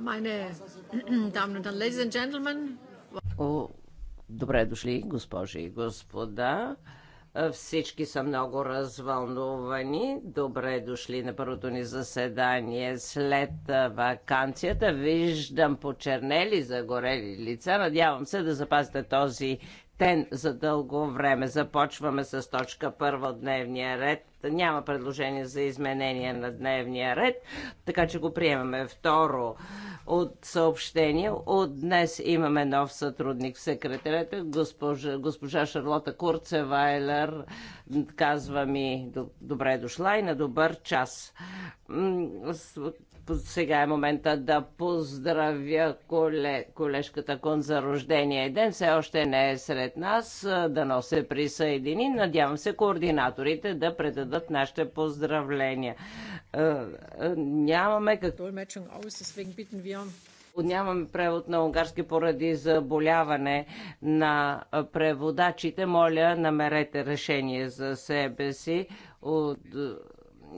Meine Damen und Herren, Ladies and Gentlemen. О, добре дошли, госпожи и господа. Всички са много развълнувани. Добре дошли на първото ни заседание след вакансията. Виждам почернели, загорели лица. Надявам се да запазите този тен за дълго време. Започваме с точка първа от дневния ред няма предложение за изменение на дневния ред, така че го приемаме. Второ от съобщение. От днес имаме нов сътрудник в секретарята, госпожа, госпожа Шарлота Курцевайлер. Казва ми, добре дошла и на добър час сега е момента да поздравя коле, колежката Кун за рождение ден. Все още не е сред нас. Да но се присъедини. Надявам се координаторите да предадат нашите поздравления. Нямаме какво... Um- нямаме превод на унгарски поради заболяване на преводачите. Моля, намерете решение за себе си. От,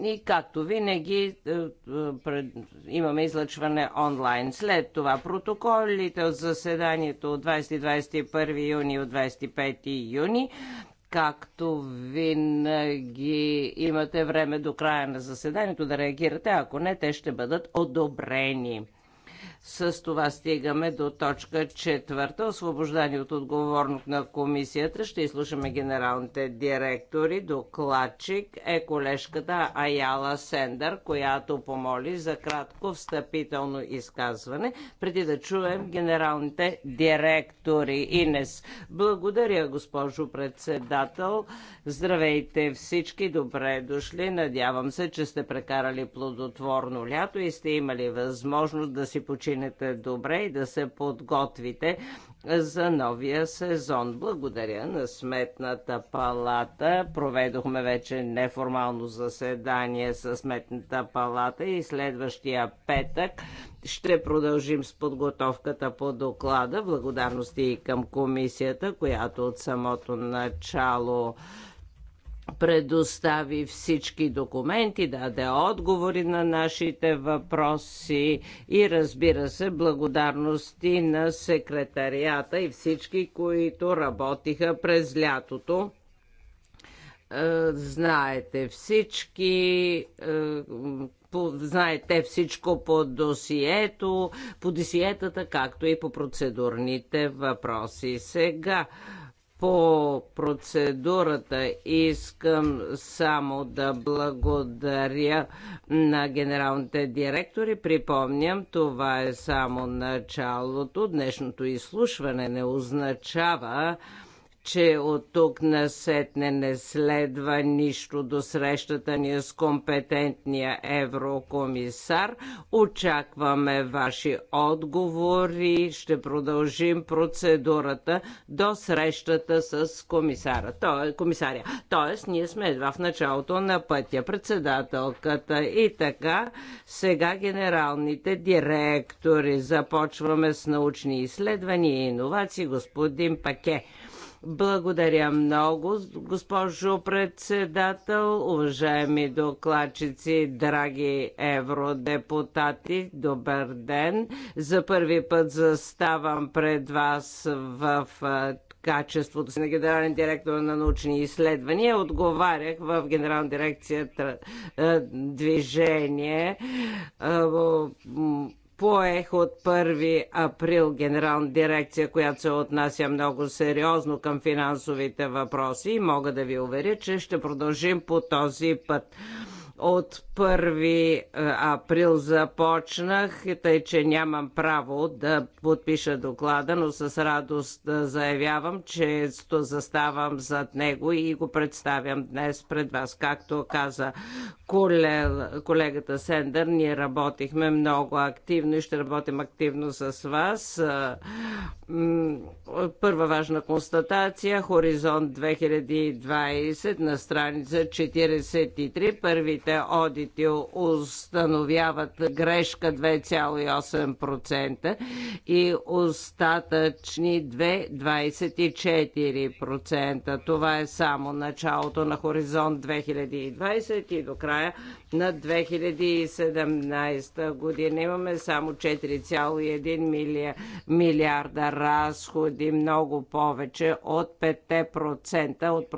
и както винаги е, е, имаме излъчване онлайн. След това протоколите от заседанието от 20-21 юни и от 25 юни както винаги имате време до края на заседанието да реагирате, ако не, те ще бъдат одобрени. С това стигаме до точка четвърта. Освобождани от отговорност на комисията. Ще изслушаме генералните директори. Докладчик е колежката Аяла Сендър, която помоли за кратко встъпително изказване, преди да чуем генералните директори. Инес, благодаря, госпожо председател. Здравейте всички, добре дошли. Надявам се, че сте прекарали плодотворно лято и сте имали възможност да си почивате починете добре и да се подготвите за новия сезон. Благодаря на Сметната палата. Проведохме вече неформално заседание с Сметната палата и следващия петък ще продължим с подготовката по доклада. Благодарности и към комисията, която от самото начало предостави всички документи, даде отговори на нашите въпроси и разбира се, благодарности на секретарията и всички, които работиха през лятото е, знаете всички, е, знаете всичко по досието, по досиетата, както и по процедурните въпроси. Сега по процедурата искам само да благодаря на генералните директори. Припомням, това е само началото. Днешното изслушване не означава, че от тук насетне не следва нищо до срещата ни с компетентния еврокомисар. Очакваме ваши отговори. Ще продължим процедурата до срещата с комисара. Той, комисаря. Тоест, ние сме едва в началото на пътя. Председателката и така, сега генералните директори. Започваме с научни изследвания и иновации. Господин Паке. Благодаря много, госпожо председател, уважаеми докладчици, драги евродепутати, добър ден. За първи път заставам пред вас в качеството си на генерален директор на научни изследвания. Отговарях в генерална дирекция движение поех от 1 април генерална дирекция, която се отнася много сериозно към финансовите въпроси и мога да ви уверя, че ще продължим по този път. От 1 е, април започнах, тъй че нямам право да подпиша доклада, но с радост е, заявявам, че заставам зад него и го представям днес пред вас. Както каза колегата Сендър, ние работихме много активно и ще работим активно с вас. Е, първа важна констатация Хоризонт 2020 на страница 43. Първите външните одити установяват грешка 2,8% и остатъчни 2,24%. Това е само началото на хоризонт 2020 и до края на 2017 година. Имаме само 4,1 милиарда разходи, много повече от 5% от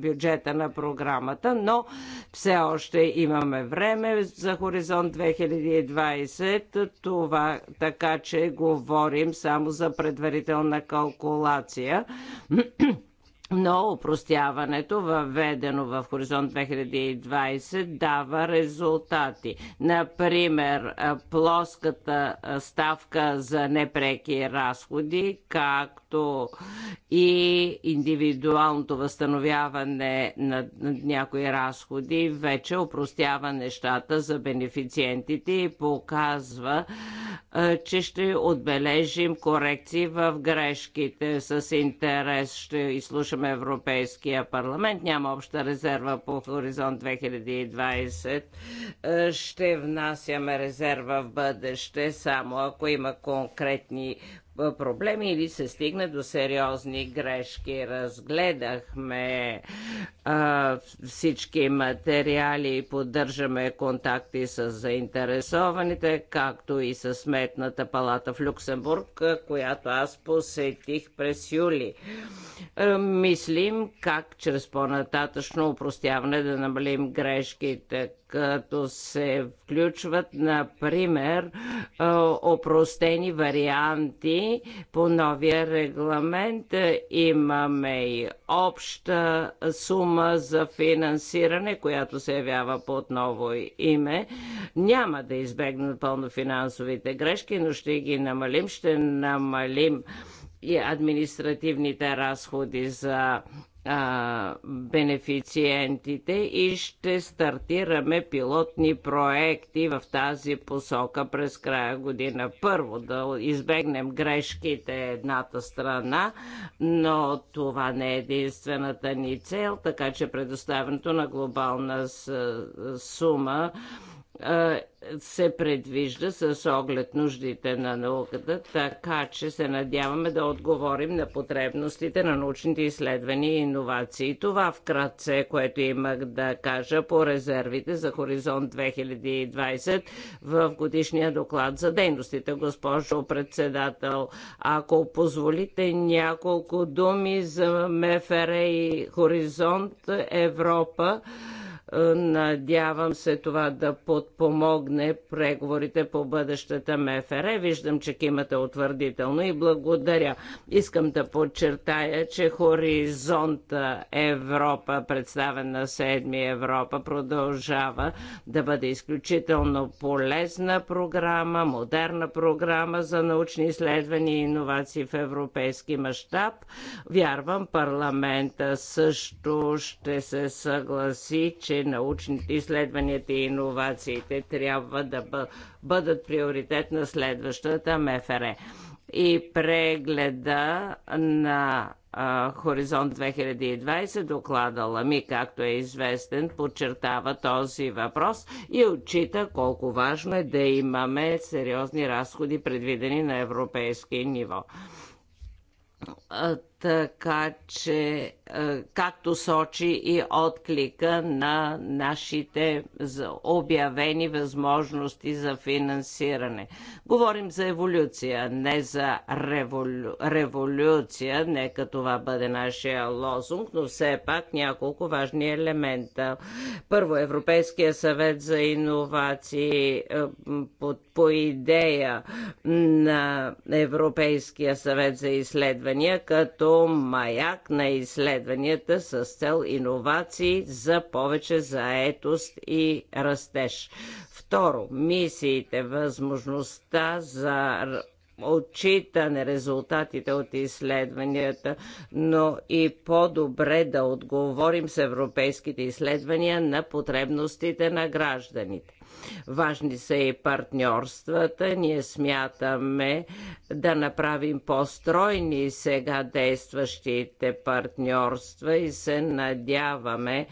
бюджета на програмата, но все още имаме време за хоризонт 2020, това така че говорим само за предварителна калкулация. Но упростяването, въведено в Хоризонт 2020, дава резултати. Например, плоската ставка за непреки разходи, както здравето и индивидуалното възстановяване на, някои разходи вече опростява нещата за бенефициентите и показва, че ще отбележим корекции в грешките. С интерес ще изслушаме Европейския парламент. Няма обща резерва по Хоризонт 2020. Ще внасяме резерва в бъдеще, само ако има конкретни проблеми или се стигне до сериозни грешки. Разгледахме а, всички материали и поддържаме контакти с заинтересованите, както и с Сметната палата в Люксембург, която аз посетих през юли. мислим как чрез по-нататъчно упростяване да намалим грешките, като се включват, например, опростени варианти по новия регламент. Имаме и обща сума за финансиране, която се явява под ново име. Няма да избегнат пълно финансовите грешки, но ще ги намалим. Ще намалим и административните разходи за а, бенефициентите и ще стартираме пилотни проекти в тази посока през края година. Първо да избегнем грешките едната страна, но това не е единствената ни цел, така че предоставянето на глобална сума се предвижда с оглед нуждите на науката, така че се надяваме да отговорим на потребностите на научните изследвания и иновации. Това вкратце, което имах да кажа по резервите за Хоризонт 2020 в годишния доклад за дейностите, госпожо председател. Ако позволите няколко думи за МФР и Хоризонт Европа, е, надявам се това да подпомогне преговорите по бъдещата МФР. Виждам, че кимата е утвърдително и благодаря. Искам да подчертая, че хоризонта е, Европа, представен на 7 Европа, продължава да бъде изключително полезна програма, модерна програма за научни изследвания и иновации в европейски мащаб. Вярвам, парламента също ще се съгласи, че че научните изследванията и иновациите трябва да бъдат приоритет на следващата МФР. И прегледа на Хоризонт 2020, доклада Лами, както е известен, подчертава този въпрос и отчита колко важно е да имаме сериозни разходи, предвидени на европейски ниво така че е, както сочи и отклика на нашите обявени възможности за финансиране. Говорим за еволюция, не за револю... революция, нека това бъде нашия лозунг, но все пак няколко важни елемента. Първо, Европейския съвет за иновации е, по, по идея на Европейския съвет за изследвания, като маяк на изследванията с цел иновации за повече заетост и растеж. Второ, мисиите, възможността за отчитане резултатите от изследванията, но и по-добре да отговорим с европейските изследвания на потребностите на гражданите. Важни са и партньорствата. Ние смятаме да направим по-стройни сега действащите партньорства и се надяваме,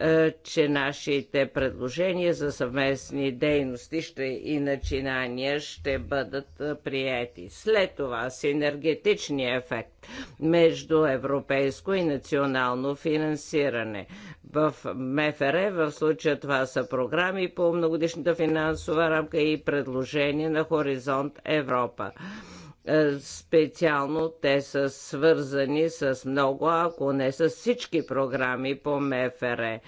е, че нашите предложения за съвместни дейности ще и начинания ще бъдат е, приети. След това енергетичния ефект между европейско и национално финансиране в МФР. Е. В случая това са програми по многодишната финансова рамка и предложения на Хоризонт Европа. Е, специално те са свързани с много, ако не с всички програми по МФР. Е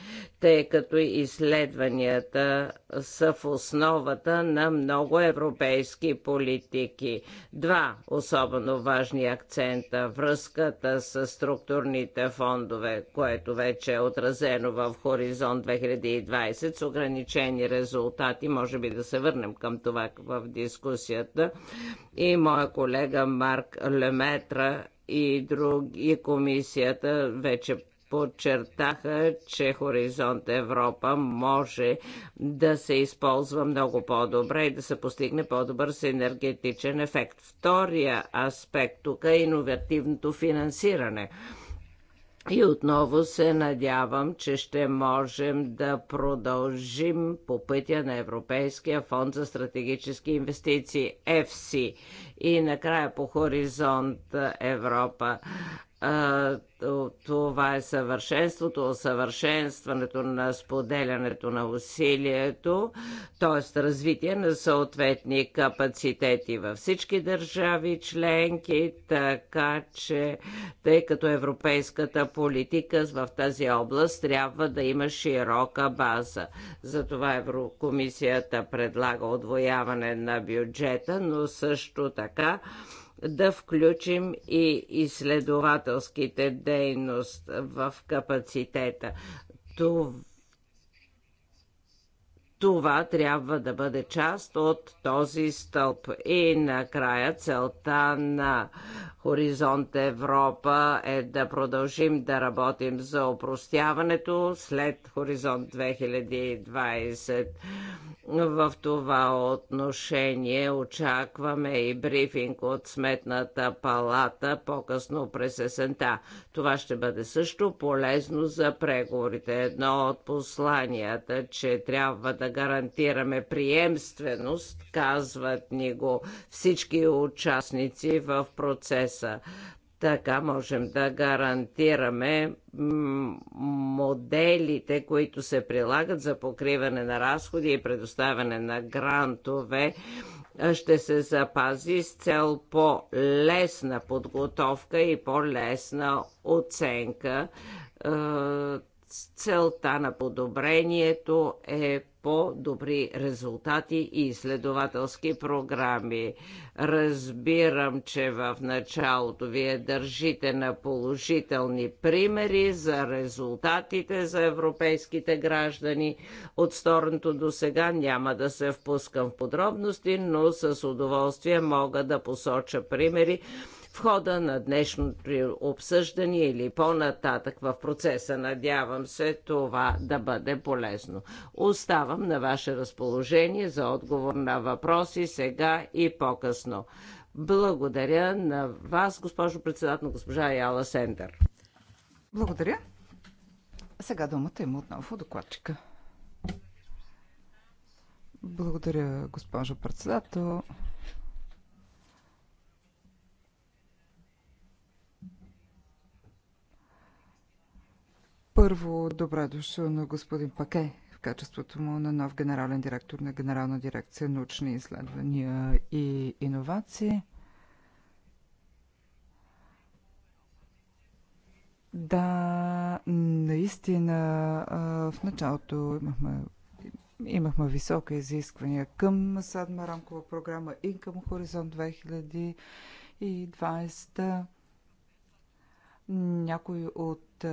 тъй като изследванията са в основата на много европейски политики. Два особено важни акцента – връзката с структурните фондове, което вече е отразено в Хоризонт 2020 с ограничени резултати. Може би да се върнем към това в дискусията. И моя колега Марк Леметра и други и комисията вече подчертаха, че Хоризонт Европа може да се използва много по-добре и да се постигне по-добър синергетичен ефект. Втория аспект тук е иновативното финансиране. И отново се надявам, че ще можем да продължим по пътя на Европейския фонд за стратегически инвестиции ЕФСИ. И накрая по хоризонт Европа а, това е съвършенството, съвършенстването на споделянето на усилието, т.е. развитие на съответни капацитети във всички държави членки, така че, тъй като европейската политика в тази област трябва да има широка база. Затова Еврокомисията предлага отвояване на бюджета, но също така да включим и изследователските дейности в капацитета. Това това трябва да бъде част от този стълб. И накрая целта на Хоризонт Европа е да продължим да работим за опростяването след Хоризонт 2020. В това отношение очакваме и брифинг от Сметната палата по-късно през есента. Това ще бъде също полезно за преговорите. Едно от посланията, че трябва да гарантираме приемственост, казват ни го всички участници в процеса. Така можем да гарантираме моделите, които се прилагат за покриване на разходи и предоставяне на грантове ще се запази с цел по-лесна подготовка и по-лесна оценка. Е, целта на подобрението е по-добри резултати и изследователски програми. Разбирам, че в началото вие държите на положителни примери за резултатите за европейските граждани. От сторното до сега няма да се впускам в подробности, но с удоволствие мога да посоча примери, в хода на днешното обсъждане или по-нататък в процеса. Надявам се това да бъде полезно. Оставам на ваше разположение за отговор на въпроси сега и по-късно. Благодаря на вас, госпожо председател, госпожа Яла Сендер. Благодаря. Сега думата има отново докладчика. Благодаря, госпожо председател. Първо, добре дошъл на господин Паке в качеството му на нов генерален директор на Генерална дирекция научни изследвания и иновации. Да, наистина в началото имахме имахме висока изисквания към седма рамкова програма и към Хоризонт 2020. Някои от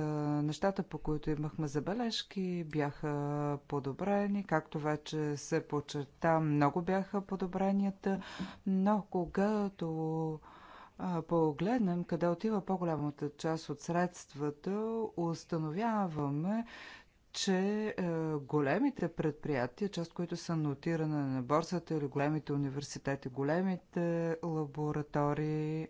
нещата, по които имахме забележки, бяха подобрени. Както вече се почерта, много бяха подобренията, но когато погледнем къде отива по-голямата част от средствата, установяваме, че големите предприятия, част които са нотирани на борсата или големите университети, големите лаборатории,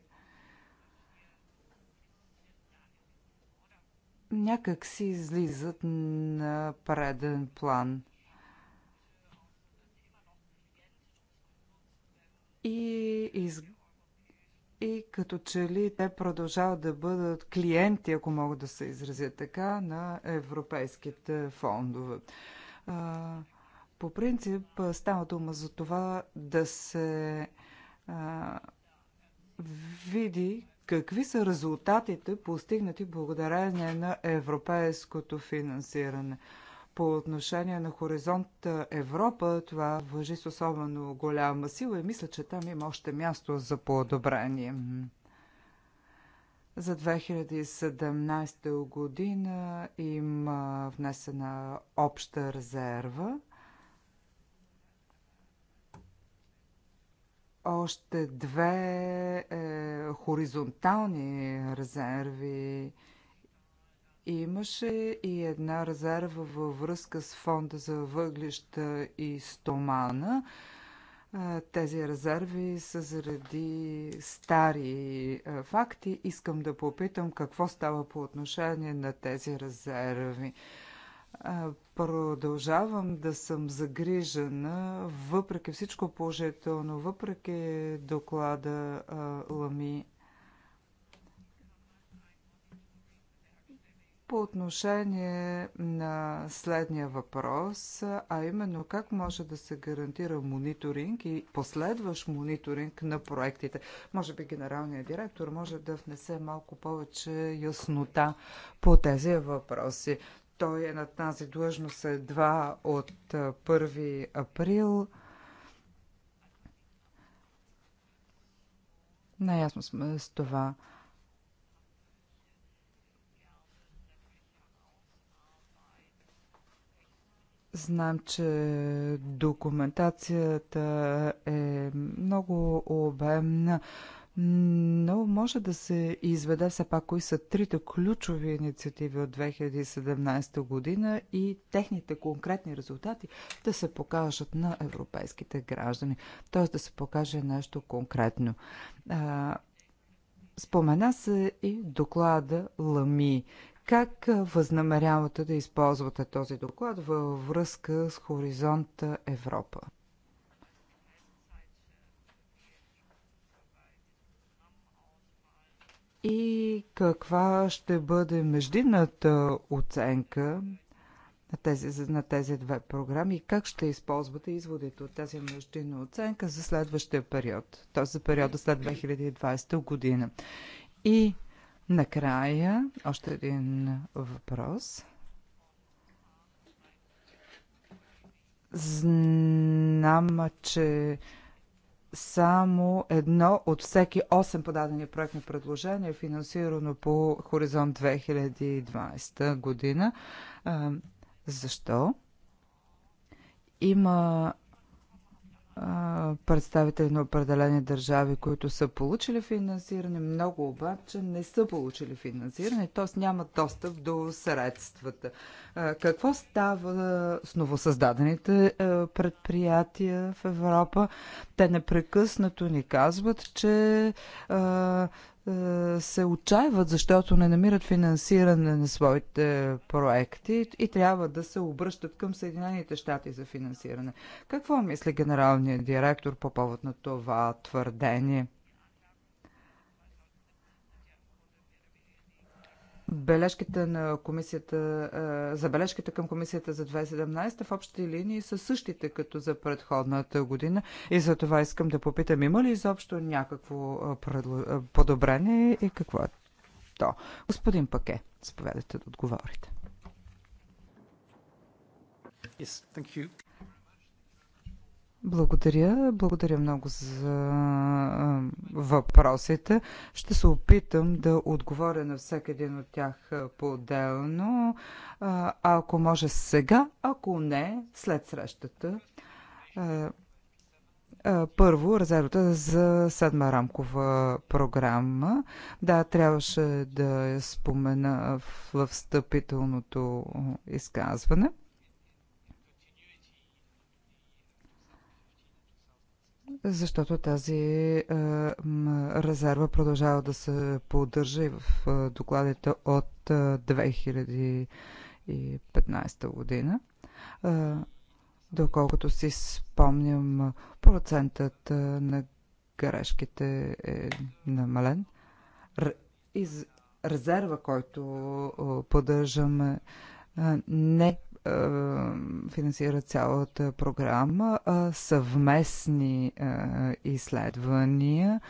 някак си излизат на преден план. И, из... и като че ли те продължават да бъдат клиенти, ако могат да се изразя така, на европейските фондове. А, по принцип става дума за това да се а, види Какви са резултатите постигнати благодарение на европейското финансиране? По отношение на Хоризонт Европа, това въжи с особено голяма сила и мисля, че там има още място за подобрение. За 2017 година има внесена обща резерва – още две е, хоризонтални резерви. Имаше и една резерва във връзка с фонда за въглища и стомана. Е, тези резерви са заради стари е, факти. Искам да попитам какво става по отношение на тези резерви. Продължавам да съм загрижена, въпреки всичко положително, въпреки доклада Лами. По отношение на следния въпрос, а именно как може да се гарантира мониторинг и последващ мониторинг на проектите. Може би генералният директор може да внесе малко повече яснота по тези въпроси. Той е на тази длъжност едва от 1 април. Наясно сме с това. Знам, че документацията е много обемна но може да се изведе все пак кои са трите ключови инициативи от 2017 година и техните конкретни резултати да се покажат на европейските граждани, т.е. да се покаже нещо конкретно. Спомена се и доклада Лами. Как възнамерявате да използвате този доклад във връзка с Хоризонта Европа? и каква ще бъде междинната оценка на тези, на тези две програми и как ще използвате изводите от тази междинна оценка за следващия период, т.е. за периода след 2020 година. И накрая още един въпрос. Знам, че само едно от всеки 8 подадени проектни предложения е финансирано по Хоризонт 2020 година. Защо? Има представители на определени държави, които са получили финансиране, много обаче не са получили финансиране, т.е. нямат достъп до средствата. Какво става с новосъздадените предприятия в Европа? Те непрекъснато ни казват, че е, се отчаиват, защото не намират финансиране на своите проекти и трябва да се обръщат към Съединените щати за финансиране. Какво мисли генералният директор по повод на това твърдение? Бележките на комисията, забележките към комисията за 2017 в общите линии са същите като за предходната година и за това искам да попитам има ли изобщо някакво подобрение и какво е то. Господин Паке, заповядайте да отговорите. Yes, thank you. Благодаря. Благодаря много за въпросите. Ще се опитам да отговоря на всеки един от тях по-отделно. Ако може сега, ако не, след срещата. Първо, резервата за седма рамкова програма. Да, трябваше да я спомена в встъпителното изказване – защото тази е, резерва продължава да се поддържа и в е, докладите от 2015 е, година. Доколкото си спомням, процентът на грешките е намален. Из резерва, който поддържаме, не е, финансира цялата програма, а е, съвместни е, изследвания,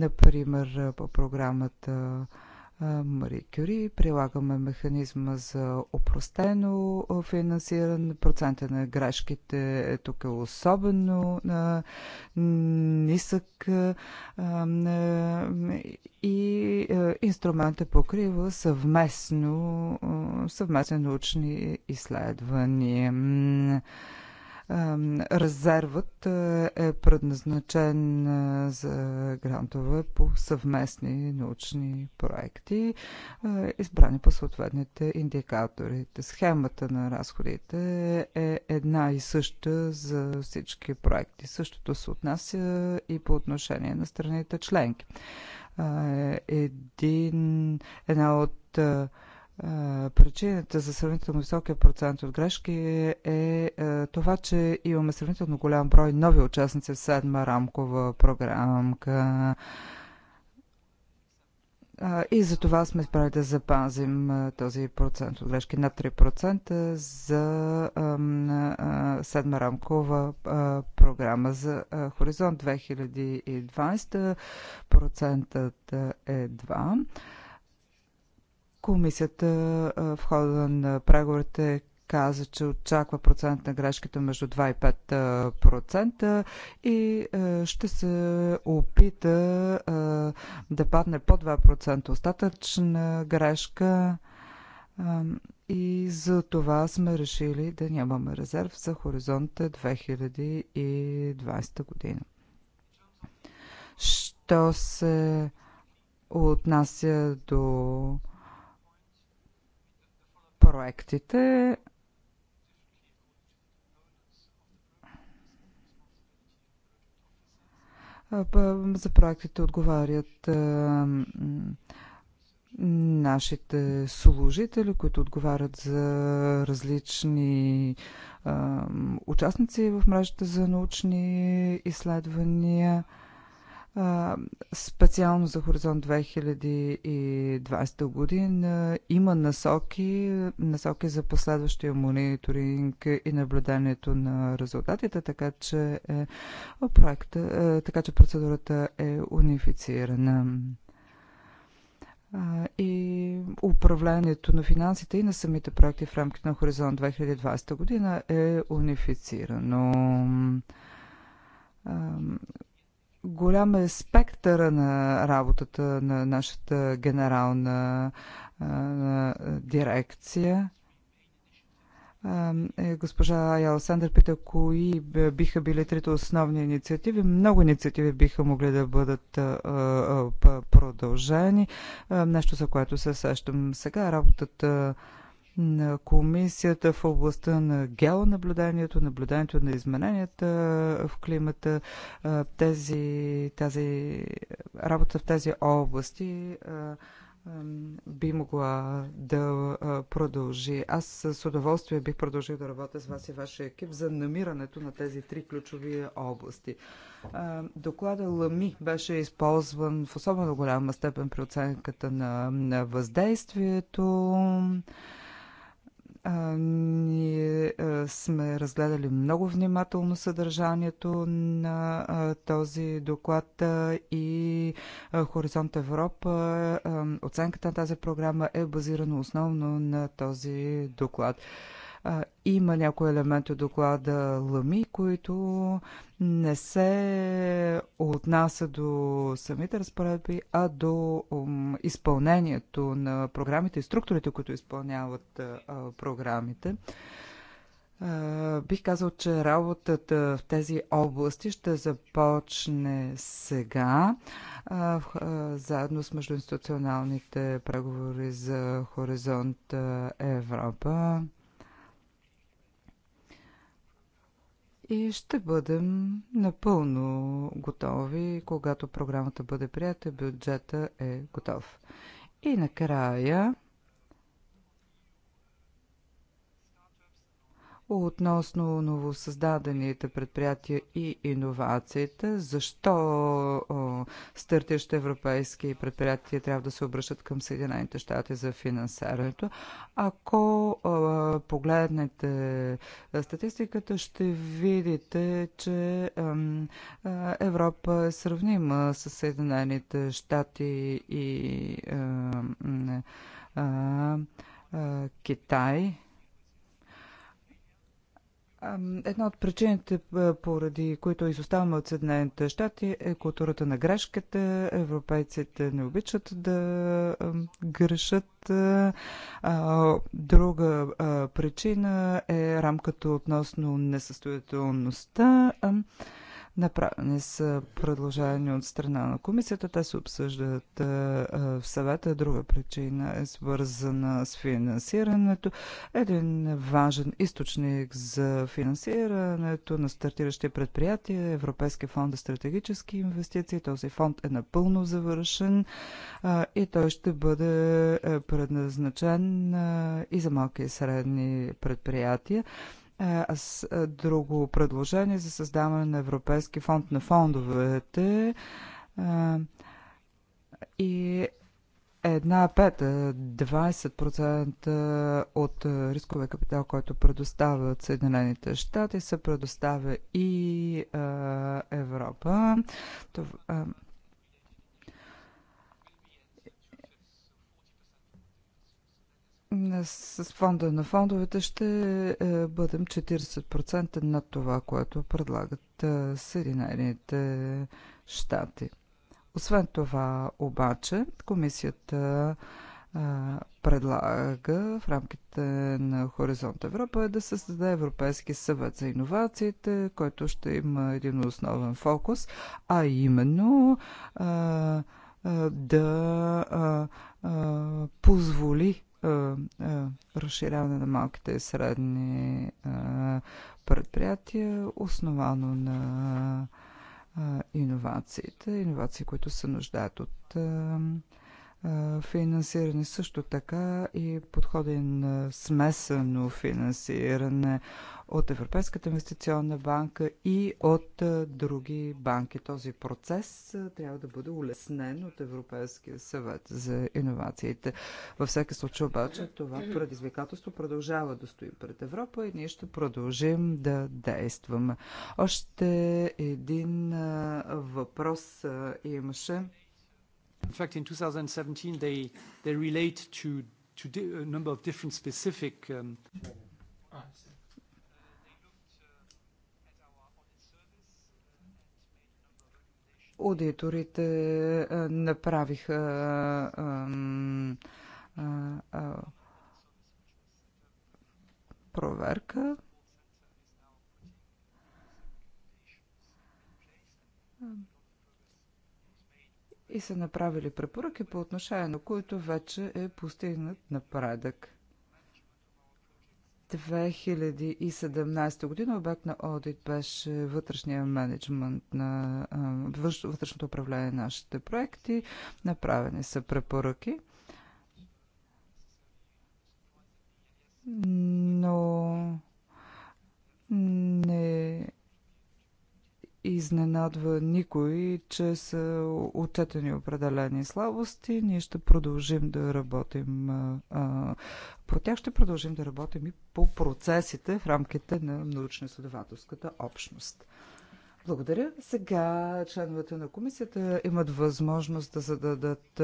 например по програмата Мари Кюри, прилагаме механизма за опростено финансиране, процента на грешките е тук е особено а, нисък а, и а, инструмента покрива съвместно, съвместни научни изследвания. Резервът е, е предназначен е, за грантове по съвместни научни проекти, е, избрани по съответните индикатори. Схемата на разходите е една и съща за всички проекти. Същото се отнася и по отношение на страните членки. Един, една от Причината за сравнително високия процент от грешки е, е това, че имаме сравнително голям брой нови участници в седма рамкова програмка. И за това сме спрали да запазим този процент от грешки на 3% за седма рамкова програма за Хоризонт 2020. Процентът е 2%. Комисията в хода на преговорите каза, че очаква процент на грешките между 2 и 5 процента и ще се опита да падне по 2 процента остатъчна грешка и за това сме решили да нямаме резерв за хоризонта 2020 година. Що се отнася до проектите За проектите отговарят нашите служители, които отговарят за различни участници в мрежата за научни изследвания. Специално за Хоризонт 2020 година има насоки, насоки за последващия мониторинг и наблюдението на резултатите, така че, е, е, така че процедурата е унифицирана и управлението на финансите и на самите проекти в рамките на Хоризонт 2020 година е унифицирано голям е спектъра на работата на нашата генерална а, дирекция. А, е, госпожа Ялсандър пита, кои биха били трите основни инициативи. Много инициативи биха могли да бъдат а, продължени. нещо, за което се сещам сега, работата на комисията в областта на геонаблюдението, наблюдението на измененията в климата. Тези, тази работа в тези области би могла да продължи. Аз с удоволствие бих продължил да работя с вас и вашия екип за намирането на тези три ключови области. Доклада Лами беше използван в особено голяма степен при оценката на, на въздействието ние сме разгледали много внимателно съдържанието на този доклад и Хоризонт Европа. оценката на тази програма е базирана основно на този доклад. Има някои елементи от доклада Лами, които не се отнася до самите разпоредби, а до изпълнението на програмите и структурите, които изпълняват програмите. Бих казал, че работата в тези области ще започне сега, заедно с междуинституционалните преговори за Хоризонт Европа. и ще бъдем напълно готови, когато програмата бъде прията, бюджета е готов. И накрая относно новосъздадените предприятия и иновациите. Защо стартиращи европейски предприятия трябва да се обръщат към Съединените щати за финансирането? Ако погледнете статистиката, ще видите, че Европа е сравнима с Съединените щати и Китай. Една от причините, поради които изоставаме от Съединените щати, е културата на грешката. Европейците не обичат да грешат. Друга причина е рамката относно несъстоятелността. Направени са предложения от страна на комисията. Те се обсъждат е, е, в съвета. Друга причина е свързана с финансирането. Един важен източник за финансирането на стартиращи предприятия е Европейския фонд за стратегически инвестиции. Този фонд е напълно завършен е, и той ще бъде предназначен и за малки и средни предприятия друго предложение за създаване на Европейски фонд на фондовете и една пета, 20% от рискове капитал, който предоставят Съединените щати, се предоставя и Европа. Това, С фонда на фондовете ще е, бъдем 40% над това, което предлагат е, Съединените щати. Освен това, обаче, комисията е, предлага в рамките на Хоризонт Европа да се създаде Европейски съвет за иновациите, който ще има един основен фокус, а именно да позволи разширяване на малките и средни предприятия, основано на иновациите, иновации, които се нуждаят от финансиране. Също така и подходи на смесено финансиране от Европейската инвестиционна банка и от други банки. Този процес трябва да бъде улеснен от Европейския съвет за иновациите. Във всеки случай обаче това предизвикателство продължава да стои пред Европа и ние ще продължим да действаме. Още един въпрос имаше In fact, in 2017, they, they relate to, to di- a number of different specific. Um, Аудиторите направиха проверка. Um, и са направили препоръки по отношение на които вече е постигнат напредък. 2017 година обект на одит беше вътрешния менеджмент на вътрешното управление на нашите проекти. Направени са препоръки. Но не изненадва никой, че са отчетени определени слабости. Ние ще продължим да работим а, по тях, ще продължим да работим и по процесите в рамките на научно-изследователската общност. Благодаря. Сега членовете на комисията имат възможност да зададат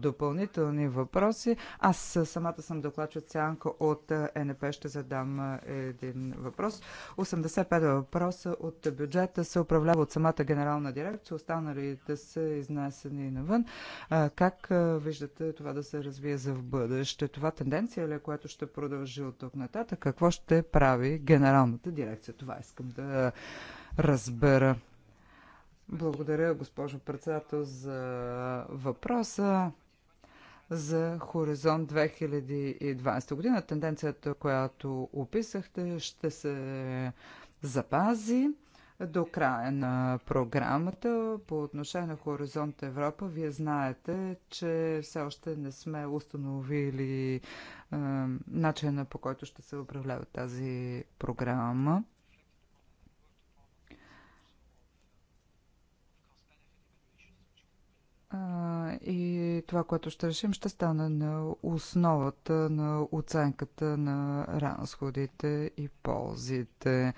допълнителни въпроси. Аз самата съм докладчик Сянка от НП. Ще задам един въпрос. 85 въпроса от бюджета се управлява от самата генерална дирекция. Останалите са изнесени навън. Как виждате това да се развие за в бъдеще? Това тенденция ли е, която ще продължи от тук нататък? Какво ще прави генералната дирекция? Това искам да разбера. Благодаря, госпожо председател, за въпроса за Хоризонт 2020 година. Тенденцията, която описахте, ще се запази до края на програмата. По отношение на Хоризонт Европа, вие знаете, че все още не сме установили е, начина по който ще се управлява тази програма. и това, което ще решим, ще стане на основата на оценката на разходите и ползите.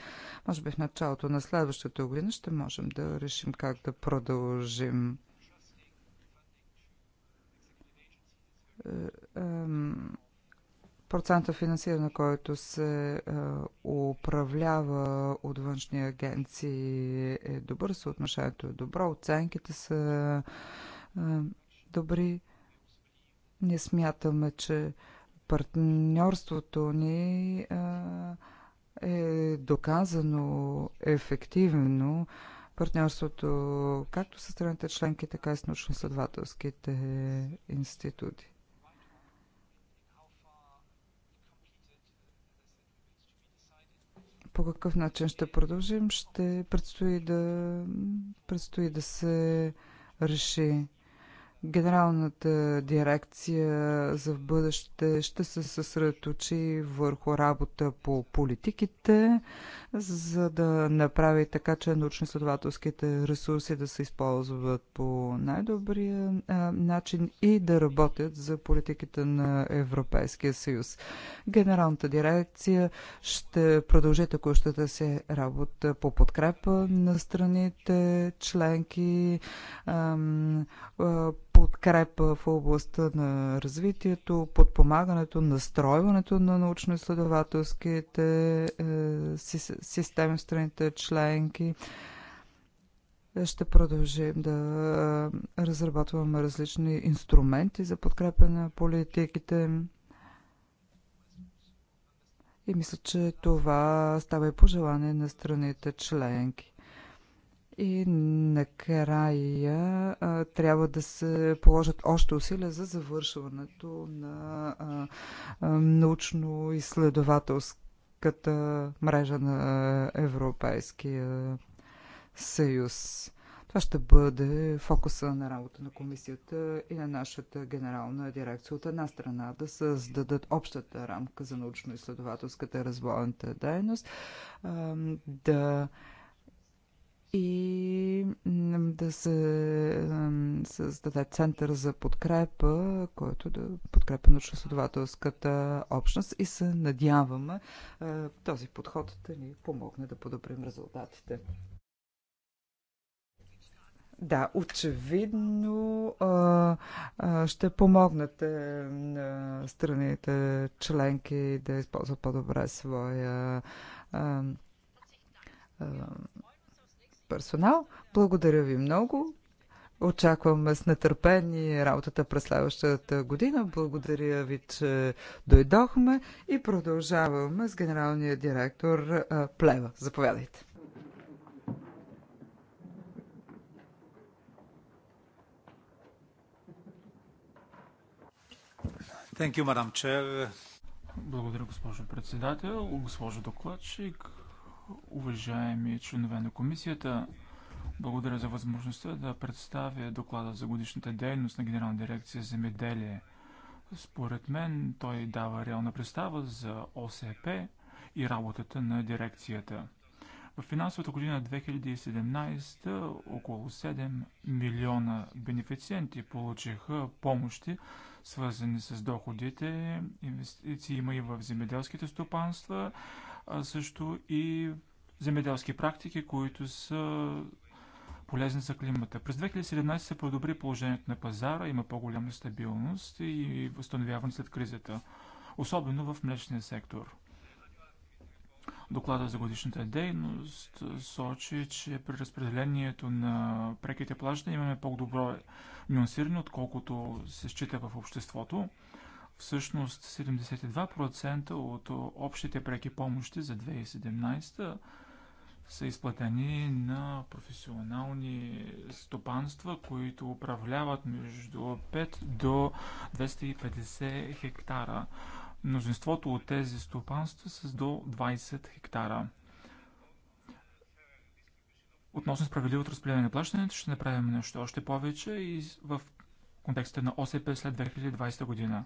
Може би в началото на следващата година ще можем да решим как да продължим. Е, процента финансиране, който се е, управлява от външни агенции е добър, съотношението е добро, оценките са добри. Не смятаме, че партньорството ни е доказано ефективно. Партньорството както с страните членки, така и с научно-следователските институти. по какъв начин ще продължим, ще предстои да, предстои да се реши. Генералната дирекция за в бъдеще ще се съсредоточи върху работа по политиките, за да направи така, че научно-следователските ресурси да се използват по най-добрия начин и да работят за политиките на Европейския съюз. Генералната дирекция ще продължи текущата си работа по подкрепа на страните, членки, подкрепа в областта на развитието, подпомагането, настройването на научно-изследователските е, системи в страните членки. Ще продължим да е, разработваме различни инструменти за подкрепа на политиките. И мисля, че това става и пожелание на страните членки. И накрая а, трябва да се положат още усилия за завършването на научно-изследователската мрежа на Европейския съюз. Това ще бъде фокуса на работа на комисията и на нашата генерална дирекция. От една страна да създадат общата рамка за научно-изследователската развойната дейност, да и да се създаде център за подкрепа, който да подкрепа научно-следователската общност и се надяваме този подход да ни помогне да подобрим резултатите. Да, очевидно ще помогнете на страните членки да използват по-добре своя персонал. Благодаря ви много. Очакваме с нетърпение работата през следващата година. Благодаря ви, че дойдохме и продължаваме с генералния директор Плева. Заповядайте. Thank you, Chair. Благодаря, госпожо председател, госпожо докладчик, уважаеми членове на комисията. Благодаря за възможността да представя доклада за годишната дейност на Генерална дирекция земеделие. Според мен той дава реална представа за ОСП и работата на дирекцията. В финансовата година 2017 около 7 милиона бенефициенти получиха помощи, свързани с доходите. Инвестиции има и в земеделските стопанства, а също и земеделски практики, които са полезни за климата. През 2017 се подобри положението на пазара, има по-голяма стабилност и възстановяване след кризата, особено в млечния сектор. Доклада за годишната дейност сочи, че при разпределението на преките плащания имаме по-добро нюансиране, отколкото се счита в обществото. Всъщност 72% от общите преки помощи за 2017 са изплатени на професионални стопанства, които управляват между 5 до 250 хектара. Мнозинството от тези стопанства са до 20 хектара. Относно справедливото разпределение на плащането ще направим нещо още повече и в контекста на ОСП след 2020 година.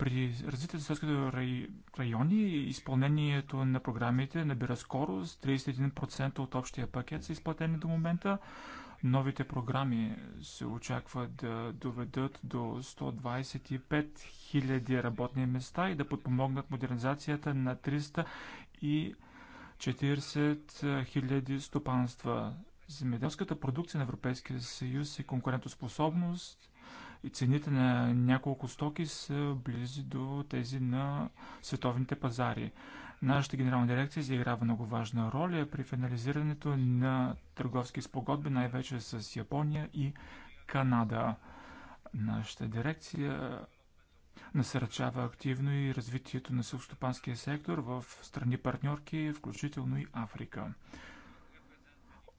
При развитието на селските райони изпълнението на програмите набира скорост. 31% от общия пакет са изплатени до момента. Новите програми се очаква да доведат до 125 000 работни места и да подпомогнат модернизацията на 340 000 стопанства. Земеделската продукция на Европейския съюз е конкурентоспособност и цените на няколко стоки са близи до тези на световните пазари. Нашата генерална дирекция заиграва много важна роля при финализирането на търговски спогодби, най-вече с Япония и Канада. Нашата дирекция насърчава активно и развитието на селстопанския сектор в страни партньорки, включително и Африка.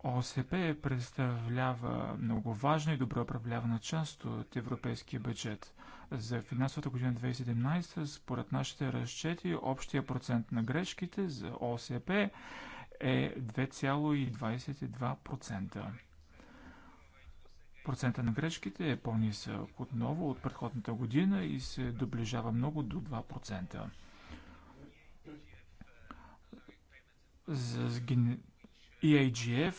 ОСП представлява много важна и добро управлявана част от европейския бюджет. За финансовата година 2017, според нашите разчети, общия процент на грешките за ОСП е 2,22%. Процента на грешките е по-нисък отново от предходната година и се доближава много до 2%. За EAGF,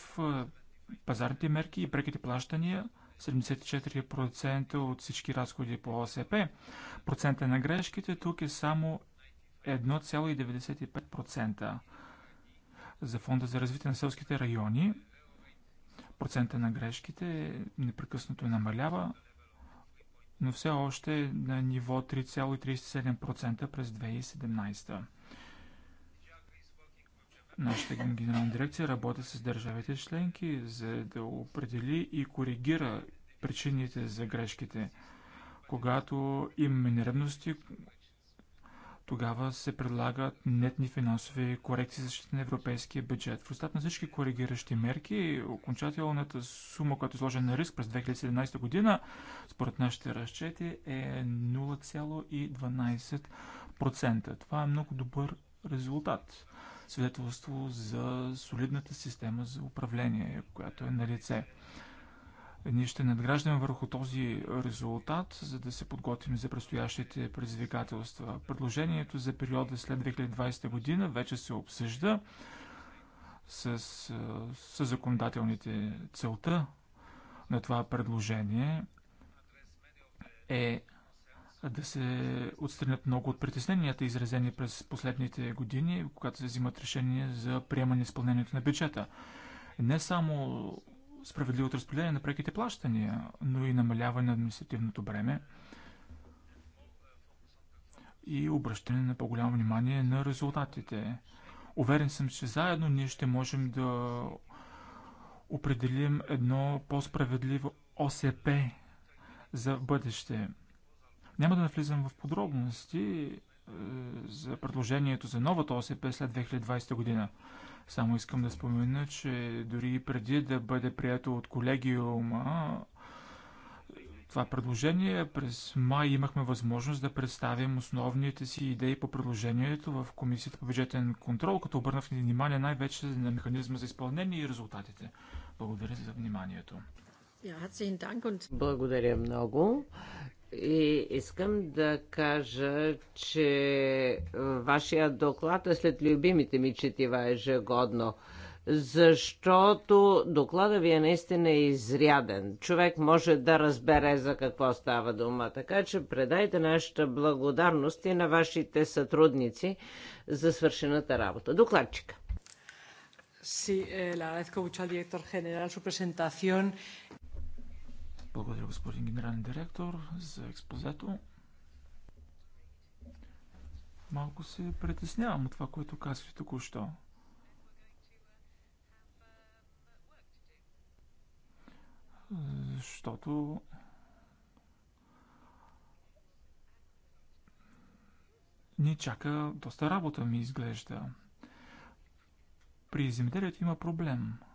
пазарните мерки и преките плащания, 74% от всички разходи по ОСП. Процента на грешките тук е само 1,95%. За Фонда за развитие на селските райони процента на грешките непрекъснато намалява, но все още е на ниво 3,37% през 2017. Нашата генерална дирекция работи с държавите членки, за да определи и коригира причините за грешките. Когато имаме неравности, тогава се предлагат нетни финансови корекции за защита на европейския бюджет. В резултат на всички коригиращи мерки, окончателната сума, която е сложена на риск през 2017 година, според нашите разчети, е 0,12%. Това е много добър резултат свидетелство за солидната система за управление, която е на лице. Ние ще надграждаме върху този резултат, за да се подготвим за предстоящите предизвикателства. Предложението за периода след 2020 година вече се обсъжда с, с законодателните целта на това предложение е да се отстранят много от притесненията, изразени през последните години, когато се взимат решения за приемане и изпълнението на бюджета. Не само справедливото разпределение на преките плащания, но и намаляване на административното бреме и обръщане на по-голямо внимание на резултатите. Уверен съм, че заедно ние ще можем да определим едно по-справедливо ОСП за бъдеще – няма да навлизам в подробности е, за предложението за новата ОСП след 2020 година. Само искам да спомена, че дори преди да бъде прието от колегиума това предложение, през май имахме възможност да представим основните си идеи по предложението в Комисията по бюджетен контрол, като обърнах внимание най-вече на механизма за изпълнение и резултатите. Благодаря за вниманието. Благодаря много. И искам да кажа, че вашия доклад е след любимите ми четива ежегодно защото докладът ви е наистина изряден. Човек може да разбере за какво става дума. Така че предайте нашата благодарност и на вашите сътрудници за свършената работа. Докладчика. Sí, eh, le agradezco mucho al director general su presentación. Благодаря, господин генерален директор, за експозето. Малко се притеснявам от това, което казвате току-що. Защото ни чака доста работа, ми изглежда. При земеделието има проблем –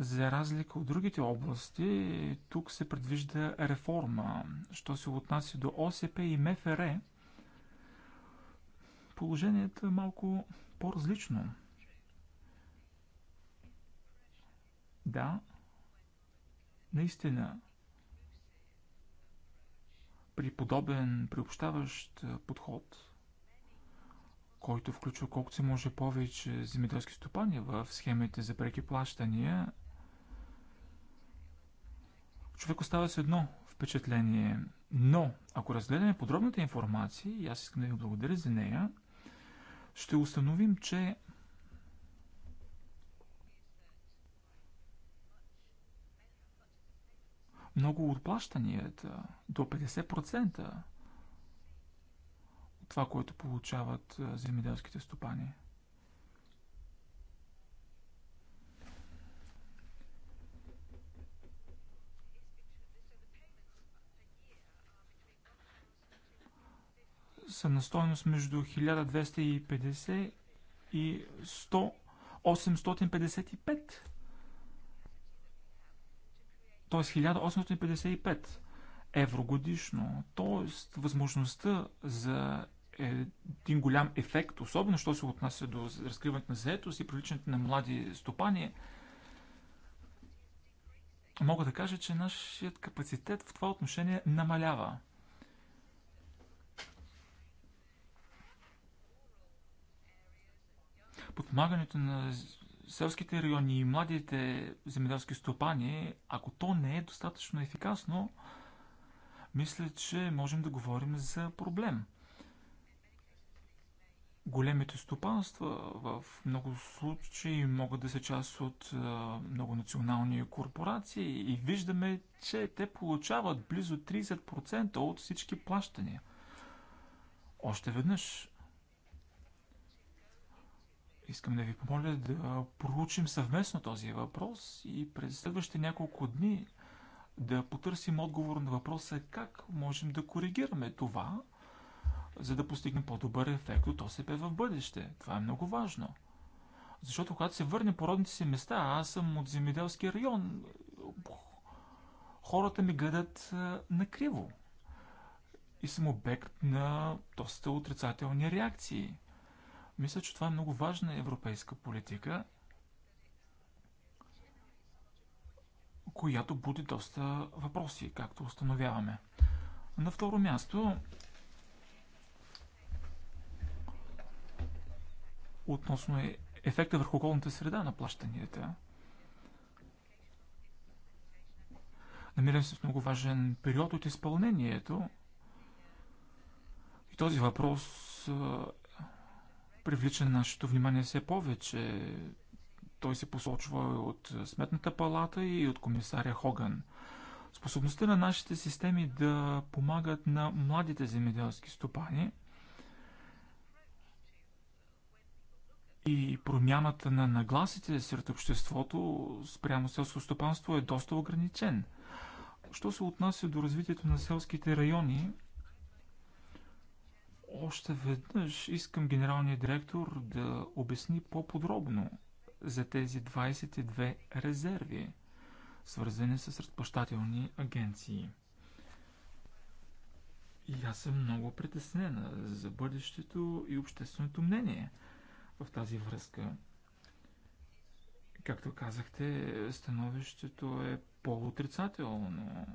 За разлика от другите области, тук се предвижда реформа. Що се отнася до ОСП и МФР, положението е малко по-различно. Да, наистина, при подобен приобщаващ подход, който включва колкото се може повече земеделски стопани в схемите за преки плащания, човек остава с едно впечатление. Но, ако разгледаме подробната информация, и аз искам да ви благодаря за нея, ще установим, че много от плащанията, до 50% от това, което получават земеделските стопани – са на стойност между 1250 и 100, 855. Тоест 1855 евро годишно. Тоест възможността за един голям ефект, особено що се отнася до разкриването на заетост и привличането на млади стопани, мога да кажа, че нашият капацитет в това отношение намалява. подпомагането на селските райони и младите земеделски стопани, ако то не е достатъчно ефикасно, мисля, че можем да говорим за проблем. Големите стопанства в много случаи могат да са част от многонационални корпорации и виждаме, че те получават близо 30% от всички плащания. Още веднъж, Искам да ви помоля да проучим съвместно този въпрос и през следващите няколко дни да потърсим отговор на въпроса как можем да коригираме това, за да постигнем по-добър ефект от ОСП в бъдеще. Това е много важно. Защото когато се върнем по родните си места, аз съм от земеделски район, хората ми гледат накриво. И съм обект на доста отрицателни реакции – мисля, че това е много важна европейска политика, която буди доста въпроси, както установяваме. На второ място, относно ефекта върху околната среда на плащанията. Намирам се в много важен период от изпълнението. И този въпрос привлича нашето внимание все повече. Той се посочва от Сметната палата и от комисаря Хоган. Способността на нашите системи да помагат на младите земеделски стопани и промяната на нагласите сред обществото спрямо селско стопанство е доста ограничен. Що се отнася до развитието на селските райони, още веднъж искам генералния директор да обясни по-подробно за тези 22 резерви, свързани с разплащателни агенции. И аз съм много притеснена за бъдещето и общественото мнение в тази връзка. Както казахте, становището е по-отрицателно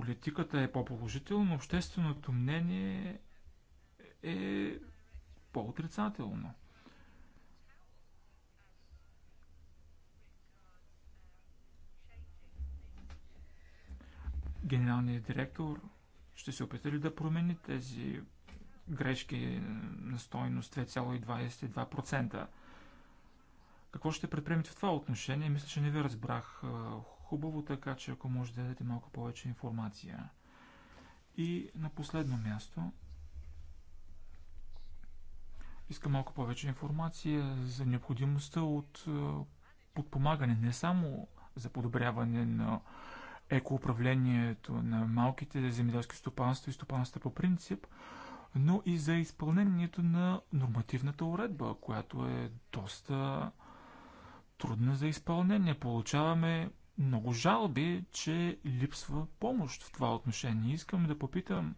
политиката е по-положително, общественото мнение е по-отрицателно. Генералният директор ще се опита ли да промени тези грешки на стойност 2,22%? Какво ще предприемете в това отношение? Мисля, че не ви разбрах Хубаво така, че ако може да дадете малко повече информация. И на последно място, искам малко повече информация за необходимостта от е, подпомагане, не само за подобряване на екоуправлението на малките земеделски стопанства и стопанства по принцип, но и за изпълнението на нормативната уредба, която е доста трудна за изпълнение. Получаваме много жалби, че липсва помощ в това отношение. Искам да попитам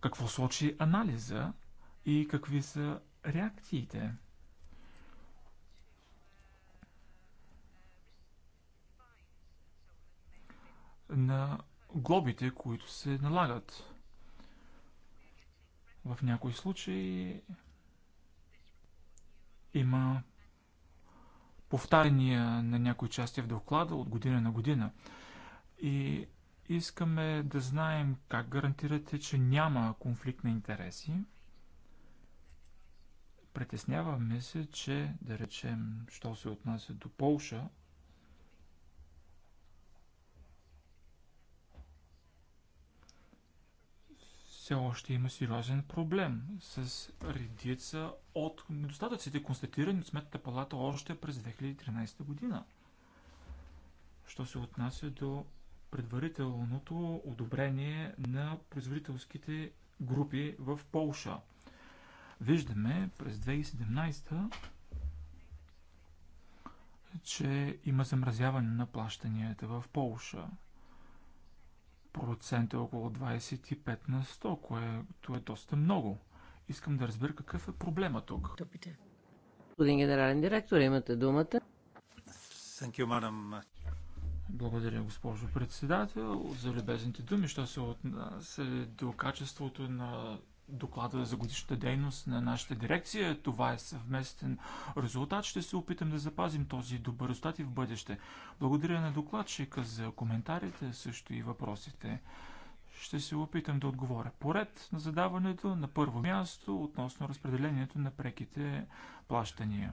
какво сочи анализа и какви са реакциите. на глобите, които се налагат. В някои случаи има повтаряния на някои части в доклада от година на година. И искаме да знаем как гарантирате, че няма конфликт на интереси. Притесняваме се, че, да речем, що се отнася до Полша, все още има сериозен проблем с редица от недостатъците, констатирани от Сметната палата още през 2013 година. Що се отнася до предварителното одобрение на производителските групи в Полша. Виждаме през 2017 че има замразяване на плащанията в Полша процент е около 25 на 100, което е доста много. Искам да разбера какъв е проблема тук. Топите. Господин генерален директор, имате думата. Thank you, madam. Благодаря, госпожо председател, за любезните думи, що се отнася до качеството на доклада за годишната дейност на нашата дирекция. Това е съвместен резултат. Ще се опитам да запазим този добър резултат и в бъдеще. Благодаря на докладчика за коментарите, също и въпросите. Ще се опитам да отговоря. Поред на задаването на първо място относно разпределението на преките плащания.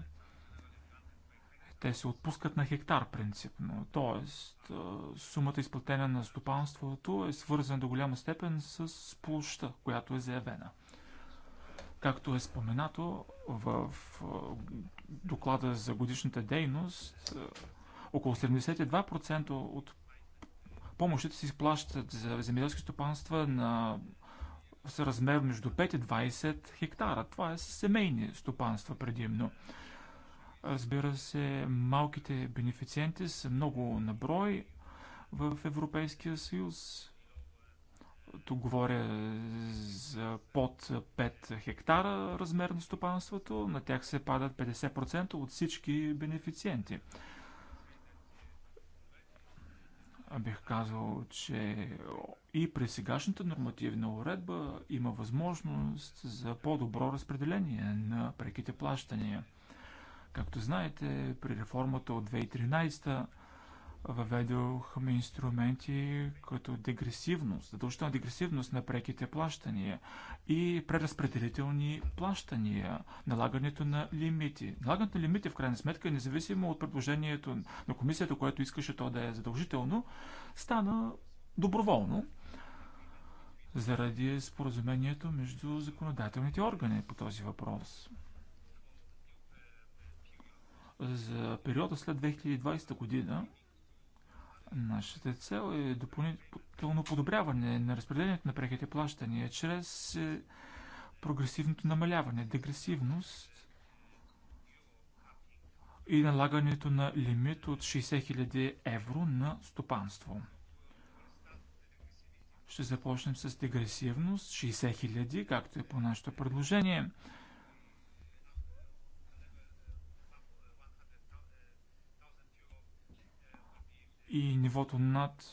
Те се отпускат на хектар принципно, т.е. сумата изплатена на стопанството е свързана до голяма степен с площа, която е заявена. Както е споменато в доклада за годишната дейност, около 72% от помощите се изплащат за земеделски стопанства на с размер между 5 и 20 хектара. Това е семейни стопанства предимно. Разбира се, малките бенефициенти са много наброй в Европейския съюз. Тук говоря за под 5 хектара размер на стопанството. На тях се падат 50% от всички бенефициенти. Бих казал, че и при сегашната нормативна уредба има възможност за по-добро разпределение на преките плащания – Както знаете, при реформата от 2013 въведохме инструменти като дегресивност, задължителна дегресивност на преките плащания и преразпределителни плащания, налагането на лимити. Налагането на лимити, в крайна сметка, независимо от предложението на комисията, което искаше то да е задължително, стана доброволно заради споразумението между законодателните органи по този въпрос. За периода след 2020 година нашата цел е допълнително подобряване на разпределението на преките плащания чрез е, прогресивното намаляване, дегресивност и налагането на лимит от 60 000 евро на стопанство. Ще започнем с дегресивност 60 000, както е по нашето предложение – и нивото над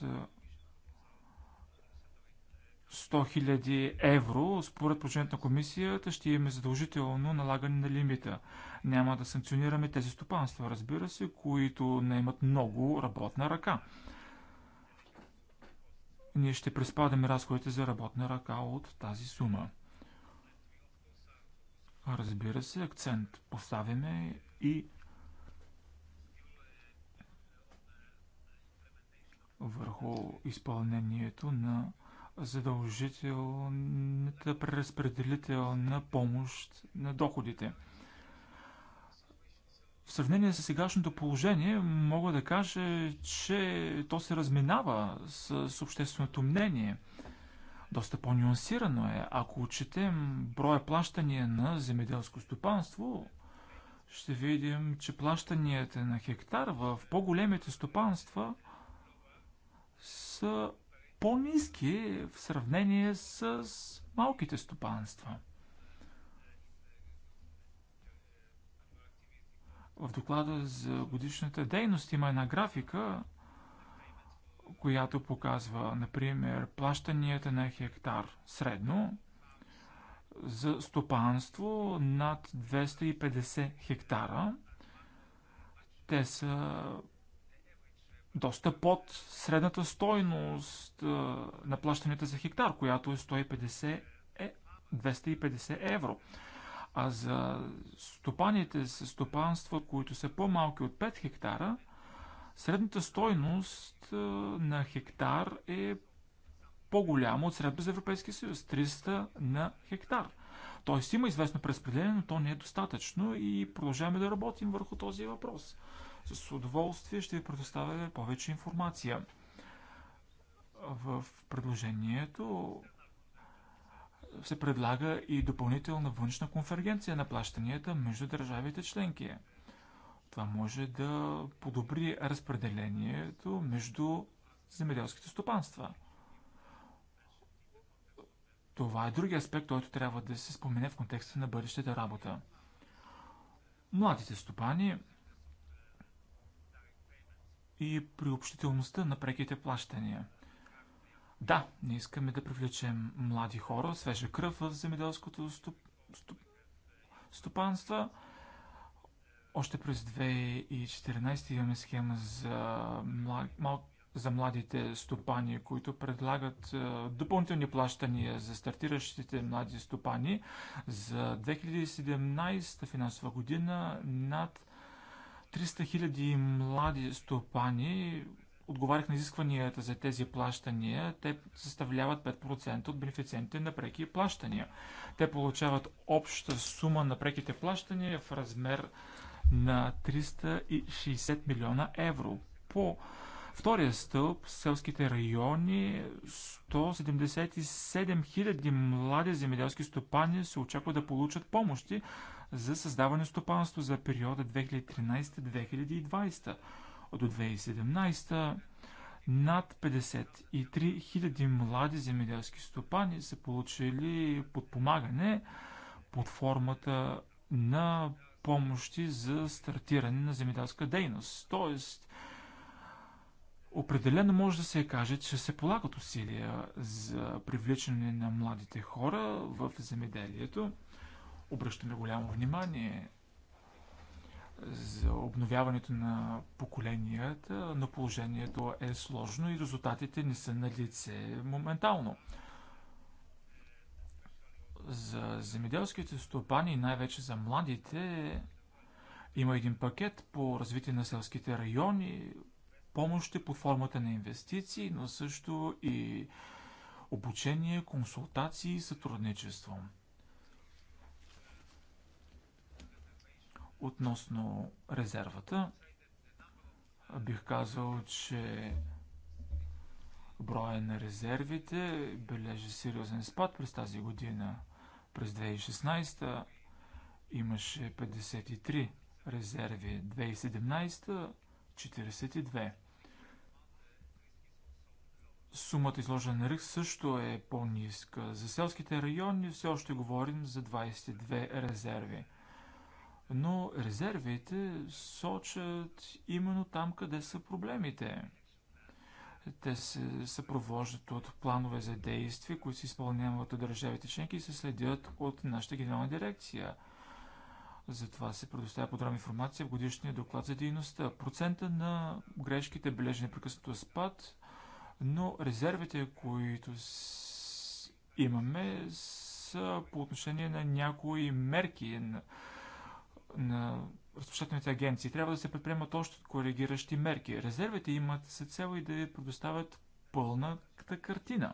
100 000 евро, според положението на комисията, ще имаме задължително налагане на лимита. Няма да санкционираме тези стопанства, разбира се, които не имат много работна ръка. Ние ще приспадаме разходите за работна ръка от тази сума. Разбира се, акцент поставяме и върху изпълнението на задължителната преразпределителна помощ на доходите. В сравнение с сегашното положение, мога да кажа, че то се разминава с общественото мнение. Доста по-нюансирано е. Ако отчетем броя плащания на земеделско стопанство, ще видим, че плащанията на хектар в по-големите стопанства са по-низки в сравнение с малките стопанства. В доклада за годишната дейност има една графика, която показва, например, плащанията на хектар средно за стопанство над 250 хектара. Те са доста под средната стойност на плащането за хектар, която е 150 е, 250 евро. А за стопаните с стопанства, които са по-малки от 5 хектара, средната стойност на хектар е по-голяма от средната за Европейския съюз 300 на хектар. Тоест има известно преразпределение, но то не е достатъчно и продължаваме да работим върху този въпрос. С удоволствие ще ви предоставя повече информация. В предложението се предлага и допълнителна външна конвергенция на плащанията между държавите членки. Това може да подобри разпределението между земеделските стопанства. Това е другия аспект, който трябва да се спомене в контекста на бъдещата работа. Младите стопани и приобщителността на преките плащания. Да, не искаме да привлечем млади хора, свежа кръв в земеделското стопанство. Още през 2014 имаме схема за, млад... мал... за младите стопани, които предлагат допълнителни плащания за стартиращите млади стопани. За 2017 финансова година над 300 хиляди млади стопани отговарях на изискванията за тези плащания. Те съставляват 5% от бенефициентите на преки плащания. Те получават обща сума на преките плащания в размер на 360 милиона евро. По втория стълб, селските райони, 177 хиляди млади земеделски стопани се очаква да получат помощи за създаване стопанство за периода 2013-2020. До 2017 над 53 000 млади земеделски стопани са получили подпомагане под формата на помощи за стартиране на земеделска дейност. Тоест, определено може да се каже, че се полагат усилия за привличане на младите хора в земеделието. Обръщаме голямо внимание за обновяването на поколенията, но положението е сложно и резултатите не са на лице моментално. За земеделските стопани, най-вече за младите, има един пакет по развитие на селските райони, помощи под формата на инвестиции, но също и обучение, консултации и сътрудничество. Относно резервата, бих казал, че броя на резервите бележи сериозен спад през тази година. През 2016 имаше 53 резерви, 2017 42. Сумата изложена на рих също е по-ниска. За селските райони все още говорим за 22 резерви – но резервите сочат именно там, къде са проблемите. Те се съпровождат от планове за действие, които се изпълняват от държавите членки и се следят от нашата генерална дирекция. Затова се предоставя подробна информация в годишния доклад за дейността. Процента на грешките бележи непрекъснато спад, но резервите, които с... имаме, са по отношение на някои мерки, на разплащателните агенции. Трябва да се предприемат още коригиращи мерки. Резервите имат се цел и да ви предоставят пълната картина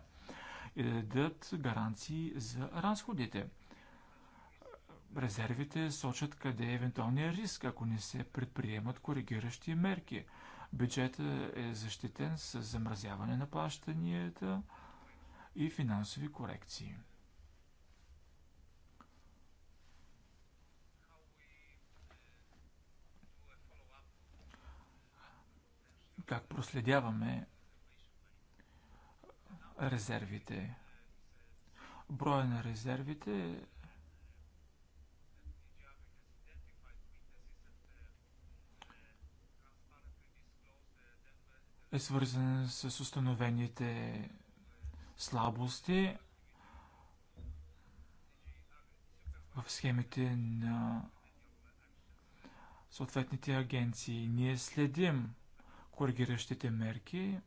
и да дадат гаранции за разходите. Резервите сочат къде е евентуалният риск, ако не се предприемат коригиращи мерки. Бюджетът е защитен с замразяване на плащанията и финансови корекции. как проследяваме резервите. Броя на резервите е свързан с установените слабости в схемите на съответните агенции. Ние следим коригиращите мерки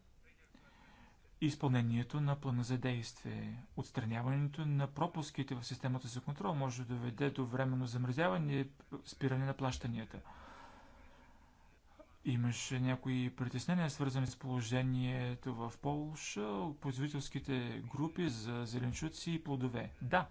и изпълнението на плана за действие. Отстраняването на пропуските в системата за контрол може да доведе до временно замразяване и спиране на плащанията. Имаше някои притеснения, свързани с положението в Полша, производителските групи за зеленчуци и плодове. Да,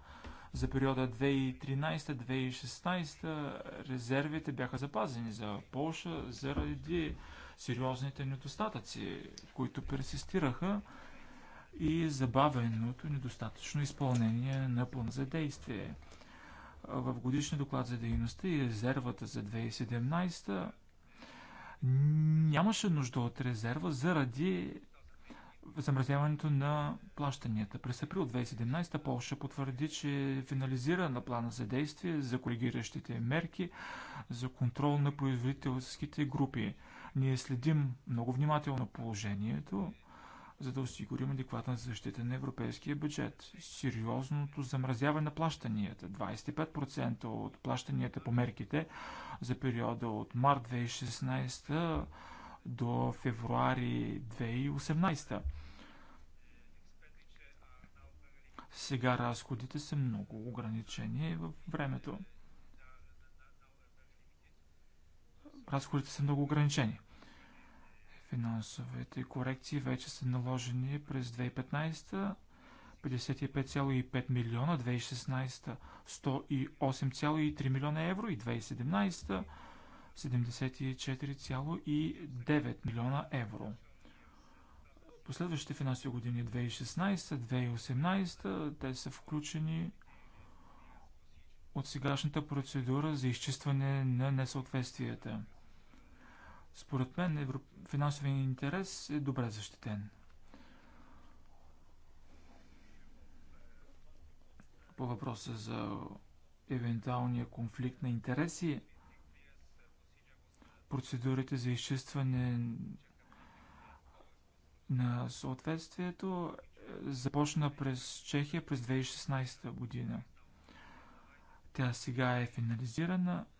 за периода 2013-2016 резервите бяха запазени за Полша заради сериозните недостатъци, които персистираха и забавеното недостатъчно изпълнение на плана за действие. В годишния доклад за дейността и резервата за 2017 нямаше нужда от резерва заради замразяването на плащанията. През април 2017 Полша потвърди, че е финализира на плана за действие за коригиращите мерки за контрол на производителските групи. Ние следим много внимателно положението, за да осигурим адекватна защита на европейския бюджет. Сериозното замразяване на плащанията, 25% от плащанията по мерките за периода от март 2016 до февруари 2018. Сега разходите са много ограничени във времето. разходите са много ограничени. Финансовите корекции вече са наложени през 2015 55,5 милиона, 2016 108,3 милиона евро и 2017 74,9 милиона евро. Последващите финансови години 2016-2018 те са включени от сегашната процедура за изчистване на несъответствията. Според мен европ... финансовия интерес е добре защитен. По въпроса за евентуалния конфликт на интереси, процедурите за изчистване на съответствието е, започна през Чехия през 2016 година. Тя сега е финализирана –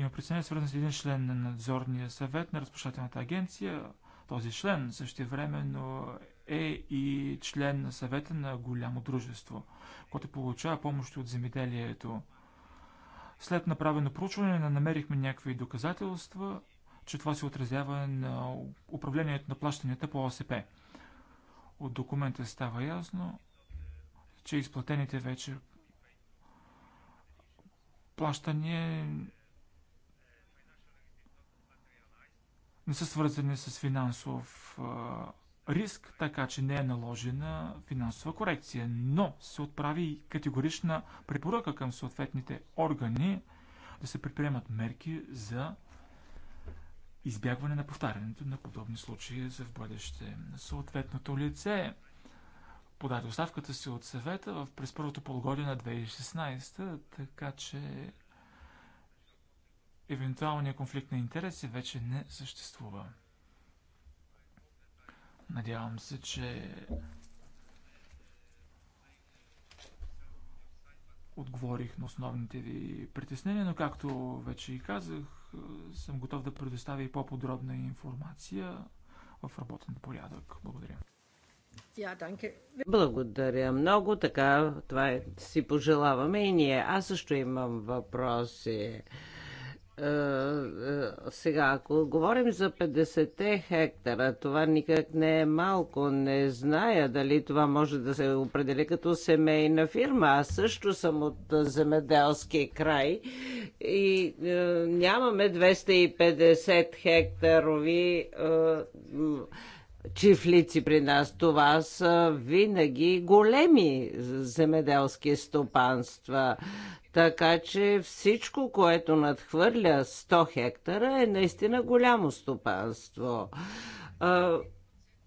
Има притеснение свързано с един член на надзорния съвет на разпочателната агенция. Този член същевременно е и член на съвета на голямо дружество, което получава помощ от земеделието. След направено проучване намерихме някакви доказателства, че това се отразява на управлението на плащанията по ОСП. От документа става ясно, че изплатените вече плащания не са свързани с финансов риск, така че не е наложена финансова корекция. Но се отправи категорична препоръка към съответните органи да се предприемат мерки за избягване на повтарянето на подобни случаи за в бъдеще. Съответното лице подаде оставката си от съвета през първото полугодие на 2016, така че евентуалния конфликт на интереси вече не съществува. Надявам се, че отговорих на основните ви притеснения, но както вече и казах, съм готов да предоставя и по-подробна информация в работен порядък. Благодаря. Благодаря много. Така, това е, си пожелаваме и ние. Аз също имам въпроси. Е, е, сега, ако говорим за 50 хектара, това никак не е малко. Не зная дали това може да се определи като семейна фирма. Аз също съм от земеделски край и е, нямаме 250 хектарови е, чифлици при нас. Това са винаги големи земеделски стопанства. Така че всичко, което надхвърля 100 хектара е наистина голямо стопанство.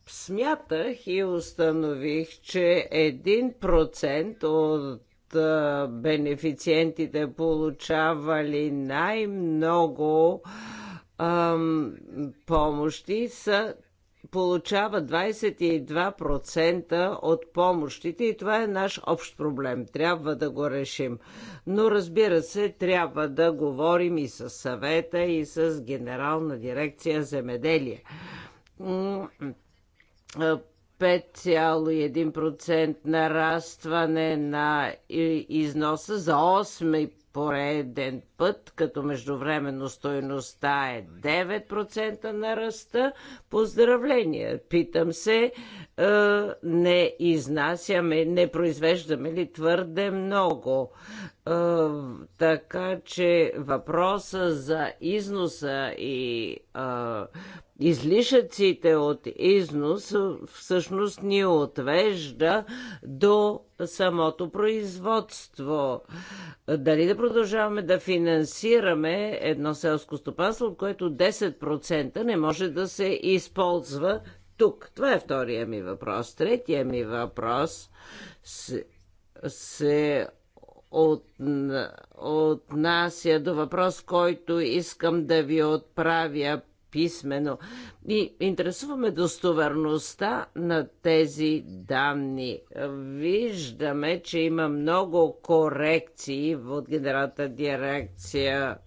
Смятах и установих, че 1% от бенефициентите получавали най-много помощи са получава 22% от помощите и това е наш общ проблем. Трябва да го решим. Но разбира се, трябва да говорим и с съвета, и с Генерална дирекция земеделие. 5,1% нарастване на износа за 8 пореден път, като междувременно стоеността е 9% на ръста. Поздравления! Питам се, е, не изнасяме, не произвеждаме ли твърде много? Е, така че въпроса за износа и е, излишъците от износ всъщност ни отвежда до самото производство. Дали да продължаваме да финансираме едно селско стопанство, от което 10% не може да се използва тук? Това е втория ми въпрос. Третия ми въпрос се, се от, отнася до въпрос, който искам да ви отправя писмено. И интересуваме достоверността на тези данни. Виждаме, че има много корекции от генералната дирекция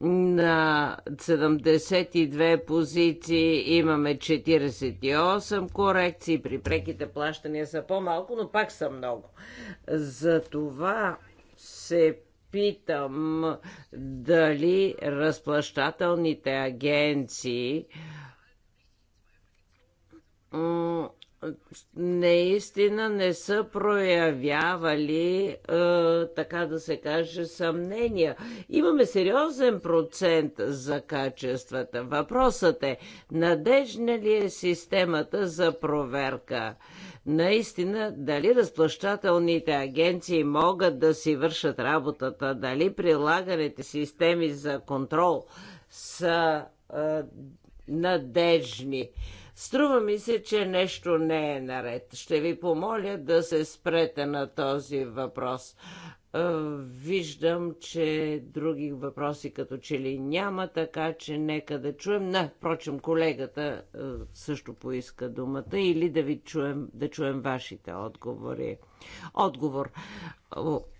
на 72 позиции. Имаме 48 корекции. При преките плащания са по-малко, но пак са много. За това се питам дали разплащателните агенции наистина не са проявявали, е, така да се каже, съмнения. Имаме сериозен процент за качествата. Въпросът е, надежна ли е системата за проверка? Наистина, дали разплащателните агенции могат да си вършат работата, дали прилаганите системи за контрол са а, надежни. Струва ми се, че нещо не е наред. Ще ви помоля да се спрете на този въпрос. Е, виждам, че други въпроси като че ли няма, така че нека да чуем. Не, впрочем, колегата е, също поиска думата или да ви чуем, да чуем вашите отговори. Отговор.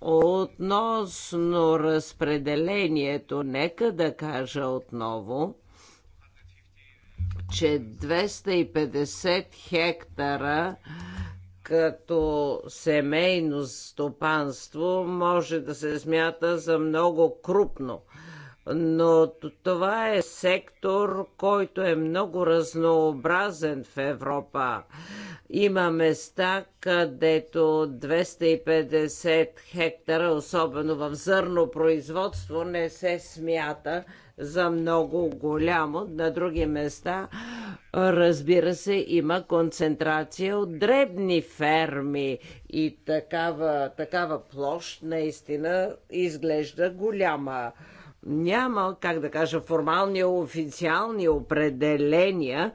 Относно разпределението, нека да кажа отново, че 250 хектара като семейно стопанство може да се смята за много крупно. Но това е сектор, който е много разнообразен в Европа. Има места, където 250 хектара, особено в зърнопроизводство, не се смята за много голямо. На други места Разбира се, има концентрация от дребни ферми и такава, такава площ наистина изглежда голяма. Няма, как да кажа, формални официални определения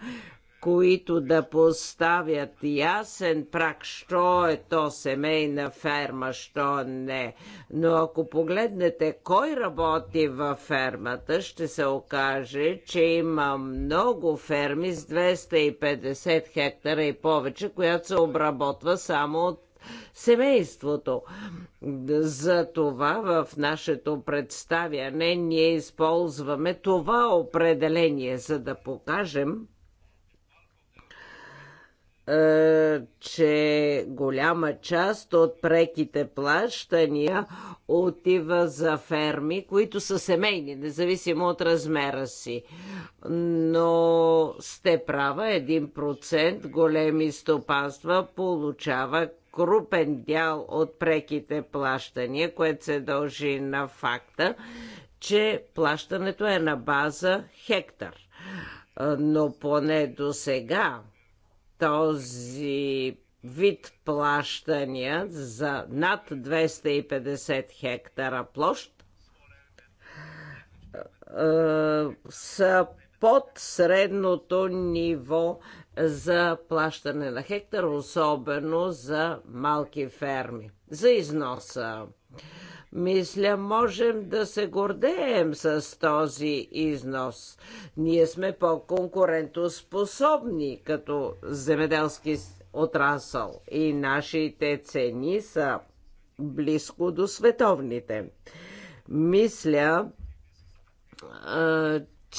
които да поставят ясен прак, що е то семейна ферма, що не. Но ако погледнете кой работи във фермата, ще се окаже, че има много ферми с 250 хектара и повече, която се обработва само от семейството. За това в нашето представяне ние използваме това определение, за да покажем, е, че голяма част от преките плащания отива за ферми, които са семейни, независимо от размера си. Но сте права, 1% големи стопанства получава крупен дял от преките плащания, което се дължи на факта, че плащането е на база хектар. Е, но поне до сега този вид плащания за над 250 хектара площ е, са под средното ниво за плащане на хектар, особено за малки ферми, за износа. Мисля, можем да се гордеем с този износ. Ние сме по-конкурентоспособни като земеделски отрасъл и нашите цени са близко до световните. Мисля,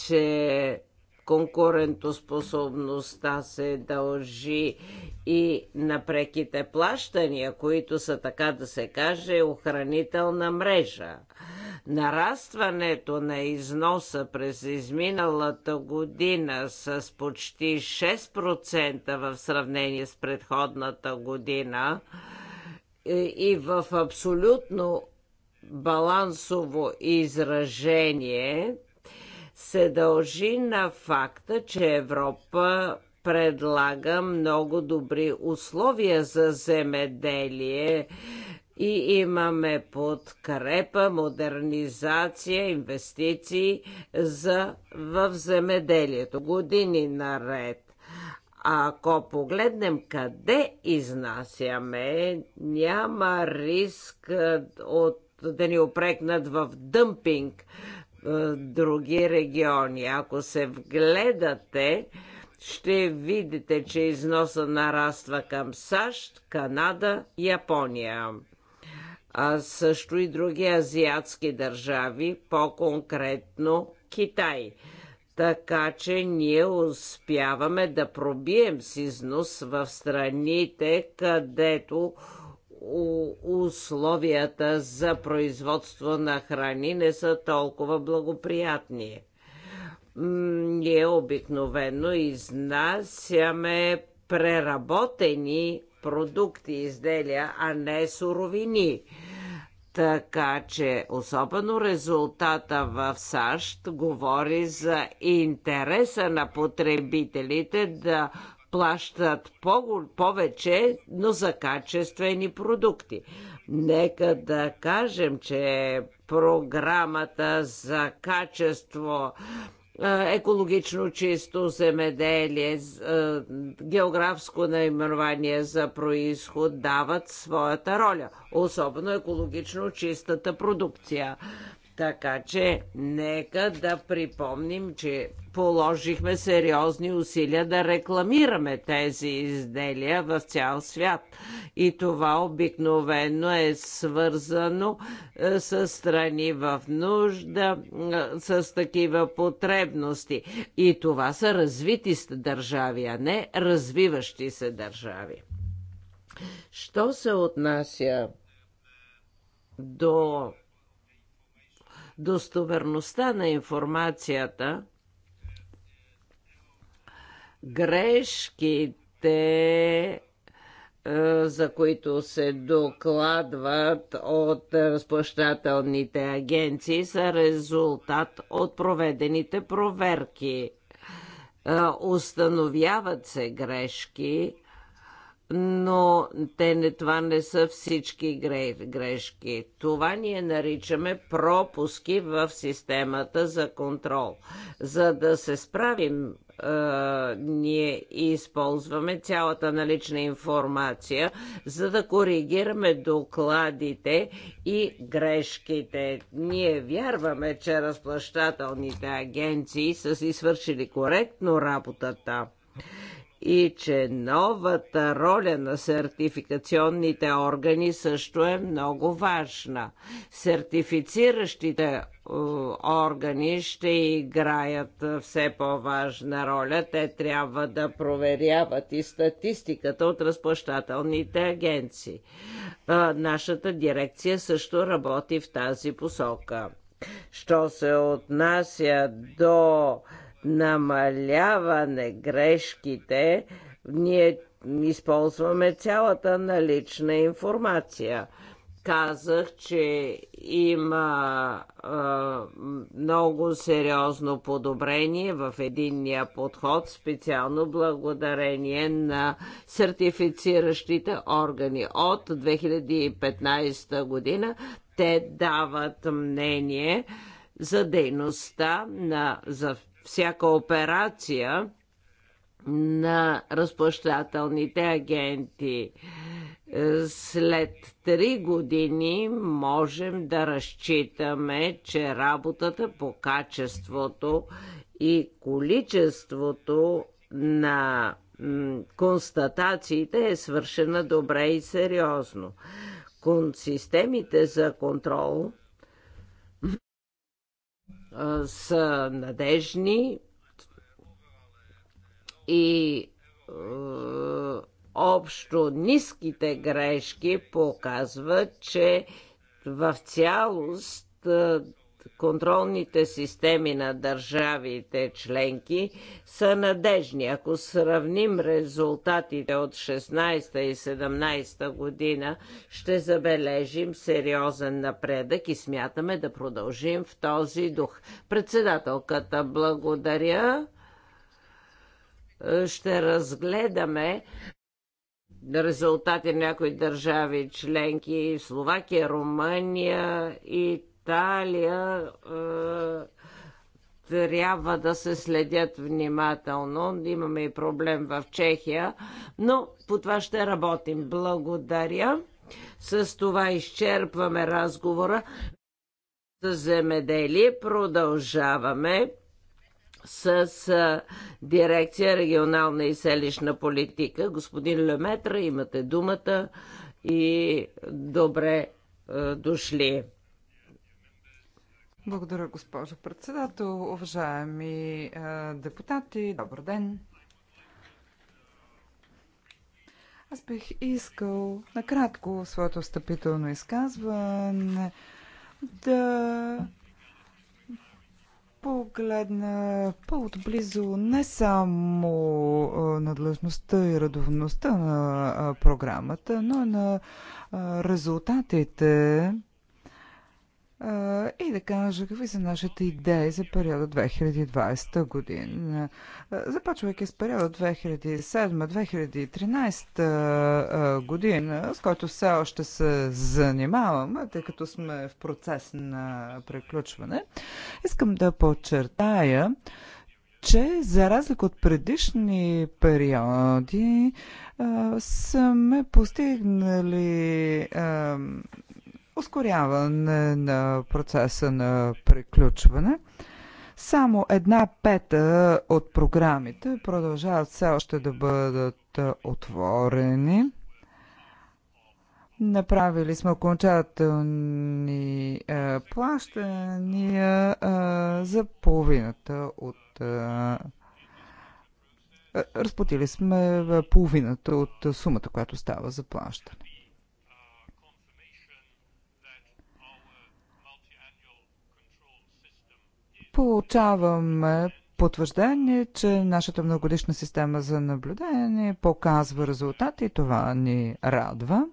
че Конкурентоспособността се дължи и на преките плащания, които са така да се каже охранителна мрежа. Нарастването на износа през изминалата година с почти 6% в сравнение с предходната година и в абсолютно балансово изражение – се дължи на факта, че Европа предлага много добри условия за земеделие и имаме подкрепа, модернизация, инвестиции за, в земеделието години наред. Ако погледнем къде изнасяме, няма риск от да ни опрекнат в дъмпинг е, други региони. Ако се вгледате, ще видите, че износа нараства към САЩ, Канада, Япония. А също и други азиатски държави, по-конкретно Китай. Така че ние успяваме да пробием с износ в страните, където условията за производство на храни не са толкова благоприятни. Ние обикновено изнасяме преработени продукти, изделия, а не суровини. Така че особено резултата в САЩ говори за интереса на потребителите да плащат по- повече, но за качествени продукти. Нека да кажем, че програмата за качество екологично чисто земеделие, географско наименование за происход дават своята роля, особено екологично чистата продукция. Така че нека да припомним, че положихме сериозни усилия да рекламираме тези изделия в цял свят. И това обикновено е свързано е, с страни в нужда, е, с такива потребности. И това са развити държави, а не развиващи се държави. Що се отнася до достоверността на информацията, грешките, е, за които се докладват от разплащателните агенции, са резултат от проведените проверки. Е, установяват се грешки, но те не, това не са всички грешки. Това ние наричаме пропуски в системата за контрол. За да се справим ние използваме цялата налична информация, за да коригираме докладите и грешките. Ние вярваме, че разплащателните агенции са си свършили коректно работата и че новата роля на сертификационните органи също е много важна. Сертифициращите е, органи ще играят е, все по-важна роля. Те трябва да проверяват и статистиката от разплащателните агенции. Е, нашата дирекция също работи в тази посока. Що се отнася до намаляване грешките, ние използваме цялата налична информация. Казах, че има а, много сериозно подобрение в единния подход, специално благодарение на сертифициращите органи. От 2015 година те дават мнение за дейността на, за всяка операция на разплащателните агенти. Е, след три години можем да разчитаме, че работата по качеството и количеството на констатациите е свършена добре и сериозно. Системите за контрол са надежни и общо ниските грешки показват, че в цялост контролните системи на държавите членки са надежни. Ако сравним резултатите от 16 и 17 година, ще забележим сериозен напредък и смятаме да продължим в този дух. Председателката, благодаря. Ще разгледаме резултати на някои държави членки Словакия, Румъния и Италия е, трябва да се следят внимателно. Имаме и проблем в Чехия, но по това ще работим. Благодаря. С това изчерпваме разговора С земеделие. Продължаваме с е, дирекция регионална и селищна политика. Господин Леметра, имате думата и добре е, дошли. Благодаря, госпожо председател. Уважаеми е, депутати, добър ден. Аз бих искал накратко своето встъпително изказване да погледна по-отблизо не само е, на длъжността и редовността на е, програмата, но и на резултатите и да кажа какви са нашите идеи за периода 2020 година. Започвайки с периода 2007-2013 година, с който все още се занимаваме, тъй като сме в процес на приключване, искам да подчертая, че за разлика от предишни периоди а, сме постигнали а, ускоряване на процеса на приключване. Само една пета от програмите продължават все още да бъдат отворени. Направили сме окончателни е, плащания е, за половината от. Е, е разплатили сме е, половината от сумата, която става за плащане. Получаваме потвърждение, че нашата многодишна система за наблюдение показва резултати и това ни радва.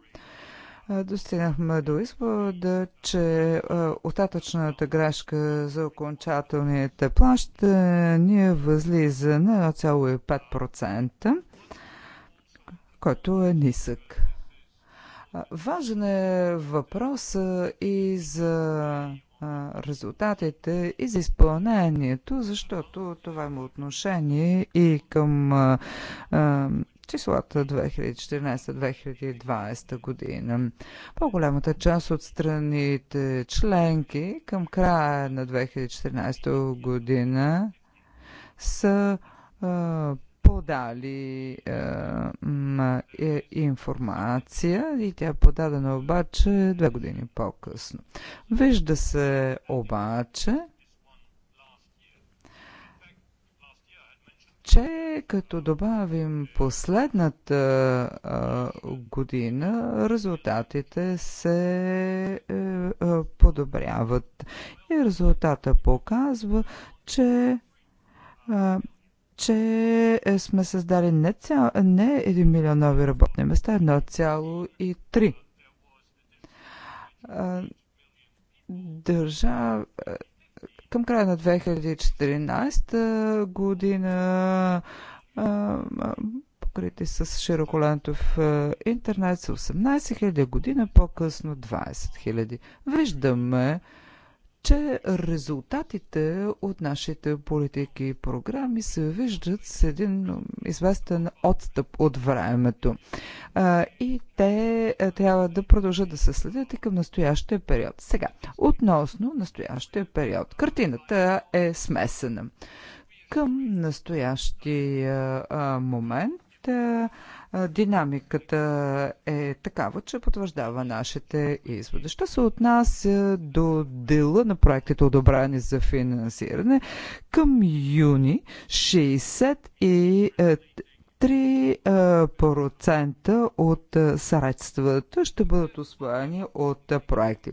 Е, достигнахме до извода, че е, остатъчната грешка за окончателните плащания е възлиза на 1,5%, който е нисък. Важен е въпрос и за резултатите и за изпълнението, защото това има отношение и към числата 2014-2020 година. По-голямата част от страните членки към края на 2014 година са подали е, е, информация и тя е подадена обаче две години по-късно. Вижда се обаче, че като добавим последната а, е, година, резултатите се а, е, а, подобряват. И резултата показва, че че е, сме създали не, цял, не 1 милион нови работни места, 1,3. Държава е, към края на 2014 година покрити с широколентов е, интернет са 18 000 година, по-късно 20 000. Виждаме, че резултатите от нашите политики и програми се виждат с един известен отстъп от времето. И те е, трябва да продължат да се следят и към настоящия период. Сега, относно настоящия период. Картината е смесена. Към настоящия момент момента динамиката е такава, че потвърждава нашите изводи. Що се отнася до дела на проектите, одобрени за финансиране, към юни 63 3% от средствата ще бъдат освоени от проекти.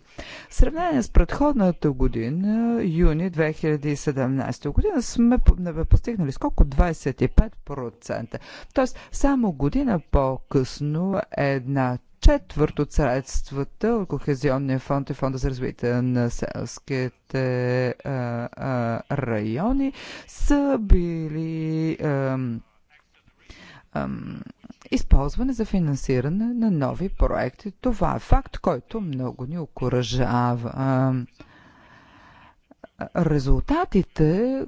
В сравнение с предходната година, юни 2017 година, сме постигнали скок от 25%. Тоест, само година по-късно е една четвърт от средствата от Кохезионния фонд и Фонда за развитие на селските а, а, райони са били а, използване за финансиране на нови проекти. Това е факт, който много ни окоръжава. Резултатите,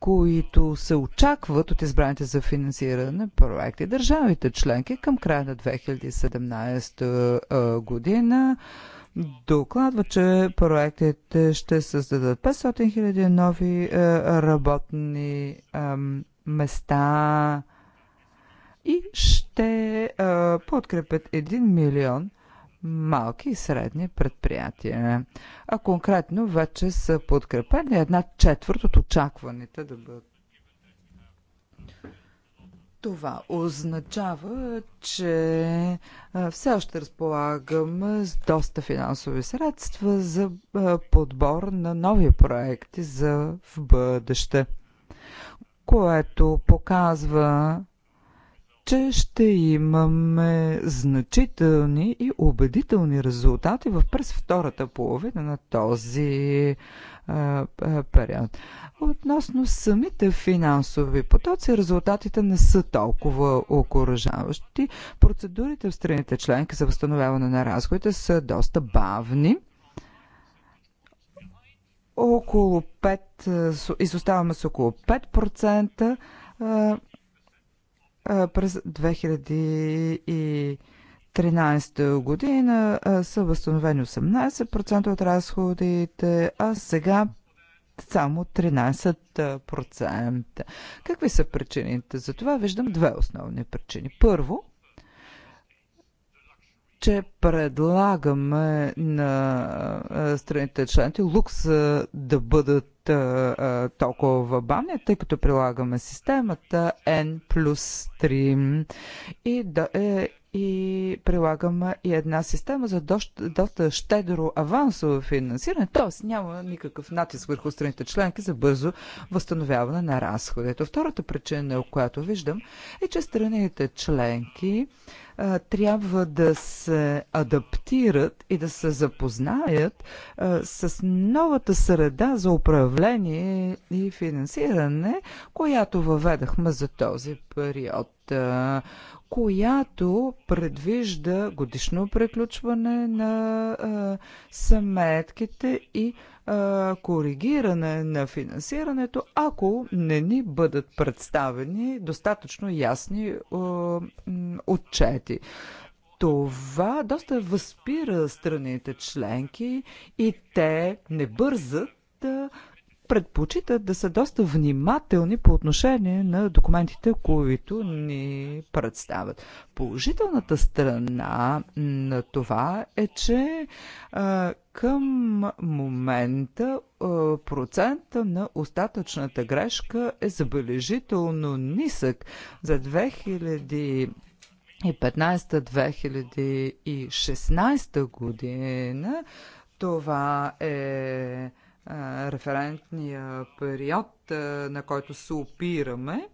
които се очакват от избраните за финансиране проекти. Държавите членки към края на 2017 година докладва, че проектите ще създадат 500 000 нови работни места и ще а, подкрепят 1 милион малки и средни предприятия. А конкретно вече са подкрепени една четвърт от очакваните да бъдат. Това означава, че все още разполагам с доста финансови средства за подбор на нови проекти за в бъдеще, което показва че ще имаме значителни и убедителни резултати в през втората половина на този период. Относно самите финансови потоци, резултатите не са толкова окоръжаващи. Процедурите в страните членки за възстановяване на разходите са доста бавни около 5, изоставаме с около 5% през 2013 година са възстановени 18% от разходите, а сега само 13%. Какви са причините за това? Виждам две основни причини. Първо, че предлагаме на страните членки лукс да бъдат толкова бавни, тъй като прилагаме системата N плюс 3 и, да, е, и прилагаме и една система за доста, доста щедро авансово финансиране, т.е. няма никакъв натиск върху страните членки за бързо възстановяване на разходите. Втората причина, която виждам, е, че страните членки трябва да се адаптират и да се запознаят с новата среда за управление и финансиране, която въведахме за този период която предвижда годишно приключване на а, съметките и коригиране на финансирането, ако не ни бъдат представени достатъчно ясни отчети. Това доста възпира страните членки и те не бързат да предпочитат да са доста внимателни по отношение на документите, които ни представят. Положителната страна на това е, че а, към момента а, процента на остатъчната грешка е забележително нисък. За 2000 2015-2016 година това е референтния период, на който се опираме.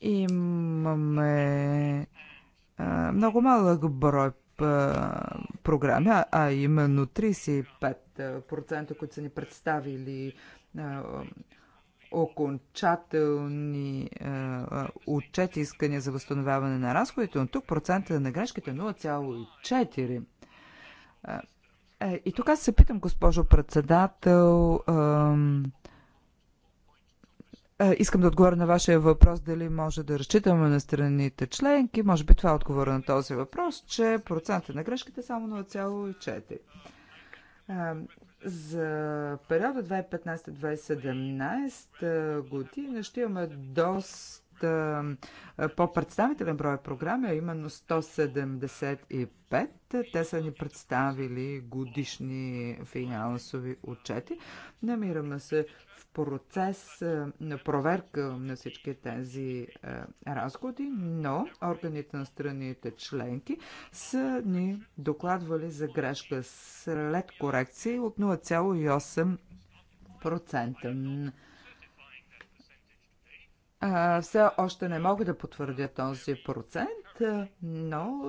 Имаме много малък брой програми, а именно 35%, които са ни представили окончателни отчети искания за възстановяване на разходите, но тук процента на грешките е 0,4. Е, и тук аз се питам, госпожо председател, е, Искам да отговоря на вашия въпрос дали може да разчитаме на страните членки. Може би това е отговора на този въпрос, че процента на грешките е само 0,4. За периода 2015-2017 година ще имаме доста по-представителен брой програми, а именно 175. Те са ни представили годишни финансови отчети. Намираме се в процес на проверка на всички тези разходи, но органите на страните членки са ни докладвали за грешка след корекции от 0,8% все още не мога да потвърдя този процент, но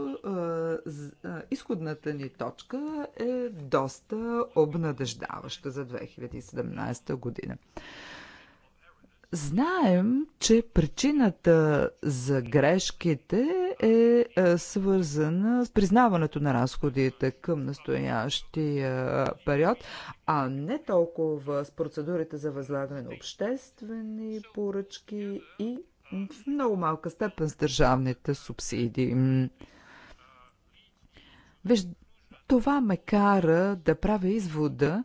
изходната ни точка е доста обнадеждаваща за 2017 година. Знаем, че причината за грешките е, е свързана с признаването на разходите към настоящия период, а не толкова с процедурите за възлагане на обществени поръчки и в много малка степен с държавните субсидии. Виж, това ме кара да правя извода,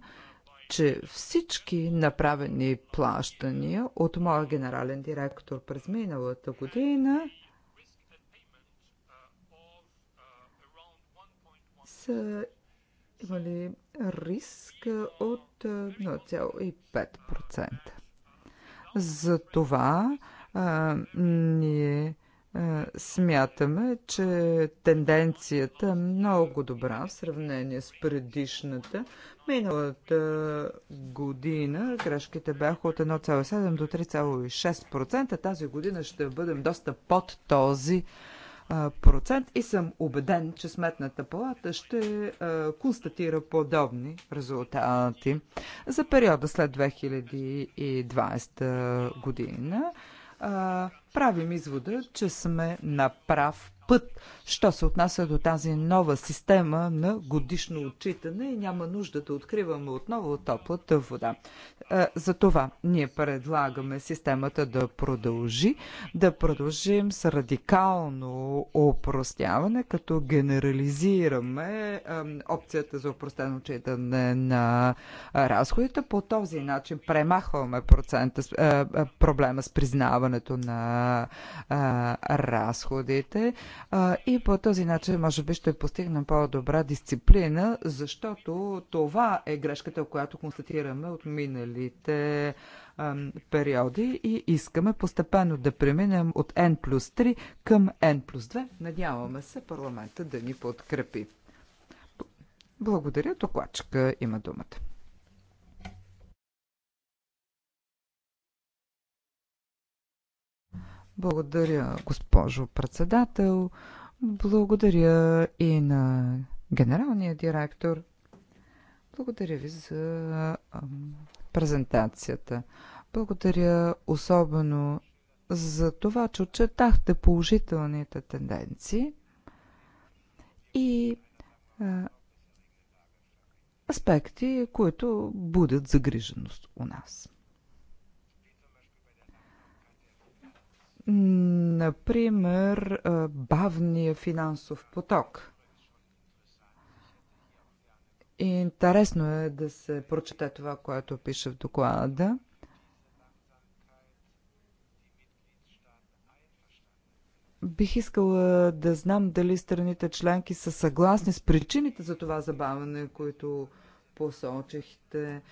че всички направени плащания от моя генерален директор през миналата година са имали риск от 0,5%. За а, ние е, смятаме, че тенденцията е много добра в сравнение с предишната. Миналата година грешките бяха от 1,7 до 3,6%. Тази година ще бъдем доста под този е, процент и съм убеден, че Сметната палата ще е, констатира подобни резултати за периода след 2020 година правим извода, че сме на прав път, що се отнася до тази нова система на годишно отчитане и няма нужда да откриваме отново топлата вода. Е, Затова ние предлагаме системата да продължи, да продължим с радикално опростяване, като генерализираме опцията за опростено отчитане на разходите. По този начин премахваме процента, е, е, проблема с признаването на разходите и по този начин може би ще постигнем по-добра дисциплина, защото това е грешката, която констатираме от миналите периоди и искаме постепенно да преминем от N плюс 3 към N плюс 2. Надяваме се парламента да ни подкрепи. Благодаря. Докладчика има думата. Благодаря, госпожо председател. Благодаря и на генералния директор. Благодаря ви за презентацията. Благодаря особено за това, че отчетахте положителните тенденции и аспекти, които будят загриженост у нас. Например, бавния финансов поток. Интересно е да се прочете това, което пише в доклада. Бих искала да знам дали страните членки са съгласни с причините за това забавяне, които посочихте.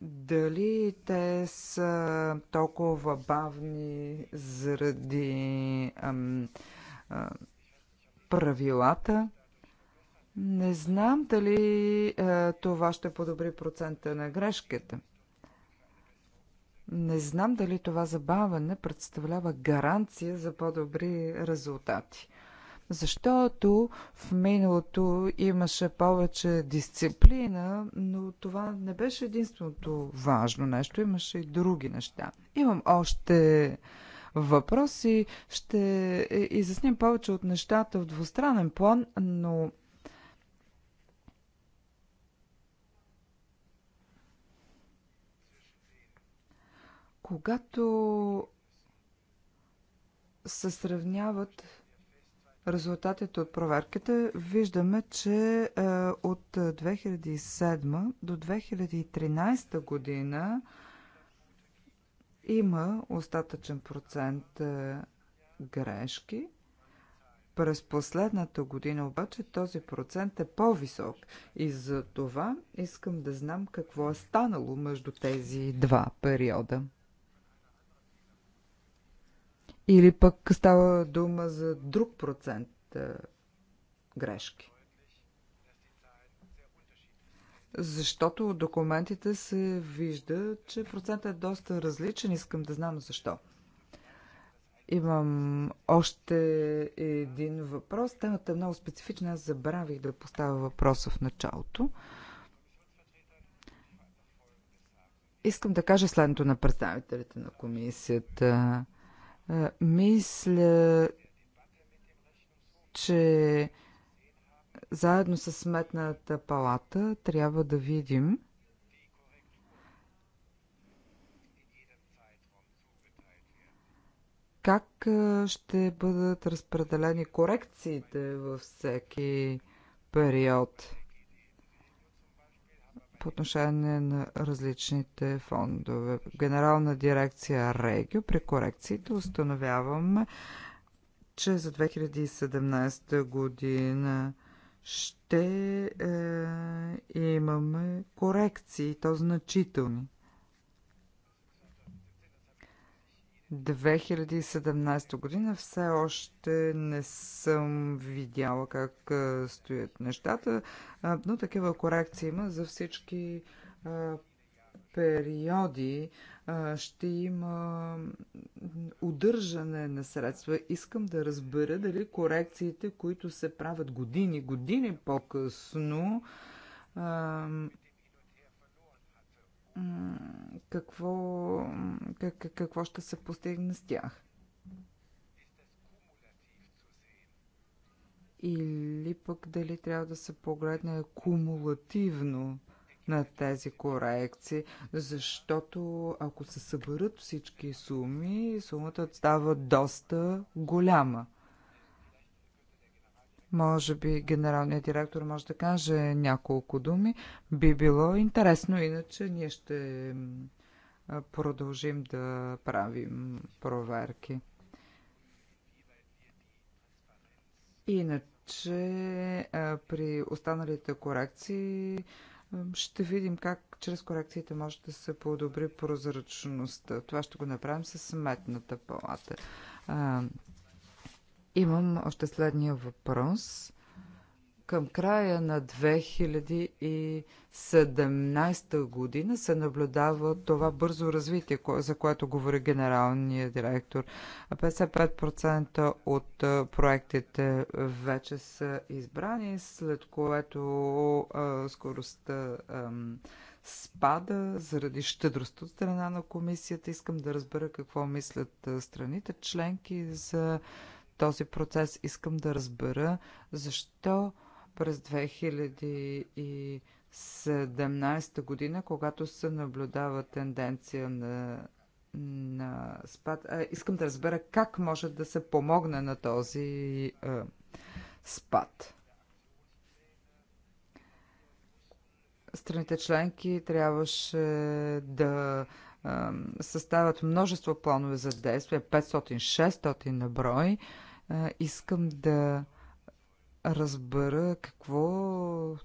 Дали те са толкова бавни заради ам, а, правилата? Не знам дали а, това ще подобри процента на грешката. Не знам дали това забаване представлява гаранция за по-добри резултати защото в миналото имаше повече дисциплина, но това не беше единственото важно нещо, имаше и други неща. Имам още въпроси, ще е, изясним повече от нещата в двустранен план, но когато се сравняват резултатите от проверките, виждаме, че е, от 2007 до 2013 година има остатъчен процент е, грешки. През последната година обаче този процент е по-висок и за това искам да знам какво е станало между тези два периода. Или пък става дума за друг процент е, грешки. Защото от документите се вижда, че процентът е доста различен. Искам да знам защо. Имам още един въпрос. Темата е много специфична. Аз забравих да поставя въпроса в началото. Искам да кажа следното на представителите на комисията. Мисля, че заедно с Сметната палата трябва да видим как ще бъдат разпределени корекциите във всеки период по отношение на различните фондове. Генерална дирекция Регио при корекциите установяваме, че за 2017 година ще е, имаме корекции, то значителни. 2017 година все още не съм видяла как стоят нещата, но такива корекции има за всички периоди. Ще има удържане на средства. Искам да разбера дали корекциите, които се правят години, години по-късно, какво, как, какво ще се постигне с тях. Или пък дали трябва да се погледне кумулативно на тези корекции, защото ако се съберат всички суми, сумата става доста голяма. Може би генералният директор може да каже няколко думи. Би било интересно, иначе ние ще продължим да правим проверки. Иначе при останалите корекции ще видим как чрез корекциите може да се подобри прозрачността. Това ще го направим с сметната палата. Имам още следния въпрос. Към края на 2017 година се наблюдава това бързо развитие, за което говори генералният директор. 55% от проектите вече са избрани, след което скоростта спада заради щедростта от страна на комисията. Искам да разбера какво мислят страните членки за този процес. Искам да разбера защо през 2017 година, когато се наблюдава тенденция на, на спад, а, искам да разбера как може да се помогне на този а, спад. Страните членки трябваше да съставят множество планове за действие, 500-600 на брой, искам да разбера какво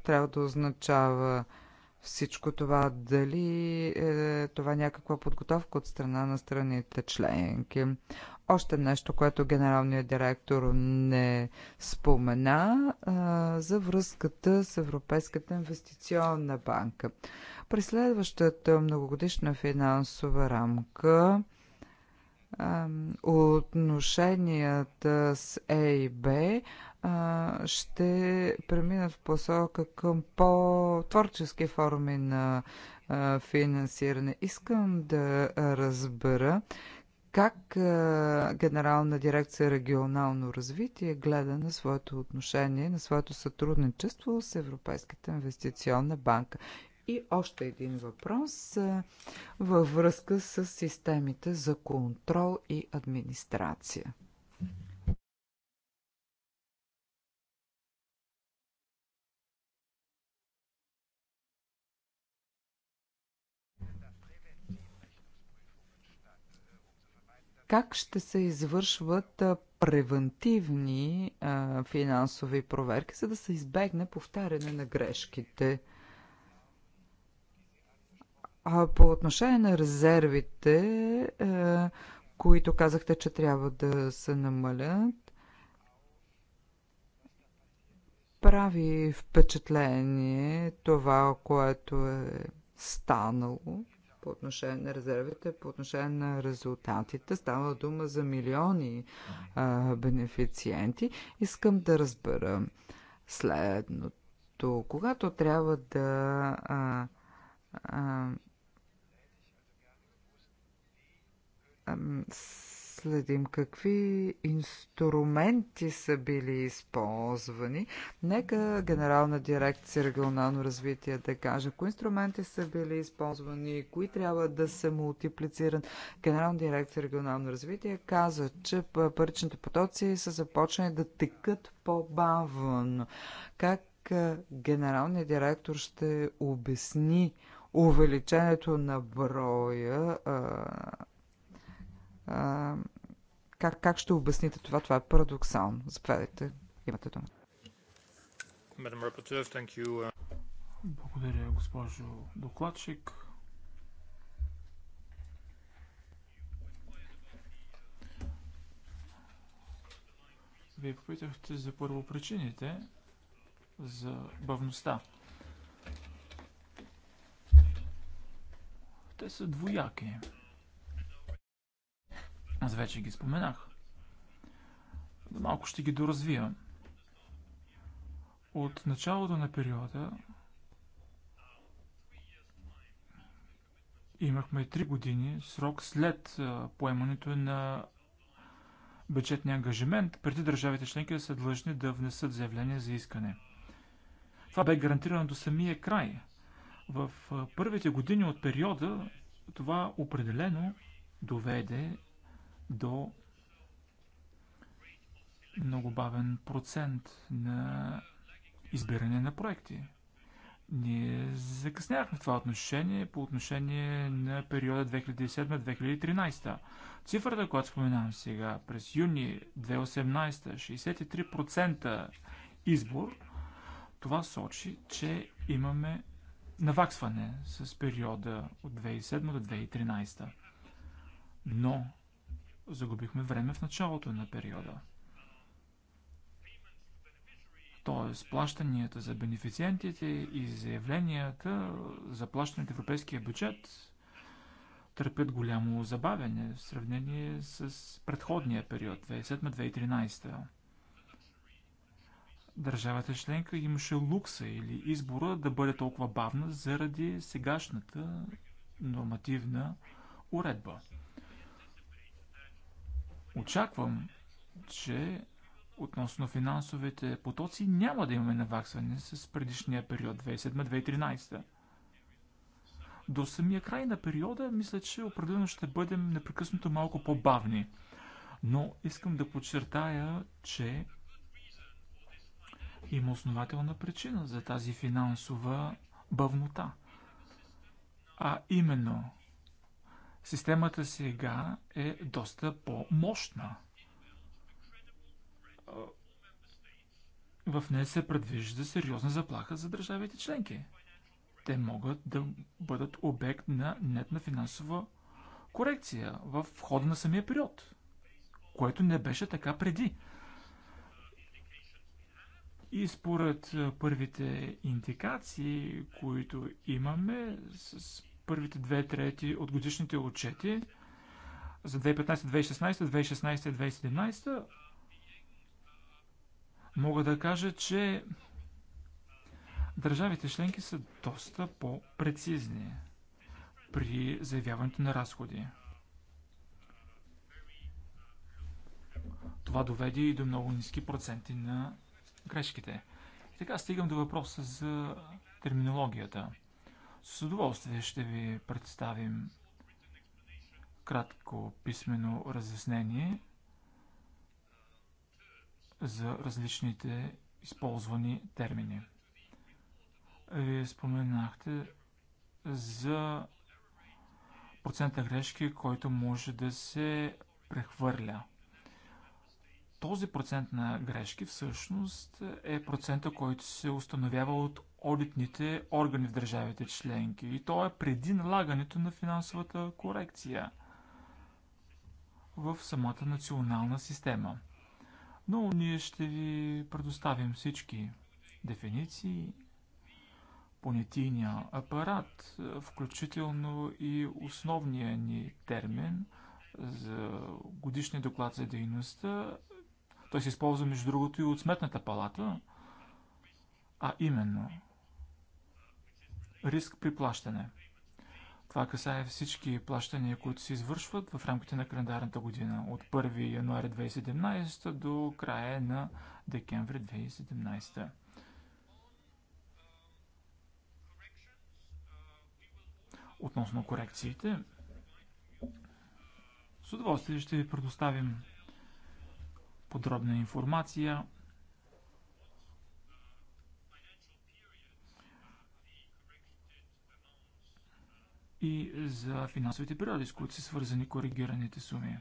трябва да означава всичко това. Дали е това е някаква подготовка от страна на страните членки. Още нещо, което генералният директор не спомена а, за връзката с Европейската инвестиционна банка. През следващата многогодишна финансова рамка отношенията с A и Б ще преминат в посока към по-творчески форми на финансиране. Искам да разбера как Генерална дирекция регионално развитие гледа на своето отношение, на своето сътрудничество с Европейската инвестиционна банка. И още един въпрос във връзка с системите за контрол и администрация. как ще се извършват превентивни а, финансови проверки, за да се избегне повтаряне на грешките? А по отношение на резервите, е, които казахте, че трябва да се намалят, прави впечатление това, което е станало по отношение на резервите, по отношение на резултатите. Става дума за милиони а, е, бенефициенти. Искам да разбера следното. Когато трябва да а, а, следим какви инструменти са били използвани. Нека Генерална дирекция регионално развитие да каже кои инструменти са били използвани, кои трябва да се мултиплицират. Генерална дирекция регионално развитие каза, че паричните потоци са започнали да текат по-бавно. Как генералният директор ще обясни увеличението на броя а, как, как ще обясните това? Това е парадоксално. Заповядайте, имате дума. Uh, Благодаря, госпожо докладчик. Вие попитахте за първопричините за бавността. Те са двояки. Аз вече ги споменах. Малко ще ги доразвия. От началото на периода имахме 3 години срок след поемането на бюджетния ангажимент, преди държавите членки да са длъжни да внесат заявление за искане. Това бе гарантирано до самия край. В първите години от периода това определено доведе до много бавен процент на избиране на проекти. Ние закъсняхме това отношение по отношение на периода 2007-2013. Цифрата, която споменавам сега, през юни 2018 63% избор, това сочи, че имаме наваксване с периода от 2007 до 2013. Но Загубихме време в началото на периода. Тоест, плащанията за бенефициентите и заявленията за плащане в европейския бюджет търпят голямо забавяне в сравнение с предходния период 2007-2013. Държавата членка имаше лукса или избора да бъде толкова бавна заради сегашната нормативна уредба. Очаквам, че относно финансовите потоци няма да имаме наваксване с предишния период 2007-2013. До самия край на периода мисля, че определено ще бъдем непрекъснато малко по-бавни. Но искам да подчертая, че има основателна причина за тази финансова бавнота. А именно – Системата сега е доста по-мощна. В нея се предвижда сериозна заплаха за държавите членки. Те могат да бъдат обект на нетна финансова корекция в хода на самия период, което не беше така преди. И според първите индикации, които имаме с първите две трети от годишните отчети за 2015, 2016, 2016 2017, мога да кажа, че държавите членки са доста по-прецизни при заявяването на разходи. Това доведе и до много ниски проценти на грешките. И така стигам до въпроса за терминологията – с удоволствие ще ви представим кратко писмено разяснение за различните използвани термини. Вие споменахте за процента грешки, който може да се прехвърля. Този процент на грешки всъщност е процента, който се установява от одитните органи в държавите членки. И то е преди налагането на финансовата корекция в самата национална система. Но ние ще ви предоставим всички дефиниции, понятийния апарат, включително и основния ни термин за годишния доклад за дейността. Той се използва, между другото, и от Сметната палата, а именно – риск при плащане. Това касае всички плащания, които се извършват в рамките на календарната година от 1 януаря 2017 до края на декември 2017. Относно корекциите, с удоволствие ще ви предоставим подробна информация за финансовите периоди, с които са свързани коригираните суми.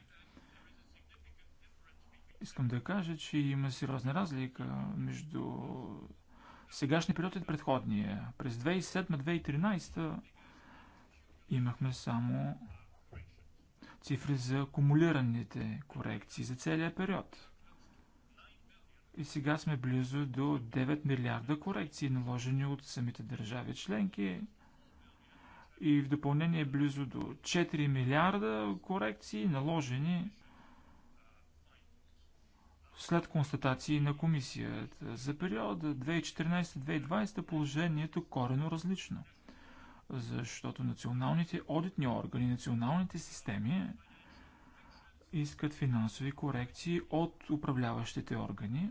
Искам да кажа, че има сериозна разлика между сегашния период и предходния. През 2007-2013 имахме само цифри за кумулираните корекции за целия период. И сега сме близо до 9 милиарда корекции, наложени от самите държави членки и в допълнение близо до 4 милиарда корекции наложени след констатации на комисията. За периода 2014-2020 положението е корено различно, защото националните одитни органи, националните системи искат финансови корекции от управляващите органи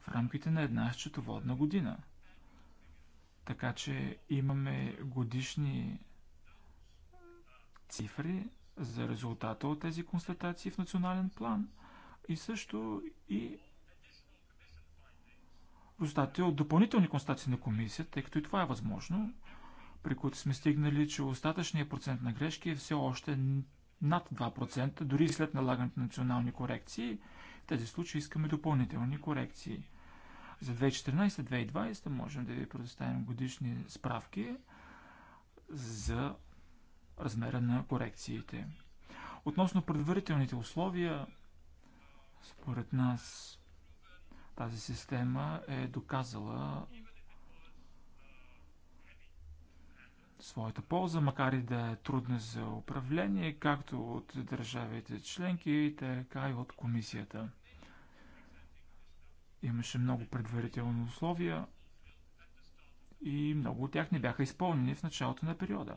в рамките на една счетоводна година – така че имаме годишни цифри за резултата от тези констатации в национален план и също и резултатите от допълнителни констатации на комисията, тъй като и това е възможно, при които сме стигнали, че остатъчният процент на грешки е все още над 2%, дори след налагането на национални корекции. В тези случаи искаме допълнителни корекции. За 2014-2020 можем да ви предоставим годишни справки за размера на корекциите. Относно предварителните условия, според нас тази система е доказала своята полза, макар и да е трудна за управление, както от държавите членки, така и от комисията. Имаше много предварителни условия и много от тях не бяха изпълнени в началото на периода.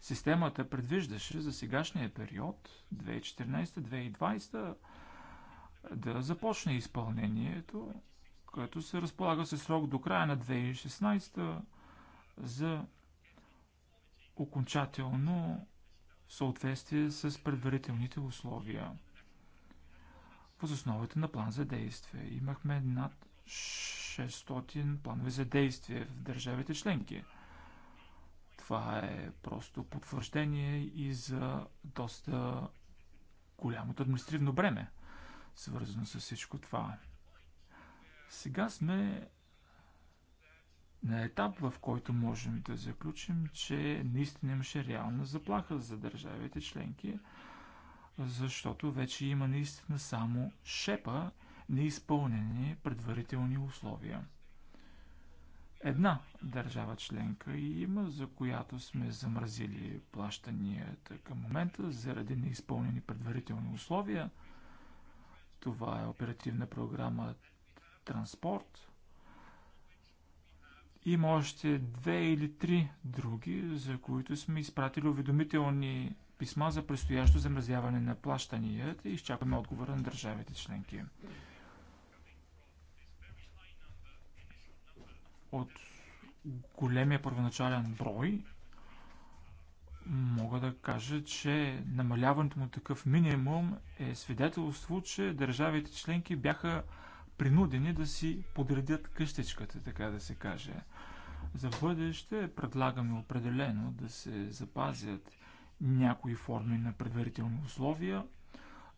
Системата предвиждаше за сегашния период 2014-2020 да започне изпълнението, което се разполага със срок до края на 2016 за окончателно съответствие с предварителните условия въз основата на план за действие. Имахме над 600 планове за действие в държавите членки. Това е просто потвърждение и за доста голямото административно бреме, свързано с всичко това. Сега сме на етап, в който можем да заключим, че наистина имаше реална заплаха за държавите членки – защото вече има наистина само шепа неизпълнени предварителни условия. Една държава членка има, за която сме замразили плащанията към момента заради неизпълнени предварителни условия. Това е оперативна програма Транспорт. Има още две или три други, за които сме изпратили уведомителни писма за предстоящо замразяване на плащанията и изчакваме отговора на държавите членки. От големия първоначален брой мога да кажа, че намаляването му такъв минимум е свидетелство, че държавите членки бяха принудени да си подредят къщичката, така да се каже. За бъдеще предлагаме определено да се запазят някои форми на предварителни условия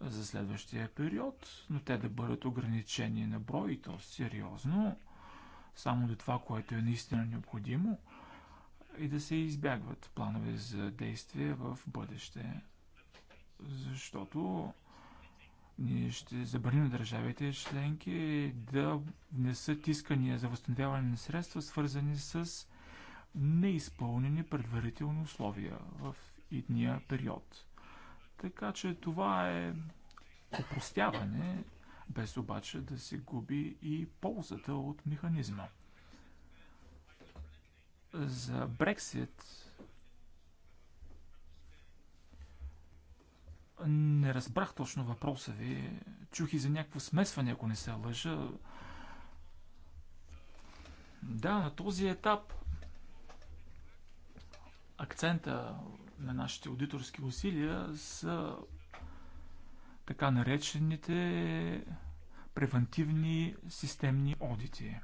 за следващия период, но те да бъдат ограничени на брой и то сериозно, само до това, което е наистина необходимо и да се избягват планове за действие в бъдеще. Защото ние ще забраним държавите членки да внесат искания за възстановяване на средства, свързани с неизпълнени предварителни условия в идния период. Така че това е опростяване, без обаче да се губи и ползата от механизма. За Брексит не разбрах точно въпроса ви. Чух и за някакво смесване, ако не се лъжа. Да, на този етап акцента на нашите аудиторски усилия са така наречените превентивни системни одити.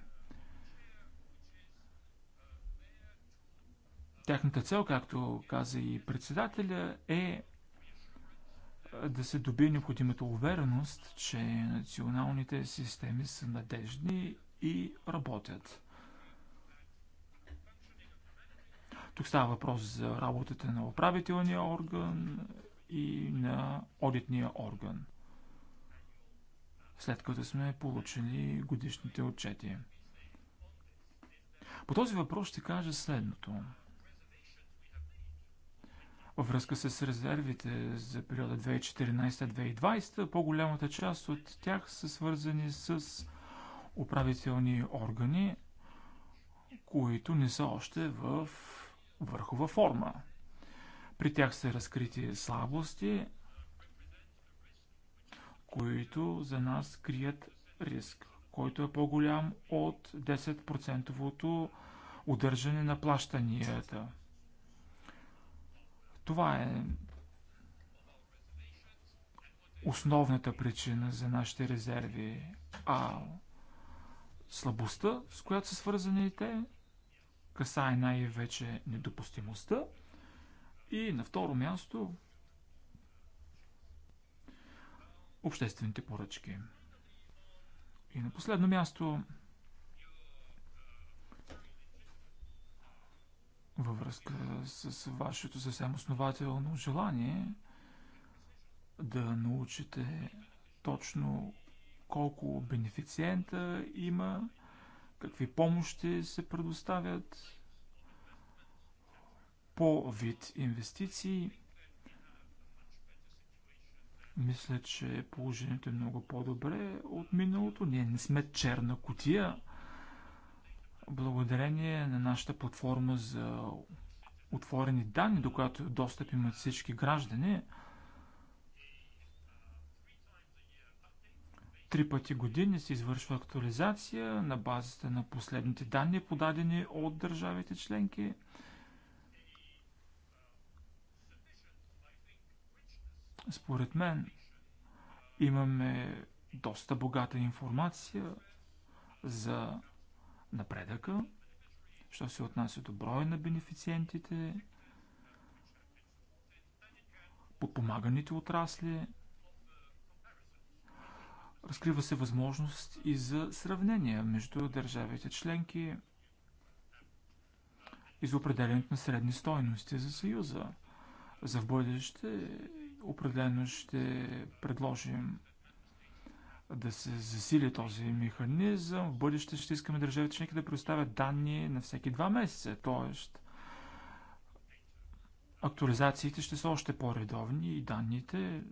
Тяхната цел, както каза и председателя, е да се добие необходимата увереност, че националните системи са надежни и работят. Тук става въпрос за работата на управителния орган и на одитния орган, след като сме получили годишните отчети. По този въпрос ще кажа следното. Във връзка с резервите за периода 2014-2020, по-голямата част от тях са свързани с управителни органи, които не са още в върхова форма. При тях са разкрити слабости, които за нас крият риск, който е по-голям от 10 удържане на плащанията. Това е основната причина за нашите резерви, а слабостта, с която са свързани те, касае най-вече недопустимостта. И на второ място обществените поръчки. И на последно място във връзка с вашето съвсем основателно желание да научите точно колко бенефициента има какви помощи се предоставят по вид инвестиции. Мисля, че положението е много по-добре от миналото. Ние не сме черна котия. Благодарение на нашата платформа за отворени данни, до която е достъп имат всички граждани, Три пъти години се извършва актуализация на базата на последните данни, подадени от държавите членки. Според мен имаме доста богата информация за напредъка, що се отнася до броя на бенефициентите, подпомаганите отрасли, Разкрива се възможност и за сравнение между държавите членки и за определенето на средни стойности за Съюза. За в бъдеще определено ще предложим да се засили този механизъм. В бъдеще ще искаме държавите членки да предоставят данни на всеки два месеца, т.е. актуализациите ще са още по-редовни и данните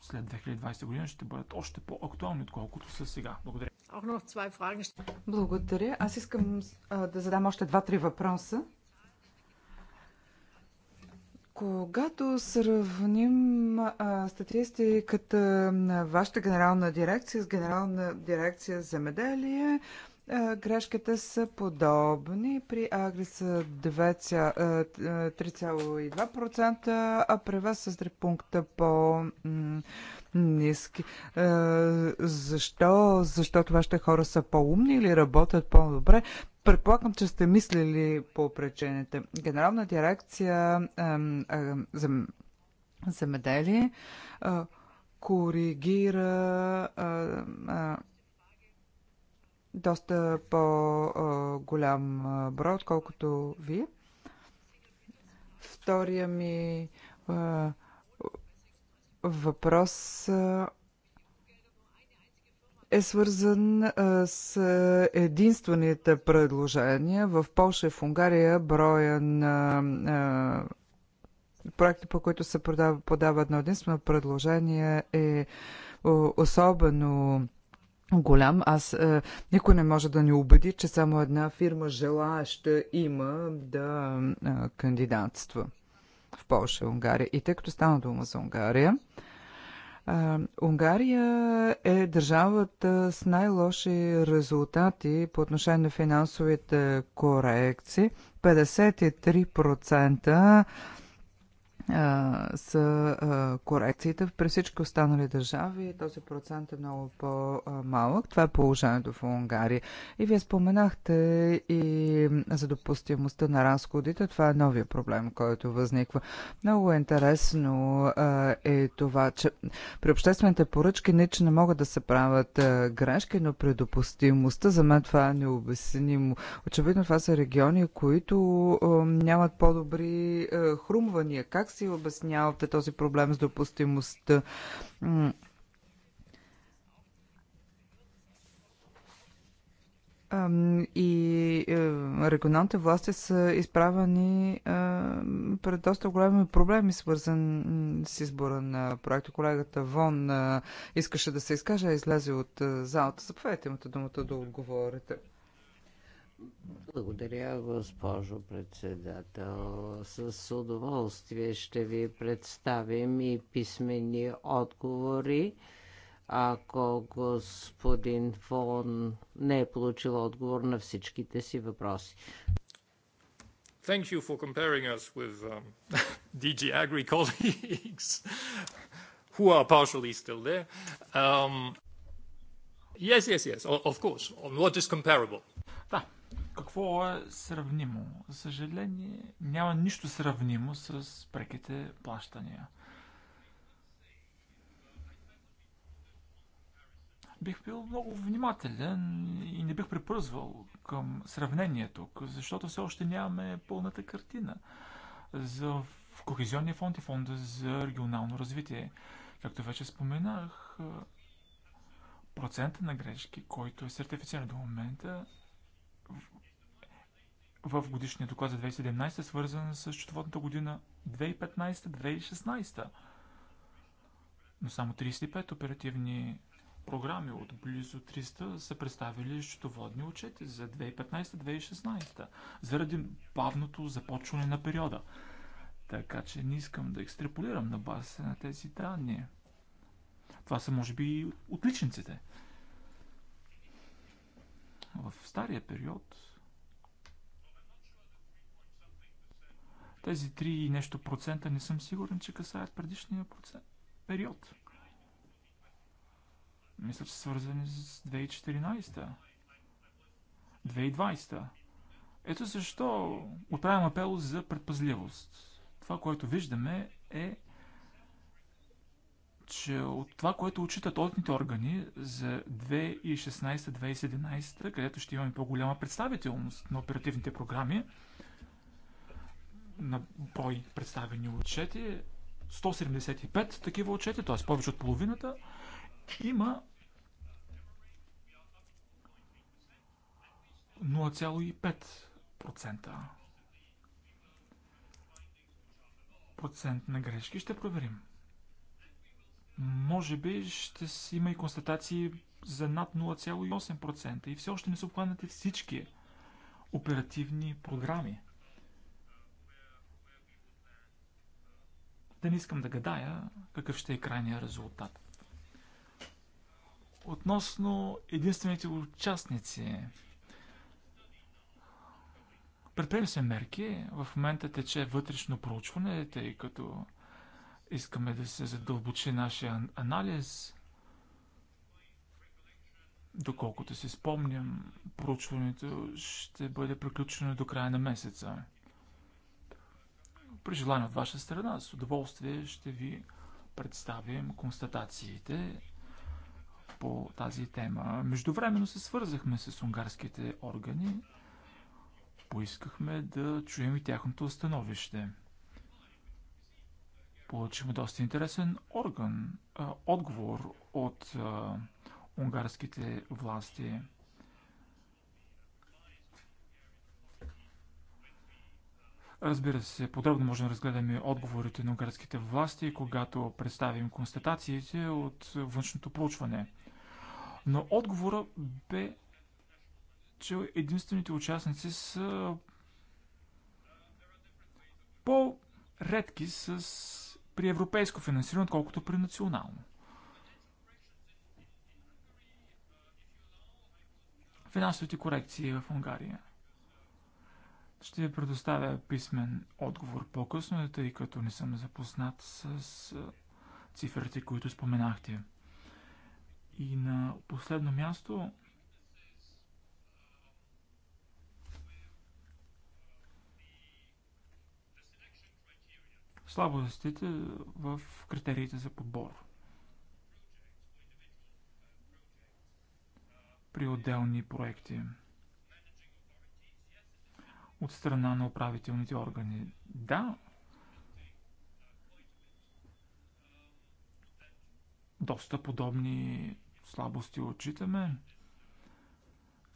след 2020 година ще бъдат още по-актуални, отколкото са сега. Благодаря. Е Благодаря. Аз искам а, да задам още два-три въпроса. Когато сравним а, статистиката на вашата генерална дирекция с генерална дирекция за земеделие, Грешките са подобни. При Агри са 3,2%, а при вас са 3 пункта по ниски Защо? Защото вашите хора са по-умни или работят по-добре? Предполагам, че сте мислили по причините. Генерална дирекция за земеделие коригира доста по-голям брой, отколкото вие. Втория ми въпрос е свързан с единствените предложения. В Польша и в Унгария броя на проекти, по които се подава едно единствено предложение е особено голям. Аз е, никой не може да ни убеди, че само една фирма желаеща има да е, кандидатства в Польша и Унгария. И тъй като стана дума за Унгария, е, Унгария е държавата с най-лоши резултати по отношение на финансовите корекции. 53% а, са а, корекциите. При всички останали държави този процент е много по-малък. Това е положението в Унгария. И вие споменахте и за допустимостта на разходите. Това е новия проблем, който възниква. Много е интересно а, е това, че при обществените поръчки не, че не могат да се правят а, грешки, но при допустимостта за мен това е необяснимо. Очевидно това са региони, които а, нямат по-добри хрумвания. Как си си обяснявате този проблем с допустимостта? и е, регионалните власти са изправени е, пред доста големи проблеми, свързан с избора на проекта. Колегата Вон е, искаше да се изкаже, а излезе от залата. Заповядайте, имате думата да отговорите. Благодаря, госпожо председател. С удоволствие ще ви представим и писмени отговори. Ако господин Фон не е получил отговор на всичките си въпроси. Thank you for comparing us with um, DG Agri colleagues who are partially still there. Um, yes, yes, yes, of course, on what is comparable какво е сравнимо? За съжаление, няма нищо сравнимо с преките плащания. Бих бил много внимателен и не бих препръзвал към сравнението, защото все още нямаме пълната картина за Кохезионния фонд и фонда за регионално развитие. Както вече споменах, процента на грешки, който е сертифициран до момента, в годишния доклад за 2017, свързан с счетоводната година 2015-2016. Но само 35 оперативни програми от близо 300 са представили счетоводни отчети за 2015-2016, заради бавното започване на периода. Така че не искам да екстраполирам на базата на тези данни. Това са, може би, и отличниците. В стария период Тези 3 и нещо процента не съм сигурен, че касаят предишния процент, период. Мисля, че свързани с 2014 2020 Ето защо отправям апел за предпазливост. Това, което виждаме е че от това, което отчитат отните органи за 2016-2017, където ще имаме по-голяма представителност на оперативните програми, на брой представени отчети, 175 такива отчети, т.е. повече от половината, има 0,5% процент на грешки. Ще проверим. Може би ще си има и констатации за над 0,8% и все още не са обхванати всички оперативни програми – да не искам да гадая какъв ще е крайният резултат. Относно единствените участници, предприели се мерки. В момента тече вътрешно проучване, тъй като искаме да се задълбочи нашия анализ. Доколкото си спомням, проучването ще бъде приключено до края на месеца. При желание от ваша страна, с удоволствие ще ви представим констатациите по тази тема. Междувременно се свързахме с унгарските органи. Поискахме да чуем и тяхното становище. Получихме доста интересен орган, отговор от унгарските власти. Разбира се, подробно можем да разгледаме отговорите на унгарските власти, когато представим констатациите от външното проучване. Но отговора бе, че единствените участници са по-редки с при европейско финансиране, отколкото при национално. Финансовите корекции в Унгария – ще ви предоставя писмен отговор по-късно, тъй като не съм запознат с цифрите, които споменахте. И на последно място слабостите в критериите за подбор. При отделни проекти от страна на управителните органи. Да, доста подобни слабости отчитаме.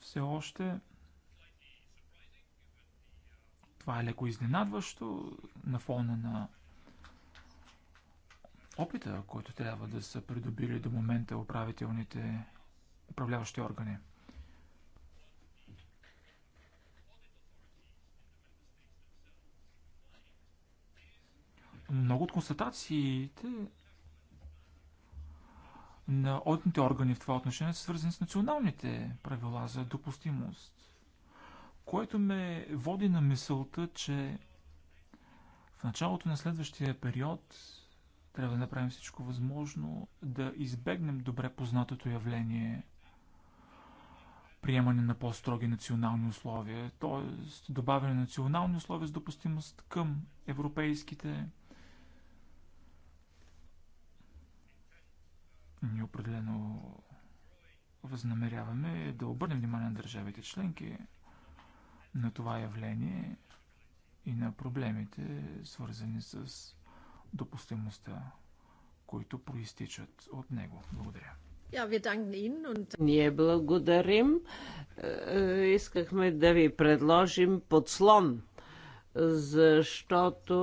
Все още това е леко изненадващо на фона на опита, който трябва да са придобили до момента управителните управляващи органи. Много от констатациите на одните органи в това отношение са свързани с националните правила за допустимост, което ме води на мисълта, че в началото на следващия период трябва да направим всичко възможно да избегнем добре познатото явление приемане на по-строги национални условия, т.е. добавяне на национални условия с допустимост към европейските Ние определено възнамеряваме да обърнем внимание на държавите членки на това явление и на проблемите, свързани с допустимостта, които проистичат от него. Благодаря. Ние благодарим. Е, е, искахме да ви предложим подслон защото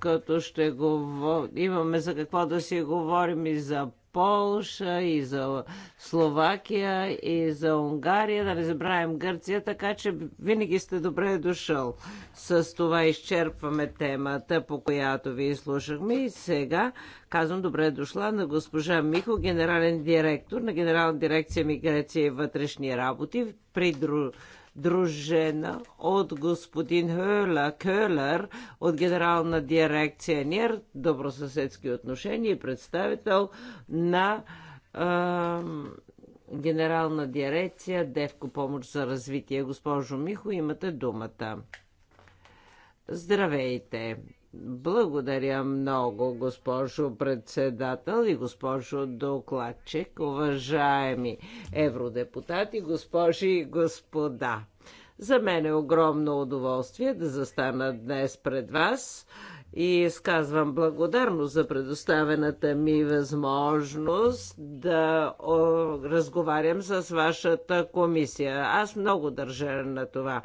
като ще говорим имаме за какво да си говорим и за Полша, и за Словакия, и за Унгария, да не забравим Гърция, така че винаги сте добре дошъл. С това изчерпваме темата, по която ви слушахме и сега казвам добре дошла на госпожа Михо, генерален директор на Генерална дирекция Миграция и вътрешни работи, придружена Дружена от господин Хъла Кълър от Генерална дирекция НИР, добросъседски отношения и представител на а, Генерална дирекция Девко помощ за развитие. Госпожо Михо, имате думата. Здравейте! Благодаря много, госпожо председател и госпожо докладчик, уважаеми евродепутати, госпожи и господа. За мен е огромно удоволствие да застана днес пред вас и изказвам благодарност за предоставената ми възможност да о, разговарям с вашата комисия. Аз много държа на това.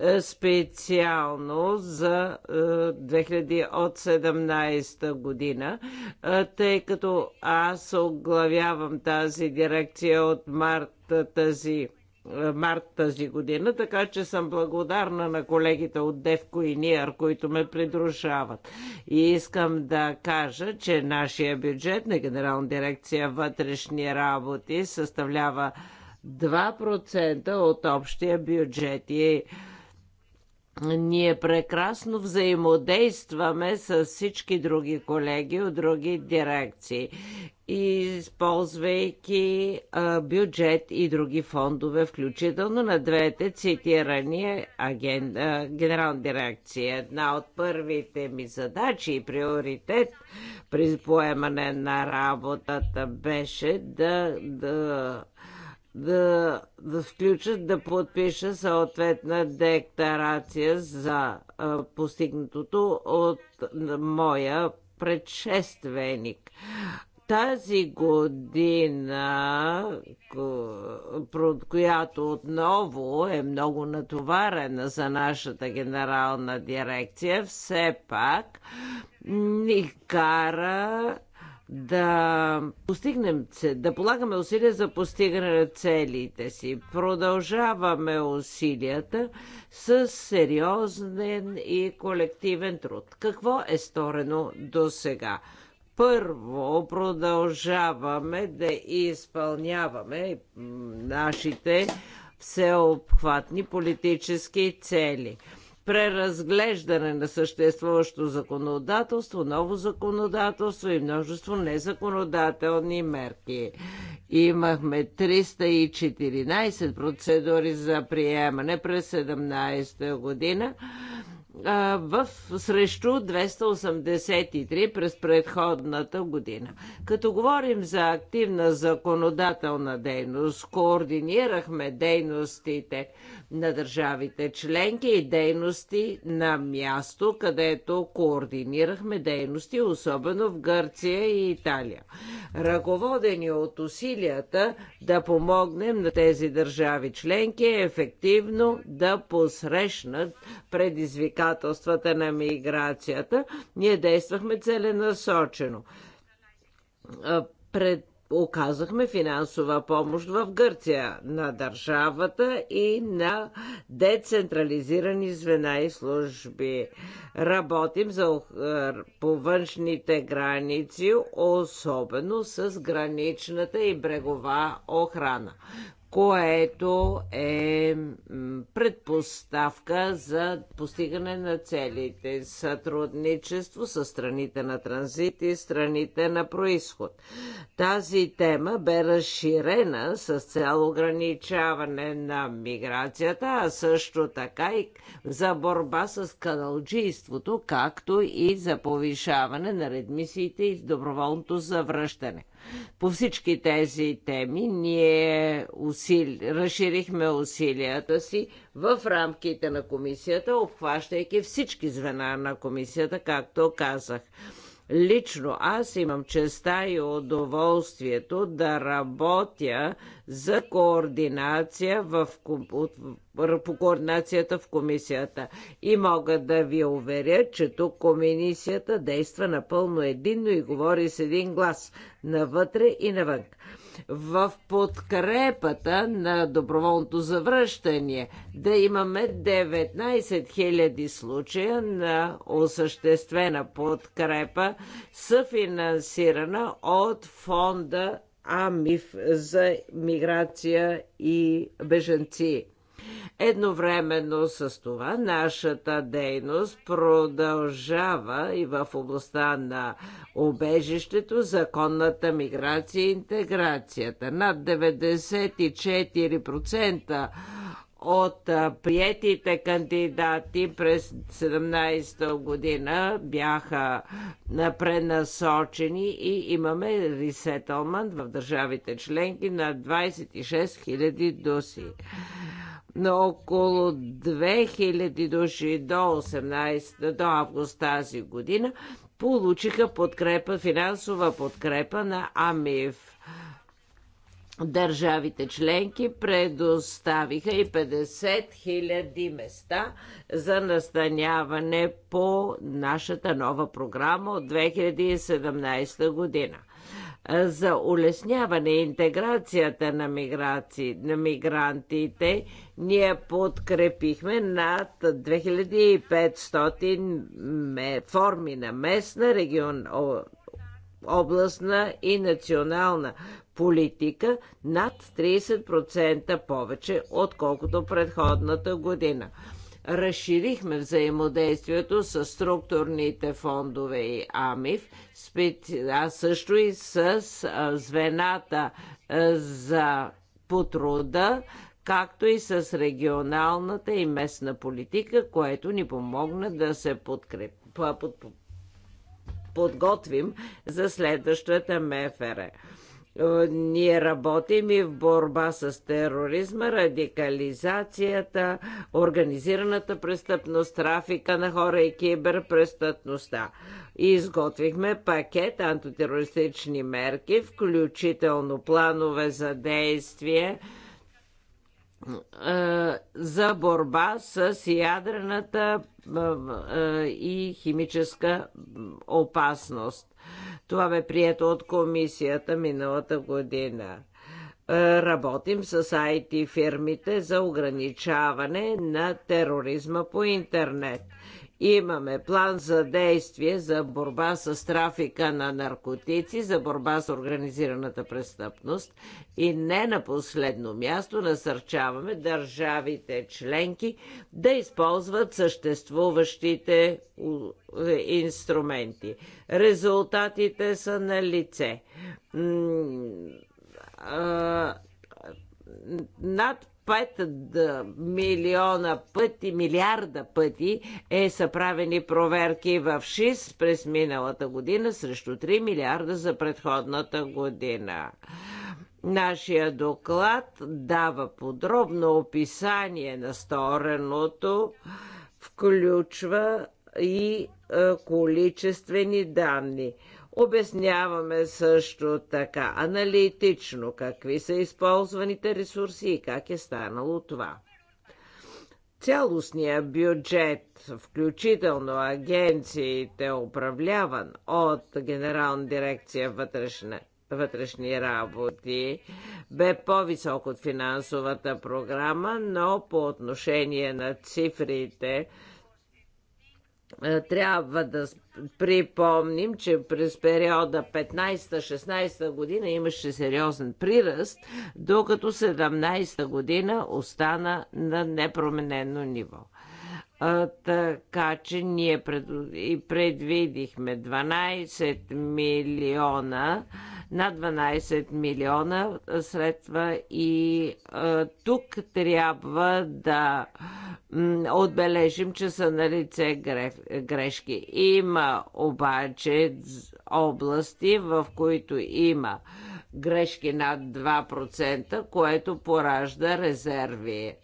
Е, специално за 2017 е, година, е, тъй като аз оглавявам тази дирекция от март тази март тази година, така че съм благодарна на колегите от Девко и Ниар, които ме придружават. И искам да кажа, че нашия бюджет на Генерална дирекция вътрешни работи съставлява 2% от общия бюджет и ние прекрасно взаимодействаме с всички други колеги от други дирекции, използвайки бюджет и други фондове, включително на двете цитирани аген... генерални дирекции. Една от първите ми задачи и приоритет при поемане на работата беше да, да да, да включат, да подпиша съответна декларация за а, постигнатото от моя предшественик. Тази година, която отново е много натоварена за нашата генерална дирекция, все пак ни кара да постигнем, да полагаме усилия за постигане на целите си. Продължаваме усилията с сериозен и колективен труд. Какво е сторено до сега? Първо продължаваме да изпълняваме нашите всеобхватни политически цели – преразглеждане на съществуващо законодателство, ново законодателство и множество незаконодателни мерки. Имахме 314 процедури за приемане през 17 година в срещу 283 през предходната година. Като говорим за активна законодателна дейност, координирахме дейностите на държавите членки и дейности на място, където координирахме дейности, особено в Гърция и Италия. Ръководени от усилията да помогнем на тези държави членки е ефективно да посрещнат предизвикателствата на миграцията, ние действахме целенасочено. Пред оказахме финансова помощ в Гърция на държавата и на децентрализирани звена и служби. Работим за, е, по външните граници, особено с граничната и брегова охрана което е предпоставка за постигане на целите. Сътрудничество с страните на транзит и страните на происход. Тази тема бе разширена с цел ограничаване на миграцията, а също така и за борба с каналджийството, както и за повишаване на редмисиите и доброволното завръщане. По всички тези теми ние усили... разширихме усилията си в рамките на комисията, обхващайки всички звена на комисията, както казах. Лично аз имам честа и удоволствието да работя за координация в, по координацията в комисията. И мога да ви уверя, че тук комисията действа напълно единно и говори с един глас навътре и навън в подкрепата на доброволното завръщане. Да имаме 19 000 случая на осъществена подкрепа, съфинансирана от фонда АМИФ за миграция и беженци. Едновременно с това нашата дейност продължава и в областта на обежището, законната миграция и интеграцията. Над 94% от приетите кандидати през 17 година бяха пренасочени и имаме ресетълмент в държавите членки на 26 000 души на около 2000 души до 18 до август тази година получиха подкрепа, финансова подкрепа на АМИФ. Държавите членки предоставиха и 50 000 места за настаняване по нашата нова програма от 2017 година за улесняване интеграцията на, миграции, на мигрантите, ние подкрепихме над 2500 е, форми на местна, регион, областна и национална политика над 30% повече, отколкото предходната година. Разширихме взаимодействието с структурните фондове и АМИФ, а също и с звената за потруда, както и с регионалната и местна политика, което ни помогна да се подкреп... подготвим за следващата МФР. Е, ние работим и в борба с тероризма, радикализацията, организираната престъпност, трафика на хора и киберпрестъпността. Изготвихме пакет антитерористични мерки, включително планове за действие е, за борба с ядрената е, и химическа опасност. Това бе прието от комисията миналата година. Е, работим с IT фирмите за ограничаване на тероризма по интернет. Имаме план за действие за борба с трафика на наркотици, за борба с организираната престъпност и не на последно място насърчаваме държавите членки да използват съществуващите е, инструменти. Резултатите са на лице над 5 милиона пъти, милиарда пъти е са правени проверки в ШИС през миналата година срещу 3 милиарда за предходната година. Нашия доклад дава подробно описание на стореното, включва и е, количествени данни. Обясняваме също така аналитично какви са използваните ресурси и как е станало това. Цялостният бюджет, включително агенциите, управляван от Генерална дирекция вътрешна вътрешни работи бе по-висок от финансовата програма, но по отношение на цифрите е, трябва да припомним, че през периода 15-16 година имаше сериозен приръст, докато 17 година остана на непроменено ниво. А, така че ние пред, и предвидихме 12 милиона над 12 милиона средства и тук трябва да отбележим, че са на лице грешки. Има обаче области, в които има грешки над 2%, което поражда резерви.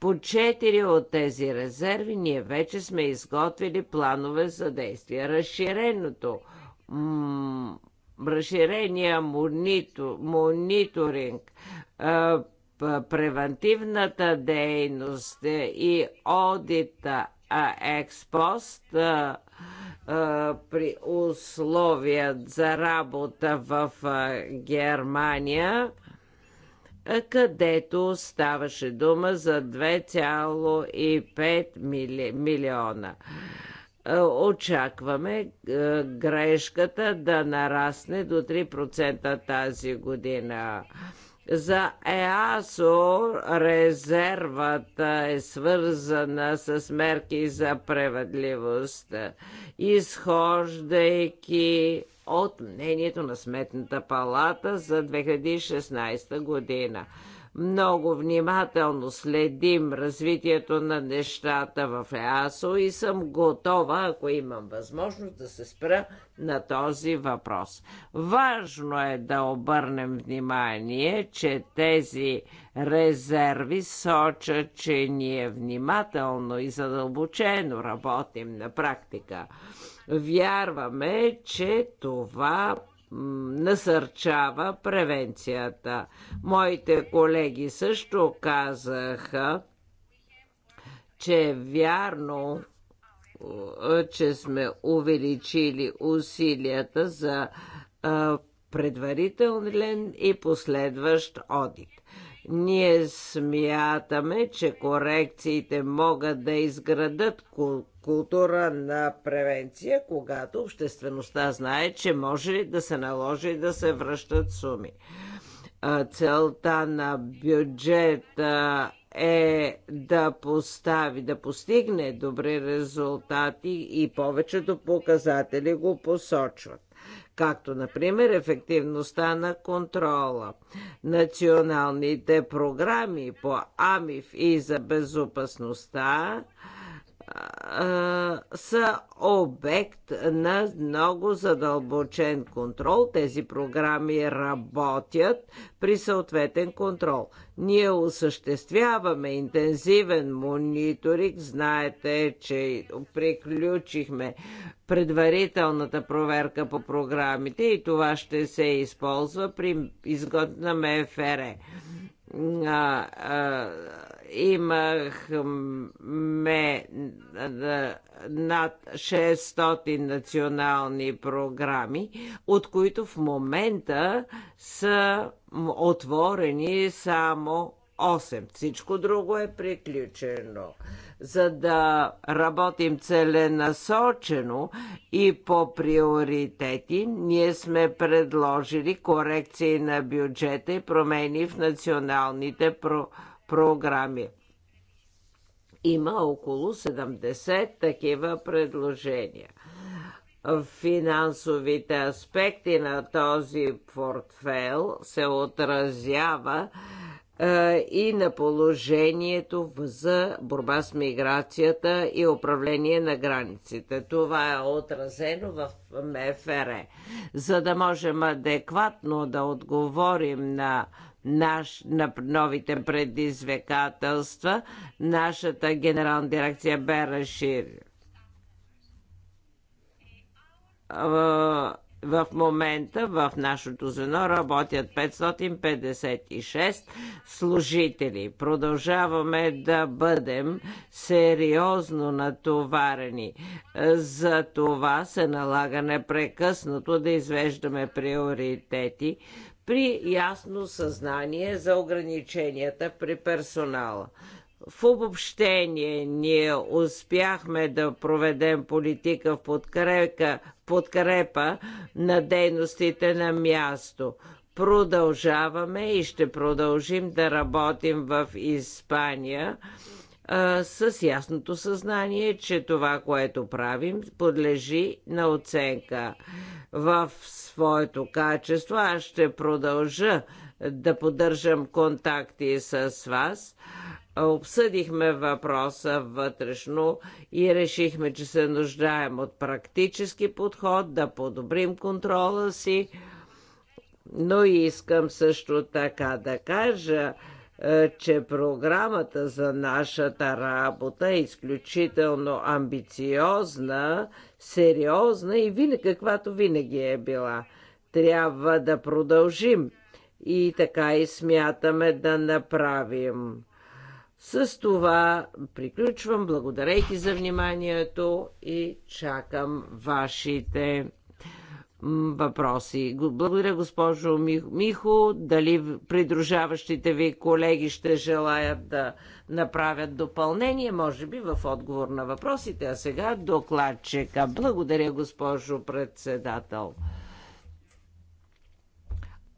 По четири от тези резерви ние вече сме изготвили планове за действие. Разширеното разширения монитор, мониторинг, превентивната дейност и одита експост при условия за работа в Германия, където ставаше дума за 2,5 мили, милиона. Е, очакваме е, грешката да нарасне до 3% тази година. За ЕАСО резервата е свързана с мерки за преведливост, изхождайки от мнението на Сметната палата за 2016 година. Много внимателно следим развитието на нещата в ЕАСО и съм готова, ако имам възможност, да се спра на този въпрос. Важно е да обърнем внимание, че тези резерви сочат, че ние внимателно и задълбочено работим на практика. Вярваме, че това насърчава превенцията. Моите колеги също казаха, че е вярно, че сме увеличили усилията за е, предварителен и последващ одит. Ние смятаме, че корекциите могат да изградат култура култура на превенция, когато обществеността знае, че може да се наложи да се връщат суми. Целта на бюджета е да постави, да постигне добри резултати и повечето показатели го посочват както например ефективността на контрола. Националните програми по АМИФ и за безопасността са обект на много задълбочен контрол. Тези програми работят при съответен контрол. Ние осъществяваме интензивен мониторинг. Знаете, че приключихме предварителната проверка по програмите и това ще се използва при изгодна МФР а, а, имахме над 600 национални програми, от които в момента са отворени само 8. Всичко друго е приключено. За да работим целенасочено и по приоритети, ние сме предложили корекции на бюджета и промени в националните про- програми. Има около 70 такива предложения финансовите аспекти на този портфел се отразява и на положението за борба с миграцията и управление на границите. Това е отразено в МФР. За да можем адекватно да отговорим на наш, на новите предизвикателства, нашата генерална дирекция бе разширена в момента в нашото звено работят 556 служители. Продължаваме да бъдем сериозно натоварени. За това се налага непрекъснато да извеждаме приоритети при ясно съзнание за ограниченията при персонала. В обобщение ние успяхме да проведем политика в подкрепа, подкрепа на дейностите на място. Продължаваме и ще продължим да работим в Испания а, с ясното съзнание, че това, което правим, подлежи на оценка. В своето качество аз ще продължа да поддържам контакти с вас Обсъдихме въпроса вътрешно и решихме, че се нуждаем от практически подход, да подобрим контрола си, но искам също така да кажа, е, че програмата за нашата работа е изключително амбициозна, сериозна и винаги, каквато винаги е била. Трябва да продължим и така и смятаме да направим. С това приключвам, благодарейки за вниманието и чакам вашите въпроси. Благодаря, госпожо Михо. Дали придружаващите ви колеги ще желаят да направят допълнение, може би в отговор на въпросите. А сега докладчика. Благодаря, госпожо председател.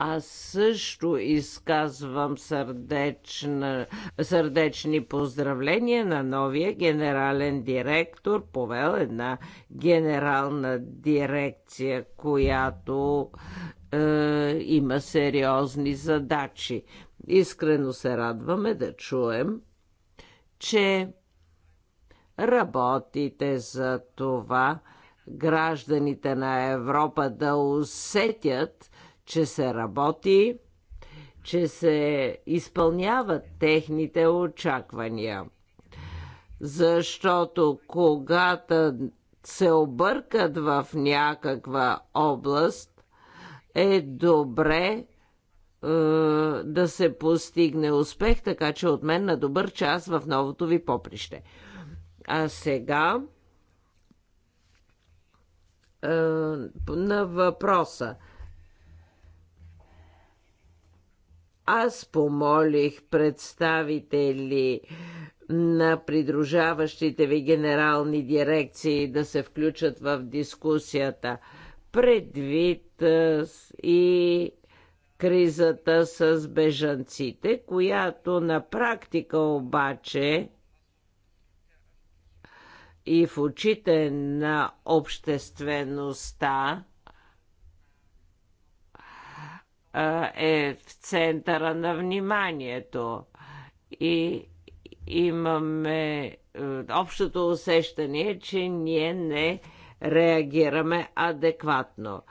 Аз също изказвам сърдечна, сърдечни поздравления на новия генерален директор, повел една генерална дирекция, която е, има сериозни задачи. Искрено се радваме да чуем, че работите за това гражданите на Европа да усетят, че се работи, че се изпълняват техните очаквания. Защото когато се объркат в някаква област, е добре е, да се постигне успех, така че от мен на добър час в новото ви поприще. А сега е, на въпроса Аз помолих представители на придружаващите ви генерални дирекции да се включат в дискусията предвид и кризата с бежанците, която на практика обаче и в очите на обществеността е в центъра на вниманието. И имаме е, общото усещане, е, че ние не реагираме адекватно.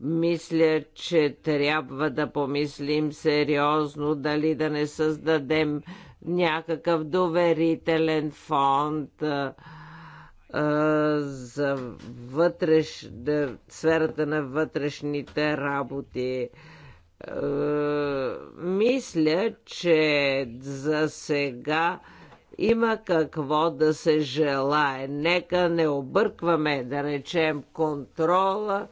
Мисля, че трябва да помислим сериозно дали да не създадем някакъв доверителен фонд а, е, а, за вътреш, да, сферата на вътрешните работи. А, е, мисля, че за сега има какво да се желае. Нека не объркваме, да речем, контрола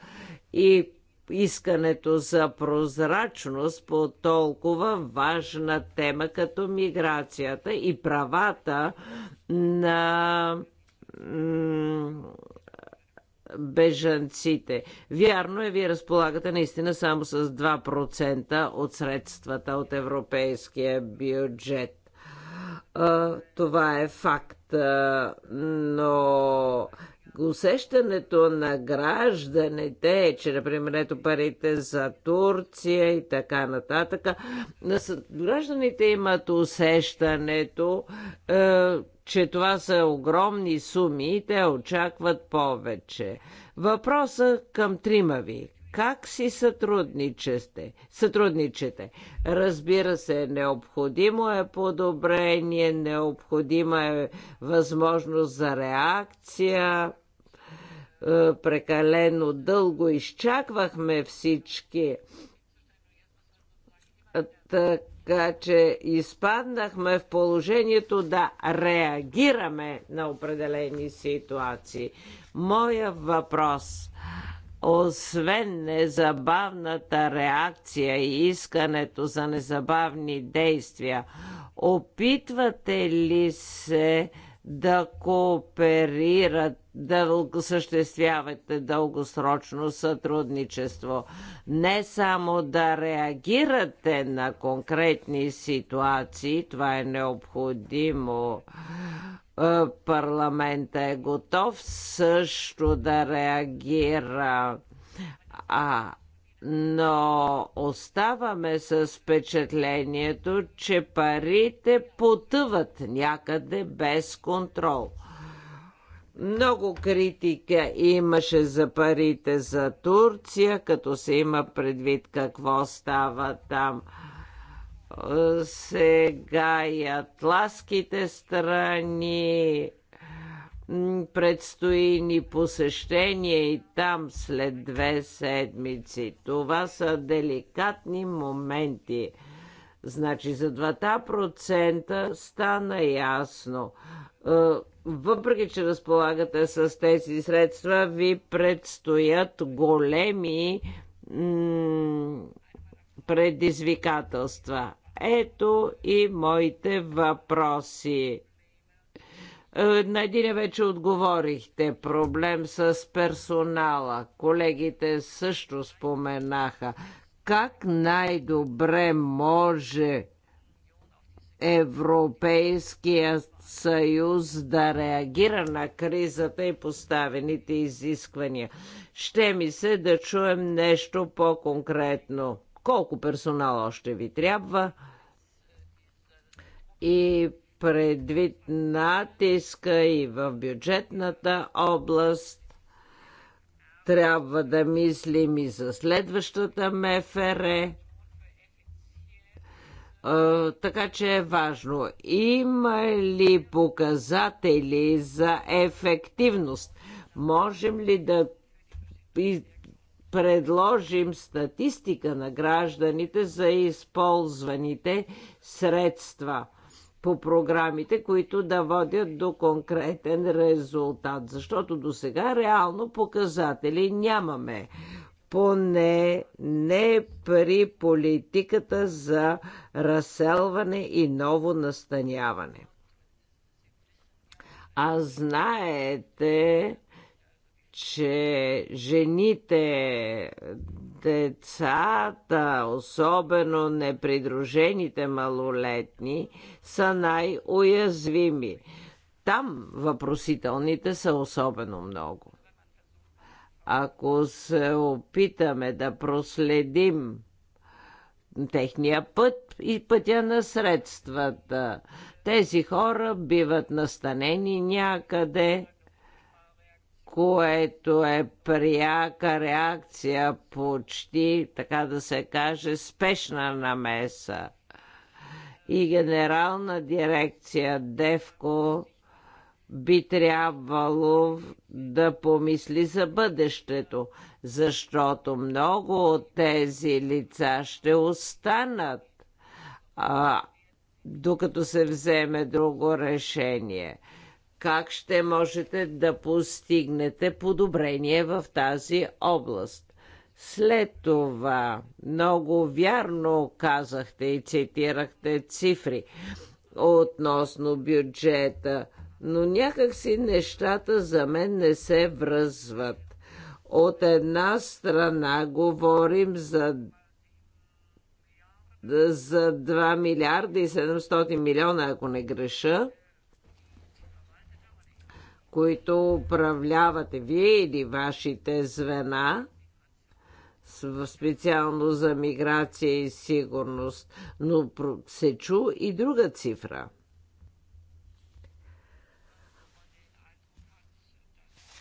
и искането за прозрачност по толкова важна тема като миграцията и правата на бежанците. Вярно е, вие разполагате наистина само с 2% от средствата от европейския бюджет. Това е факт, но усещането на гражданите, че, например, ето парите за Турция и така нататък, гражданите имат усещането, е, че това са огромни суми и те очакват повече. Въпросът към трима ви как си сътрудничете. сътрудничете. Разбира се, необходимо е подобрение, необходима е възможност за реакция е, прекалено дълго изчаквахме всички. Така че изпаднахме в положението да реагираме на определени ситуации. Моя въпрос освен незабавната реакция и искането за незабавни действия, опитвате ли се да кооперират, да осъществявате дългосрочно сътрудничество. Не само да реагирате на конкретни ситуации, това е необходимо. Е, парламента е готов също да реагира. А но оставаме с впечатлението, че парите потъват някъде без контрол. Много критика имаше за парите за Турция, като се има предвид какво става там. Сега и атласките страни, Предстои ни посещение и там след две седмици. Това са деликатни моменти. Значи за процента стана ясно. Е, въпреки, че разполагате с тези средства, ви предстоят големи предизвикателства. Ето и моите въпроси. Е, на един вече отговорихте. Проблем с персонала. Колегите също споменаха. Как най-добре може Европейския съюз да реагира на кризата и поставените изисквания. Ще ми се да чуем нещо по-конкретно. Колко персонал още ви трябва? И предвид натиска и в бюджетната област, трябва да мислим и за следващата МФР. Е, така че е важно. Има ли показатели за ефективност? Можем ли да предложим статистика на гражданите за използваните средства? по програмите, които да водят до конкретен резултат. Защото до сега реално показатели нямаме. Поне не при политиката за разселване и ново настаняване. А знаете, че жените Децата, особено непридружените малолетни, са най-уязвими. Там въпросителните са особено много. Ако се опитаме да проследим техния път и пътя на средствата. Тези хора биват настанени някъде което е пряка реакция, почти, така да се каже, спешна намеса. И генерална дирекция Девко би трябвало да помисли за бъдещето, защото много от тези лица ще останат, а, докато се вземе друго решение – как ще можете да постигнете подобрение в тази област. След това много вярно казахте и цитирахте цифри относно бюджета, но някакси нещата за мен не се връзват. От една страна говорим за за 2 милиарда и 700 милиона, ако не греша, които управлявате вие или вашите звена, специално за миграция и сигурност, но се чу и друга цифра.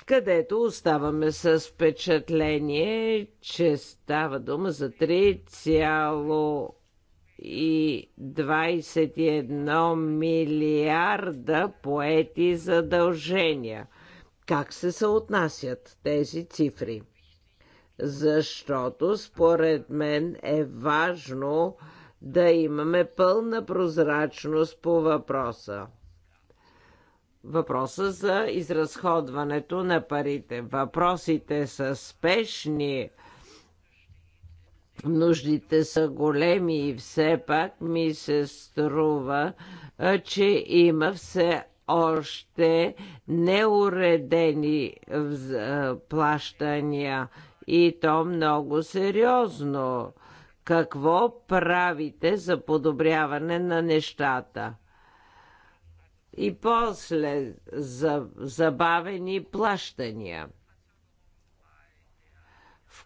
където оставаме с впечатление, че става дума за 3, и 21 милиарда поети задължения. Как се съотнасят тези цифри? Защото според мен е важно да имаме пълна прозрачност по въпроса. Въпроса за изразходването на парите. Въпросите са спешни нуждите са големи и все пак ми се струва, че има все още неуредени плащания и то много сериозно. Какво правите за подобряване на нещата? И после забавени плащания –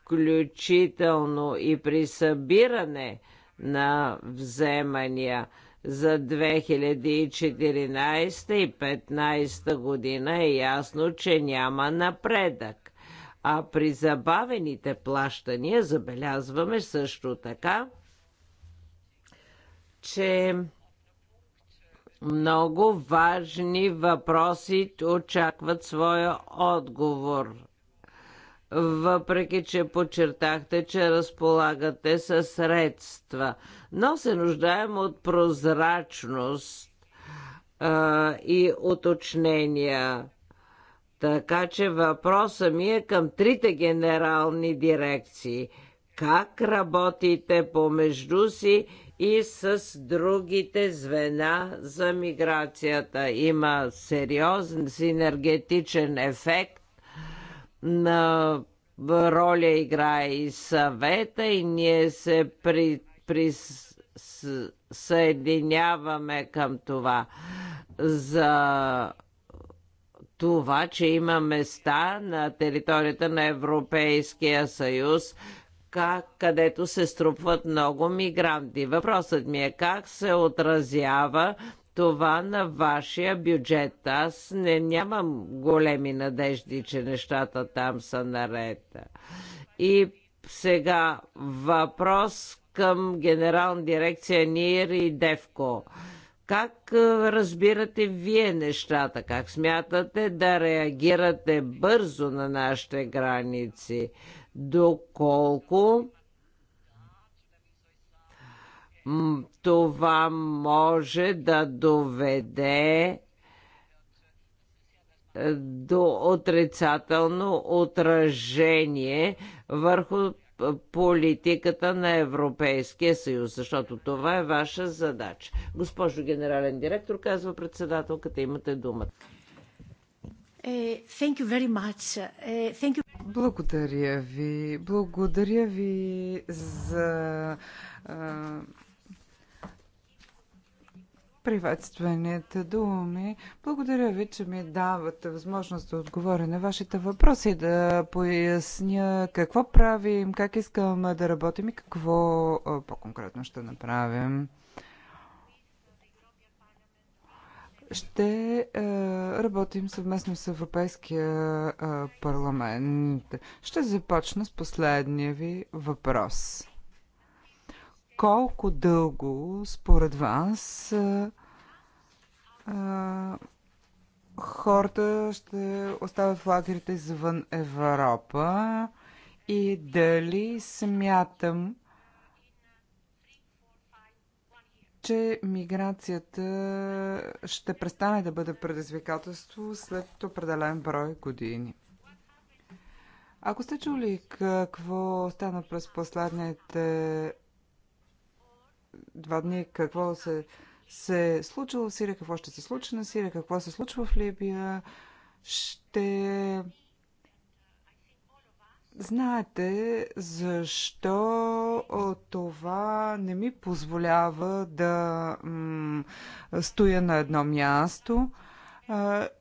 включително и при събиране на вземания за 2014 и 2015 година е ясно, че няма напредък. А при забавените плащания забелязваме също така, че много важни въпроси очакват своя отговор – въпреки че подчертахте, че разполагате със средства. Но се нуждаем от прозрачност а, и уточнения. Така че въпросът ми е към трите генерални дирекции. Как работите помежду си и с другите звена за миграцията? Има сериозен синергетичен ефект на роля играе и съвета и ние се при, при с, съединяваме към това за това, че има места на територията на Европейския съюз, как, където се струпват много мигранти. Въпросът ми е как се отразява това на вашия бюджет. Аз не нямам големи надежди, че нещата там са наред. И сега въпрос към генерална дирекция НИР и ДЕВКО. Как разбирате вие нещата? Как смятате да реагирате бързо на нашите граници? Доколко това може да доведе е, до отрицателно отражение върху е, политиката на Европейския съюз, защото това е ваша задача. Госпожо генерален директор, казва председателката, имате думата. Е, Благодаря ви. Благодаря ви за приветствените думи. Благодаря ви, че ми давате възможност да отговоря на вашите въпроси, да поясня какво правим, как искам да работим и какво по-конкретно ще направим. ще е, работим съвместно с Европейския е, парламент. Ще започна с последния ви въпрос колко дълго според вас а, а, хората ще оставят лагерите извън Европа и дали смятам, че миграцията ще престане да бъде предизвикателство след определен брой години. Ако сте чули какво стана през последните два дни какво се, се е случило в Сирия, какво ще се случи на Сирия, какво се случва в Либия. Ще знаете защо това не ми позволява да стоя на едно място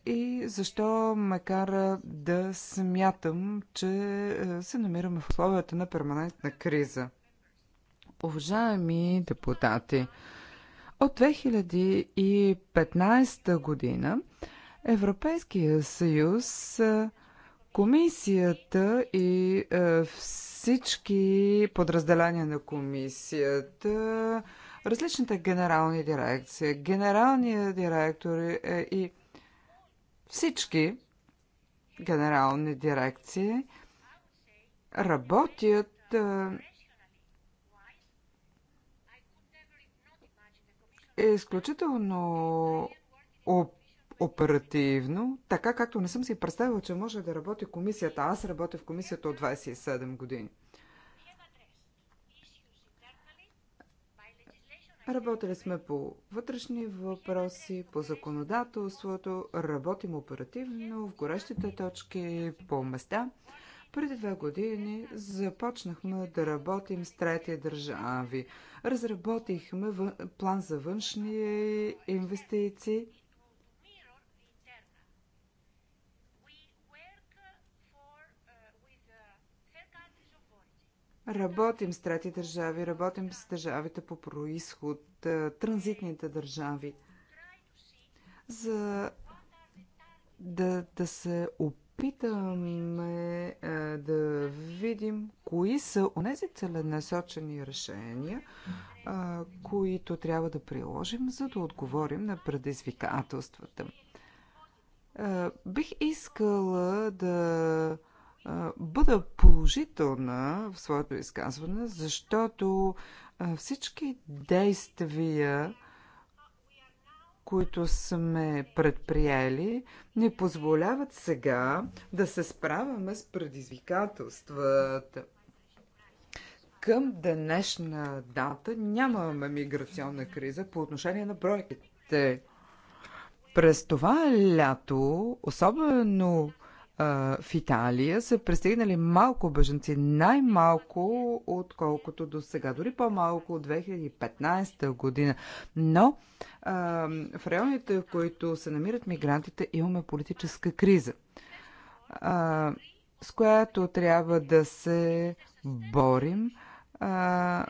и защо ме кара да смятам, че се намираме в условията на перманентна криза. Уважаеми депутати, от 2015 година Европейския съюз, е, комисията и е, всички подразделения на комисията, различните генерални дирекции, генералния директор е, и всички генерални дирекции работят е изключително оп оперативно, така както не съм си представила, че може да работи комисията. Аз работя в комисията от 27 години. Работили сме по вътрешни въпроси, по законодателството, работим оперативно в горещите точки, по места. Преди две години започнахме да работим с трети държави. Разработихме план за външни инвестиции. Работим с трети държави, работим с държавите по происход, транзитните държави, за да, да се опитаме опитаме е, да видим кои са онези целенасочени решения, е, които трябва да приложим, за да отговорим на предизвикателствата. Е, бих искала да бъда положителна в своето изказване, защото всички действия, които сме предприели, ни позволяват сега да се справяме с предизвикателствата. Към днешна дата нямаме миграционна криза по отношение на бройките. През това лято, особено в Италия са пристигнали малко бежанци, най-малко отколкото до сега, дори по-малко от 2015 година. Но а, в районите, в които се намират мигрантите, имаме политическа криза, а, с която трябва да се борим. А,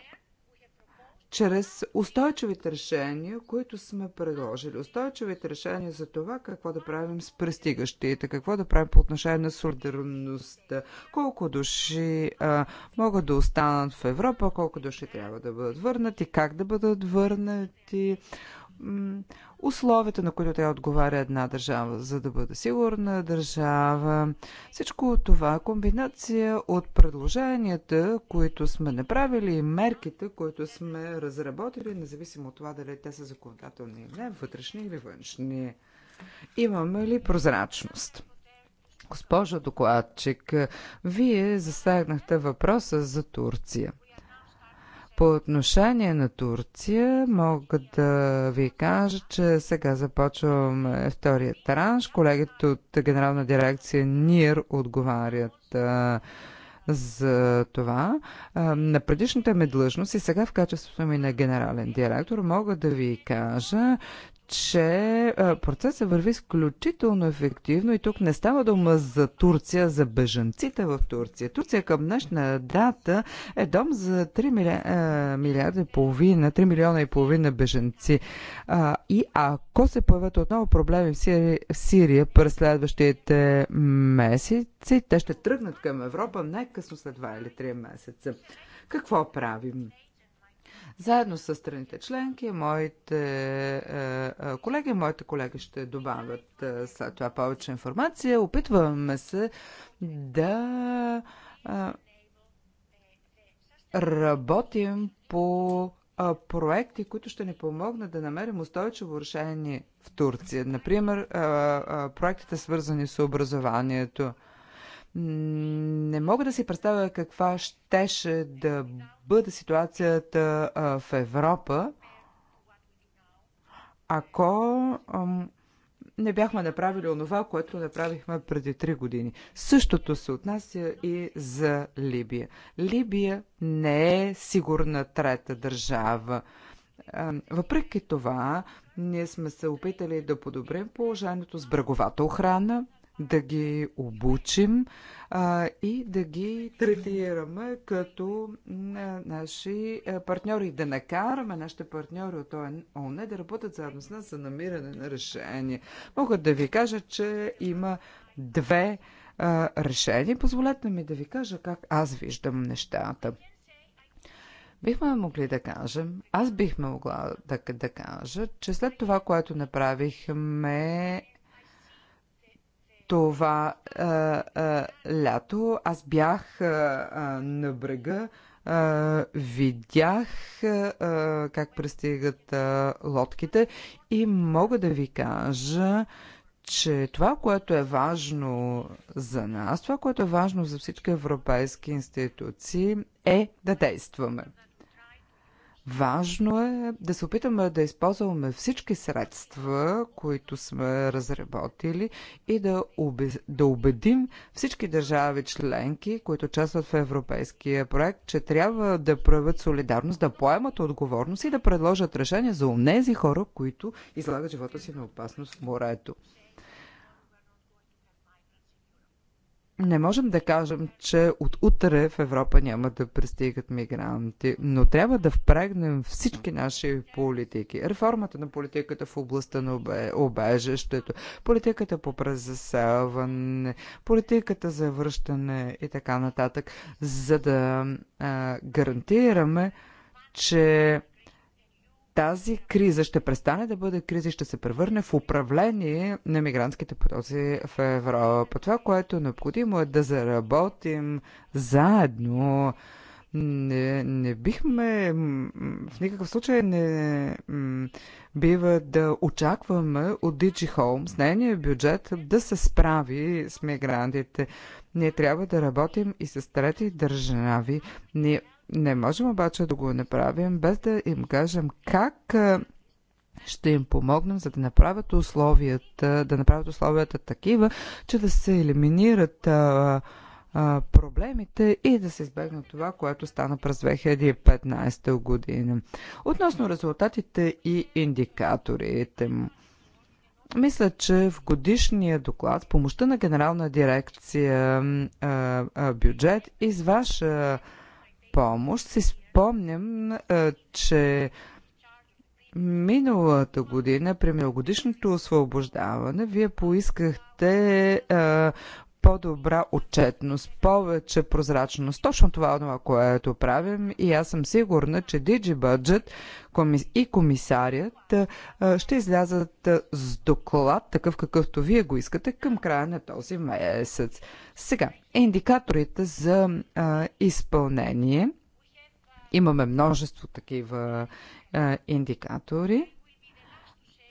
чрез устойчивите решения, които сме предложили. Устойчивите решения за това какво да правим с престигащите, какво да правим по отношение на солидарността, колко души а, могат да останат в Европа, колко души трябва да бъдат върнати, как да бъдат върнати, условията, на които трябва да отговаря една държава, за да бъде сигурна държава. Всичко това е комбинация от предложенията, които сме направили и мерките, които сме разработили, независимо от това дали те са законодателни или не, вътрешни или външни. Имаме ли прозрачност? Госпожо докладчик, вие засегнахте въпроса за Турция. По отношение на Турция мога да ви кажа, че сега започваме втория транш. Колегите от Генерална дирекция НИР отговарят а, за това. А, на предишната ми длъжност и сега в качеството ми на генерален директор мога да ви кажа, че процесът върви изключително ефективно и тук не става дума за Турция, за бежанците в Турция. Турция към днешна дата е дом за 3 милиарда, милиарда и половина, 3 милиона и половина бежанци. И ако се появят отново проблеми в Сирия, в Сирия през следващите месеци, те ще тръгнат към Европа най-късно след 2 или 3 месеца. Какво правим? Заедно с страните членки, моите е, е, колеги, моите колеги ще добавят е, след това повече информация. Опитваме се да работим по проекти, които ще ни помогнат да намерим устойчиво решение в Турция. Например, проектите свързани с образованието. Не мога да си представя каква щеше да бъде ситуацията в Европа, ако не бяхме направили онова, което направихме преди 3 години. Същото се отнася и за Либия. Либия не е сигурна трета държава. Въпреки това, ние сме се опитали да подобрим положението с бреговата охрана, да ги обучим а, и да ги третираме като а, наши партньори, да накараме нашите партньори от ООН да работят заедно с нас за намиране на решение. Мога да ви кажа, че има две а, решения. Позволете ми да ви кажа как аз виждам нещата. Бихме могли да кажем, аз бихме могла да, да кажа, че след това, което направихме това а, е, а, е, лято аз бях а, е, а, на брега, а, видях а, как пристигат а, лодките и мога да ви кажа, че това, което е важно за нас, това, което е важно за всички европейски институции, е да действаме. Важно е да се опитаме да използваме всички средства, които сме разработили и да, уби, да убедим всички държави членки, които участват в европейския проект, че трябва да проявят солидарност, да поемат отговорност и да предложат решение за онези хора, които излагат живота си на опасност в морето. Не можем да кажем, че от утре в Европа няма да пристигат мигранти, но трябва да впрегнем всички наши политики. Реформата на политиката в областта на обежището, политиката по презаселване, политиката за връщане и така нататък, за да а, гарантираме, че тази криза ще престане да бъде криза и ще се превърне в управление на мигрантските потоци в Европа. Това, което е необходимо е да заработим заедно. Не, не бихме, в никакъв случай не бива да очакваме от Диджи Холм с нейния бюджет да се справи с мигрантите. Ние трябва да работим и с трети държави. Ние не можем обаче да го направим без да им кажем как ще им помогнем, за да направят условията, да направят условията такива, че да се елиминират а, а, проблемите и да се избегне това, което стана през 2015 година. Относно резултатите и индикаторите. Мисля, че в годишния доклад с помощта на Генерална дирекция а, а, бюджет и с ваша помощ, си спомням, че миналата година, при миналогодишното освобождаване, вие поискахте по-добра отчетност, повече прозрачност. Точно това е това, което правим и аз съм сигурна, че DigiBudget и комисарият ще излязат с доклад, такъв какъвто вие го искате, към края на този месец. Сега, индикаторите за изпълнение. Имаме множество такива индикатори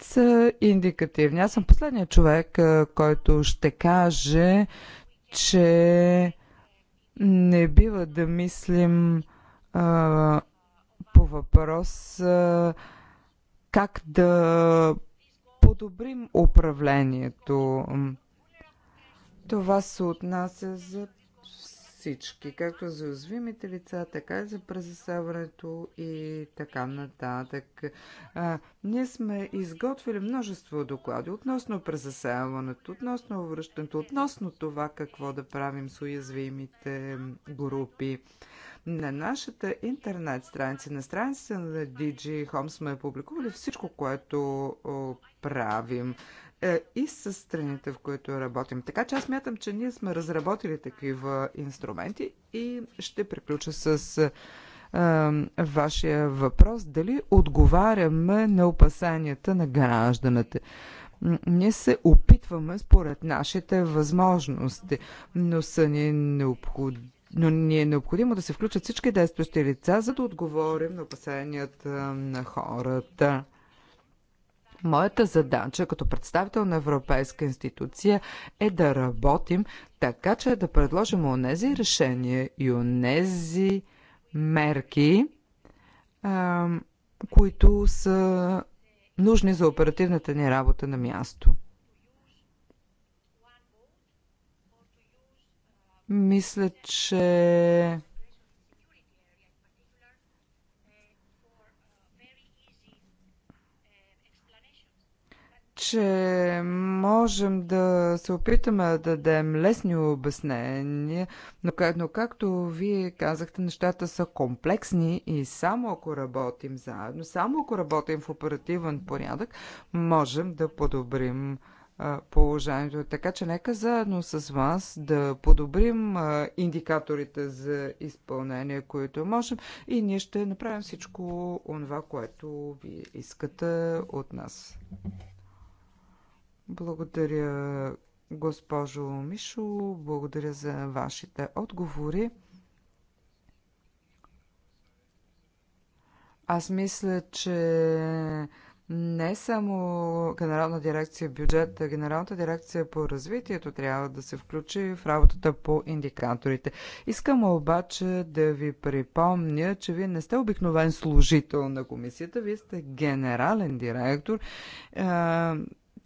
са индикативни. Аз съм последният човек, който ще каже, че не бива да мислим а, по въпрос а, как да подобрим управлението. Това се отнася за всички, както за уязвимите лица, така и за презасяването и така нататък. А, ние сме изготвили множество доклади относно презасяването, относно връщането, относно това какво да правим с уязвимите групи. На нашата интернет страница, на страницата на DG Home сме публикували всичко, което правим. Е и с страните, в които работим. Така че аз мятам, че ние сме разработили такива инструменти и ще приключа с е, вашия въпрос. Дали отговаряме на опасанията на гражданите? Ние се опитваме според нашите възможности, но са ни необходими но ни е необходимо да се включат всички действащи лица, за да отговорим на опасенията на хората. Моята задача като представител на Европейска институция е да работим така, че да предложим онези решения и онези мерки, които са нужни за оперативната ни работа на място. Мисля, че че можем да се опитаме да дадем лесни обяснения, но, но както вие казахте, нещата са комплексни и само ако работим заедно, само ако работим в оперативен порядък, можем да подобрим положението. Така че нека заедно с вас да подобрим индикаторите за изпълнение, които можем и ние ще направим всичко това, което ви искате от нас. Благодаря, госпожо Мишо. Благодаря за вашите отговори. Аз мисля, че не само Генерална дирекция бюджет, а Генералната дирекция по развитието трябва да се включи в работата по индикаторите. Искам обаче да ви припомня, че вие не сте обикновен служител на комисията, вие сте генерален директор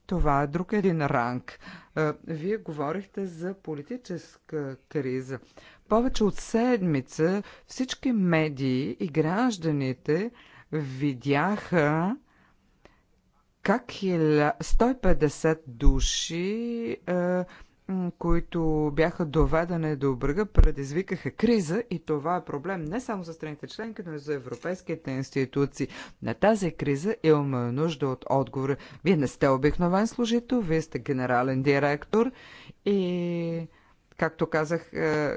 това е друг един ранг. Е, вие говорихте за политическа криза. Повече от седмица всички медии и гражданите видяха как 150 души е, които бяха доведени до брега, предизвикаха криза и това е проблем не само за страните членки, но и за европейските институции. На тази криза имаме нужда от отговори. Вие не сте обикновен служител, вие сте генерален директор и, както казах, е,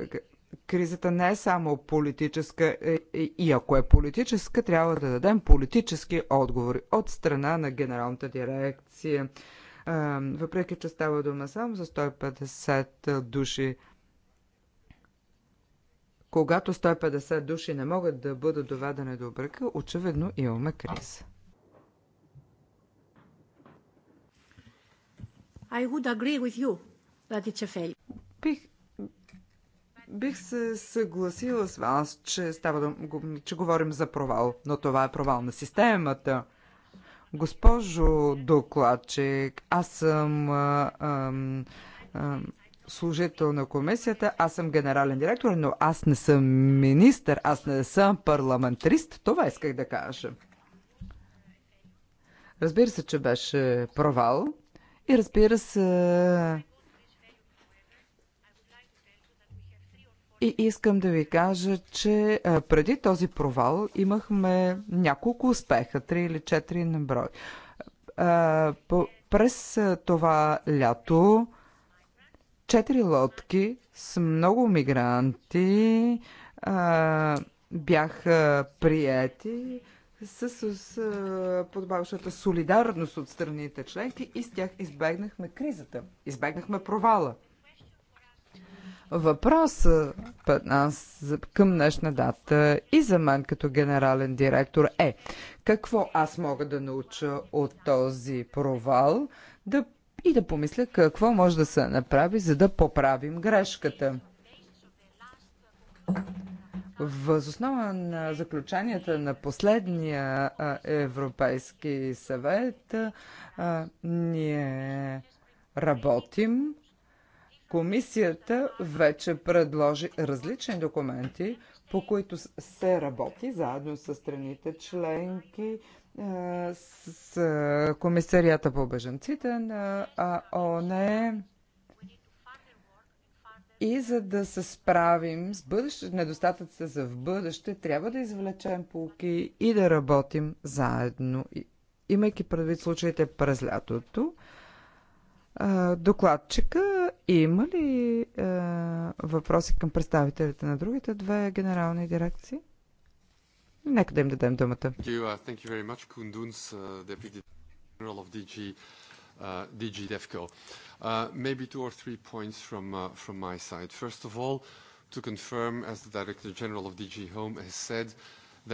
кризата не е само политическа е, е, и ако е политическа, трябва да дадем политически отговори от страна на генералната дирекция въпреки че става дума само за 150 души. Когато 150 души не могат да бъдат доведени до бръка, очевидно имаме криза. I would agree with you that it's a failure. Бих, бих се съгласила с вас, че, става, че говорим за провал, но това е провал на системата. Госпожо докладчик, аз съм а, а, а, служител на комисията, аз съм генерален директор, но аз не съм министър, аз не съм парламентарист. Това исках да кажа. Разбира се, че беше провал и разбира се, И искам да ви кажа, че преди този провал имахме няколко успеха, три или четири на брой. През това лято четири лодки с много мигранти бяха приети с, с, с подобаващата солидарност от страните членки и с тях избегнахме кризата, избегнахме провала въпрос нас към днешна дата и за мен като генерален директор е какво аз мога да науча от този провал да, и да помисля какво може да се направи, за да поправим грешката. Възоснова на заключенията на последния Европейски съвет ние работим Комисията вече предложи различни документи, по които се работи заедно с страните членки, е, с комисарията по бежанците на ООН. И за да се справим с бъдеще, недостатъците за в бъдеще, трябва да извлечем полки и да работим заедно. Имайки предвид случаите през лятото, Докладчика има ли е, въпроси към представителите на другите две генерални дирекции? Нека да им дадем думата. maybe two or three points from, uh, from my side. First of all, to confirm, as the Director General of DG Home has said,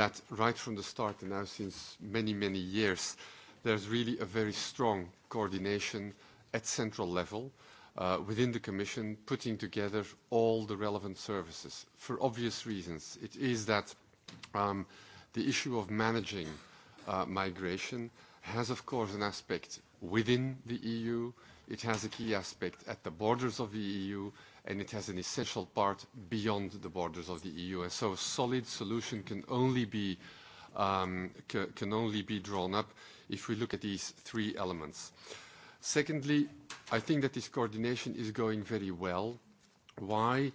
that right from the start, and now since many, many years, there's really a very strong coordination at central level within the Commission, putting together all the relevant services for obvious reasons. It is that the issue of managing migration has, of course, an aspect within the EU, it has a key aspect at the borders of the EU, and it has an essential part beyond the borders of the EU. And so a solid solution can only be um, can only be drawn up if we look at these three elements. Uh, Secondly, I think that this coordination is going very well. Why?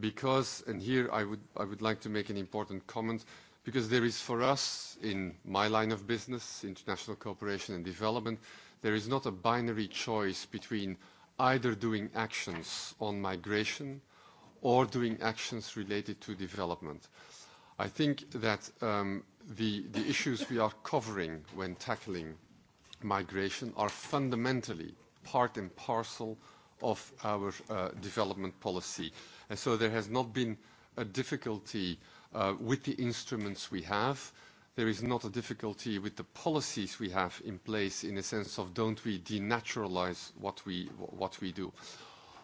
Because, and here I would, I would like to make an important comment, because there is for us, in my line of business, international cooperation and development, there is not a binary choice between either doing actions on migration or doing actions related to development. I think that the, the issues we are covering when tackling migration are fundamentally part and parcel of our development policy. And so there has not been a difficulty with the instruments we have. There is not a difficulty with the policies we have in place in a sense of don't we denaturalize what we do.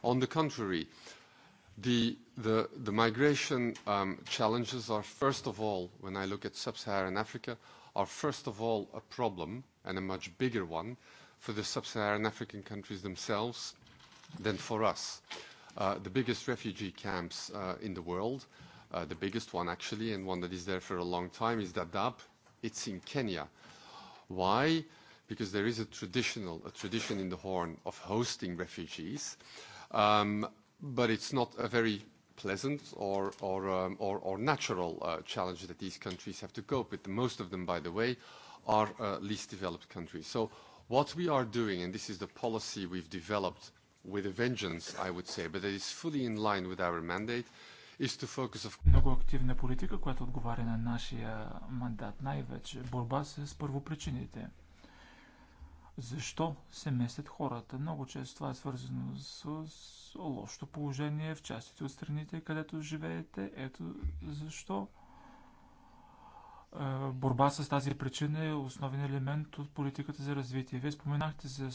On the contrary, the the migration challenges are, first of all, when I look at sub-Saharan Africa, are first of all a problem and a much bigger one for the sub-Saharan African countries themselves than for us. Uh, the biggest refugee camps uh, in the world, uh, the biggest one actually, and one that is there for a long time, is Dadaab. It's in Kenya. Why? Because there is a traditional, a tradition in the Horn of hosting refugees, um, but it's not a very pleasant or, or, um, or, or natural uh, challenge that these countries have to cope with. Most of them, by the way, are uh, least developed countries. So what we are doing, and this is the policy we've developed with a vengeance, I would say, but it is fully in line with our mandate, is to focus of... Много активна политика, която отговаря на нашия мандат, най-вече борба с първопричините. Защо се местят хората? Много често това е свързано с лошото положение в частите от страните, където живеете. Ето защо борба с тази причина е основен елемент от политиката за развитие. Вие споменахте за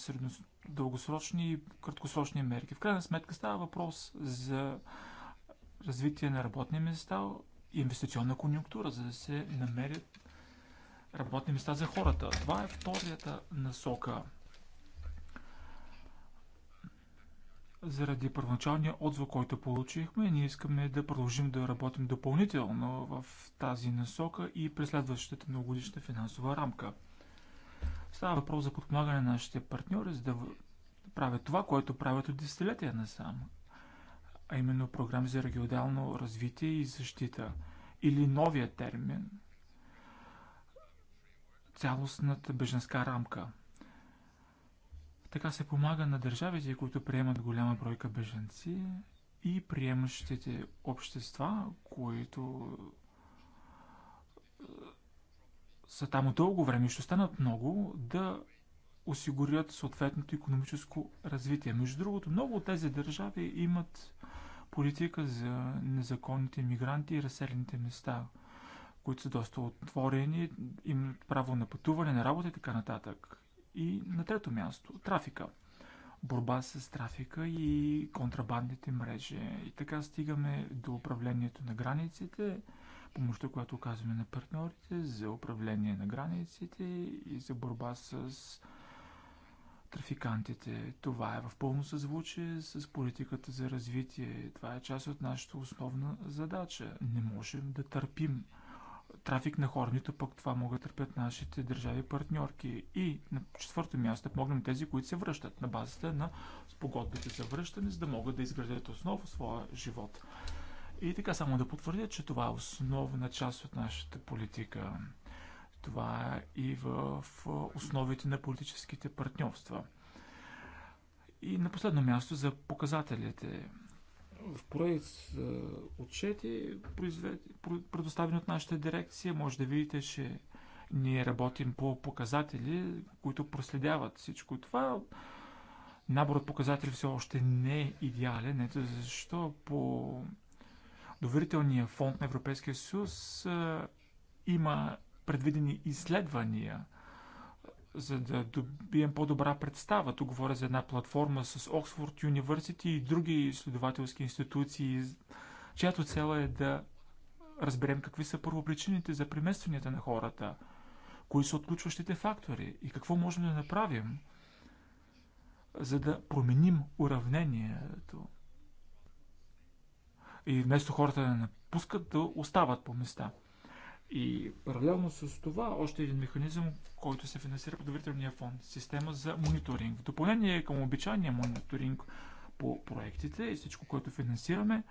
дългосрочни и краткосрочни мерки. В крайна сметка става въпрос за развитие на работни места, инвестиционна конъюнктура, за да се намерят работни места за хората. Това е вторията насока заради първоначалния отзвук, който получихме, ние искаме да продължим да работим допълнително в тази насока и през следващата многогодишна финансова рамка. Става въпрос за подпомагане на нашите партньори, за да правят това, което правят от десетилетия насам, а именно програми за регионално развитие и защита или новия термин цялостната беженска рамка – така се помага на държавите, които приемат голяма бройка беженци и приемащите общества, които е, са там от дълго време и ще останат много, да осигурят съответното економическо развитие. Между другото, много от тези държави имат политика за незаконните мигранти и разселените места, които са доста отворени, имат право на пътуване, на работа и така нататък. И на трето място, трафика. Борба с трафика и контрабандните мрежи. И така стигаме до управлението на границите, помощта, която оказваме на партньорите за управление на границите и за борба с трафикантите. Това е в пълно съзвучие с политиката за развитие. Това е част от нашата основна задача. Не можем да търпим трафик на хора, нито пък това могат да търпят нашите държави партньорки. И на четвърто място помогнем тези, които се връщат на базата на спогодбите за връщане, за да могат да изградят основа своя живот. И така само да потвърдя, че това е основна част от нашата политика. Това е и в основите на политическите партньорства. И на последно място за показателите в проект е, отчети, предоставени от нашата дирекция, може да видите, че ние работим по показатели, които проследяват всичко това. Наборът показатели все още не е идеален, ето защо по доверителния фонд на Европейския съюз е, има предвидени изследвания за да добием по-добра представа. Тук говоря за една платформа с Оксфорд Юниверсити и други изследователски институции, чиято цел е да разберем какви са първопричините за преместванията на хората, кои са отключващите фактори и какво можем да направим, за да променим уравнението. И вместо хората да напускат, да остават по места – и паралелно с това, още един механизъм, който се финансира по доверителния фонд система за мониторинг. В допълнение към обичайния мониторинг по проектите и всичко, което финансираме,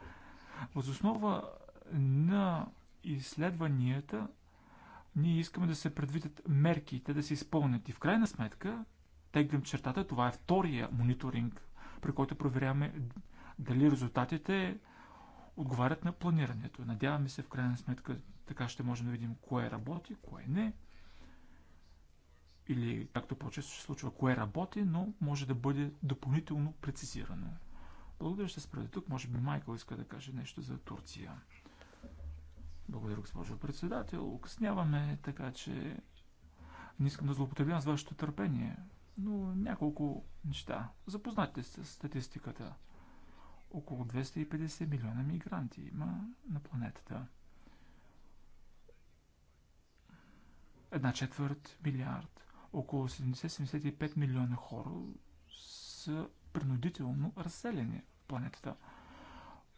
възоснова на изследванията ние искаме да се предвидят мерки, те да се изпълнят. И в крайна сметка, теглям чертата, това е втория мониторинг, при който проверяваме дали резултатите отговарят на планирането. Надяваме се в крайна сметка така ще можем да видим кое работи, кое не. Или, както по-често се случва, кое работи, но може да бъде допълнително прецизирано. Благодаря, ще спра тук. Може би Майкъл иска да каже нещо за Турция. Благодаря, госпожо председател. Окъсняваме, така че не искам да злоупотребявам с вашето търпение, но няколко неща. Запознайте се с статистиката. Около 250 милиона мигранти има на планетата. Една четвърт милиард. Около 70-75 милиона хора са принудително разселени в планетата.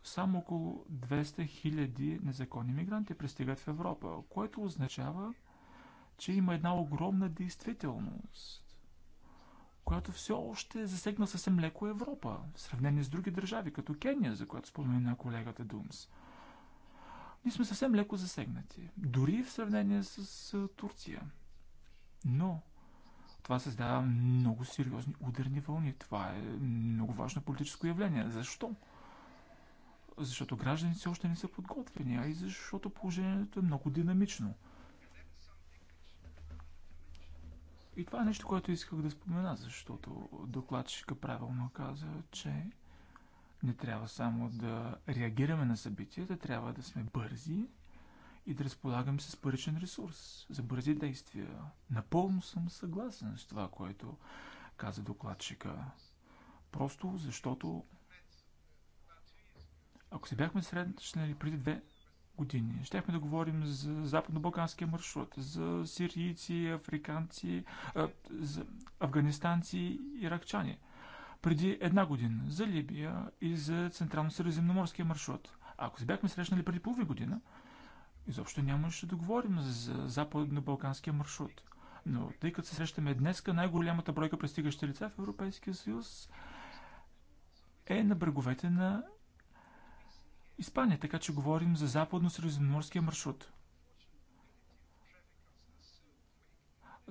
Само около 200 хиляди незаконни мигранти пристигат в Европа, което означава, че има една огромна действителност, която все още засегна съвсем леко Европа, в сравнение с други държави, като Кения, за която спомена колегата Думс – ние сме съвсем леко засегнати. Дори в сравнение с Турция. Но това създава много сериозни ударни вълни. Това е много важно политическо явление. Защо? Защото гражданите още не са подготвени, а и защото положението е много динамично. И това е нещо, което исках да спомена, защото докладчика правилно каза, че не трябва само да реагираме на събитията, трябва да сме бързи и да разполагаме с паричен ресурс за бързи действия. Напълно съм съгласен с това, което каза докладчика. Просто защото ако се бяхме срещнали преди две години, щяхме да говорим за западно-балканския маршрут, за сирийци, африканци, за афганистанци, иракчани – преди една година за Либия и за Централно-Средиземноморския маршрут. Ако се бяхме срещнали преди половин година, изобщо нямаше да говорим за Западно-Балканския маршрут. Но тъй като се срещаме днеска, най-голямата бройка пристигащи лица в Европейския съюз е на бреговете на Испания, така че говорим за Западно-Средиземноморския маршрут.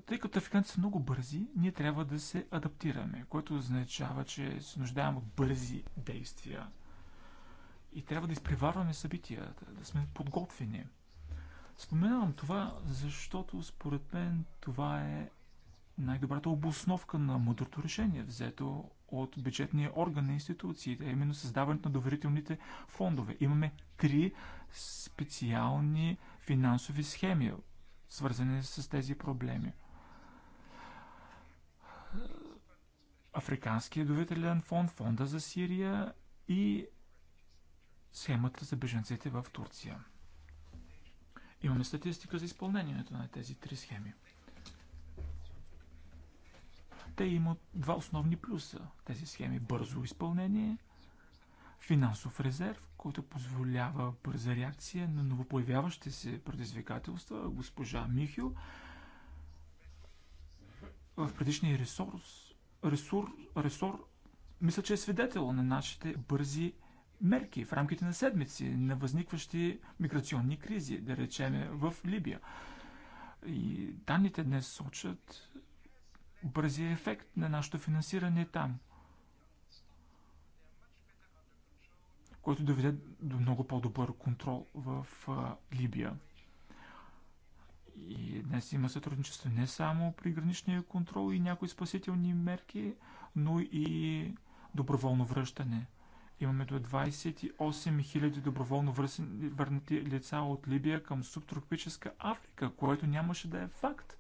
Тъй като африканците са много бързи, ние трябва да се адаптираме, което означава, че се нуждаем от бързи действия. И трябва да изпреварваме събитията, да сме подготвени. Споменавам това, защото според мен това е най-добрата обосновка на мъдрото решение, взето от бюджетния орган на институциите, именно създаването на доверителните фондове. Имаме три специални финансови схеми, свързани с тези проблеми. Африканския доверителен фонд, фонда за Сирия и схемата за беженците в Турция. Имаме статистика за изпълнението на тези три схеми. Те имат два основни плюса. Тези схеми бързо изпълнение, финансов резерв, който позволява бърза реакция на новопоявяващи се предизвикателства. Госпожа Михил в предишния ресурс ресур, ресор мисля, че е свидетел на нашите бързи мерки в рамките на седмици на възникващи миграционни кризи, да речеме в Либия. И данните днес сочат бързия ефект на нашето финансиране там, който доведе до много по-добър контрол в Либия. И днес има сътрудничество не само при граничния контрол и някои спасителни мерки, но и доброволно връщане. Имаме до 28 000 доброволно върнати лица от Либия към субтропическа Африка, което нямаше да е факт.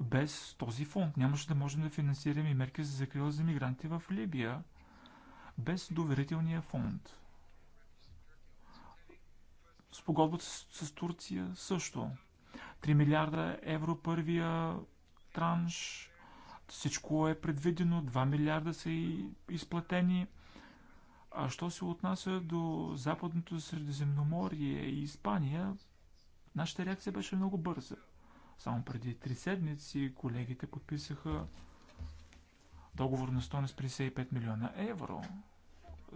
Без този фонд нямаше да можем да финансираме мерки за закрила за мигранти в Либия. Без доверителния фонд – Спогодбата с, с Турция също. 3 милиарда евро първия транш. Всичко е предвидено. 2 милиарда са и изплатени. А що се отнася до Западното Средиземноморие и Испания, нашата реакция беше много бърза. Само преди три седмици колегите подписаха договор на 155 милиона евро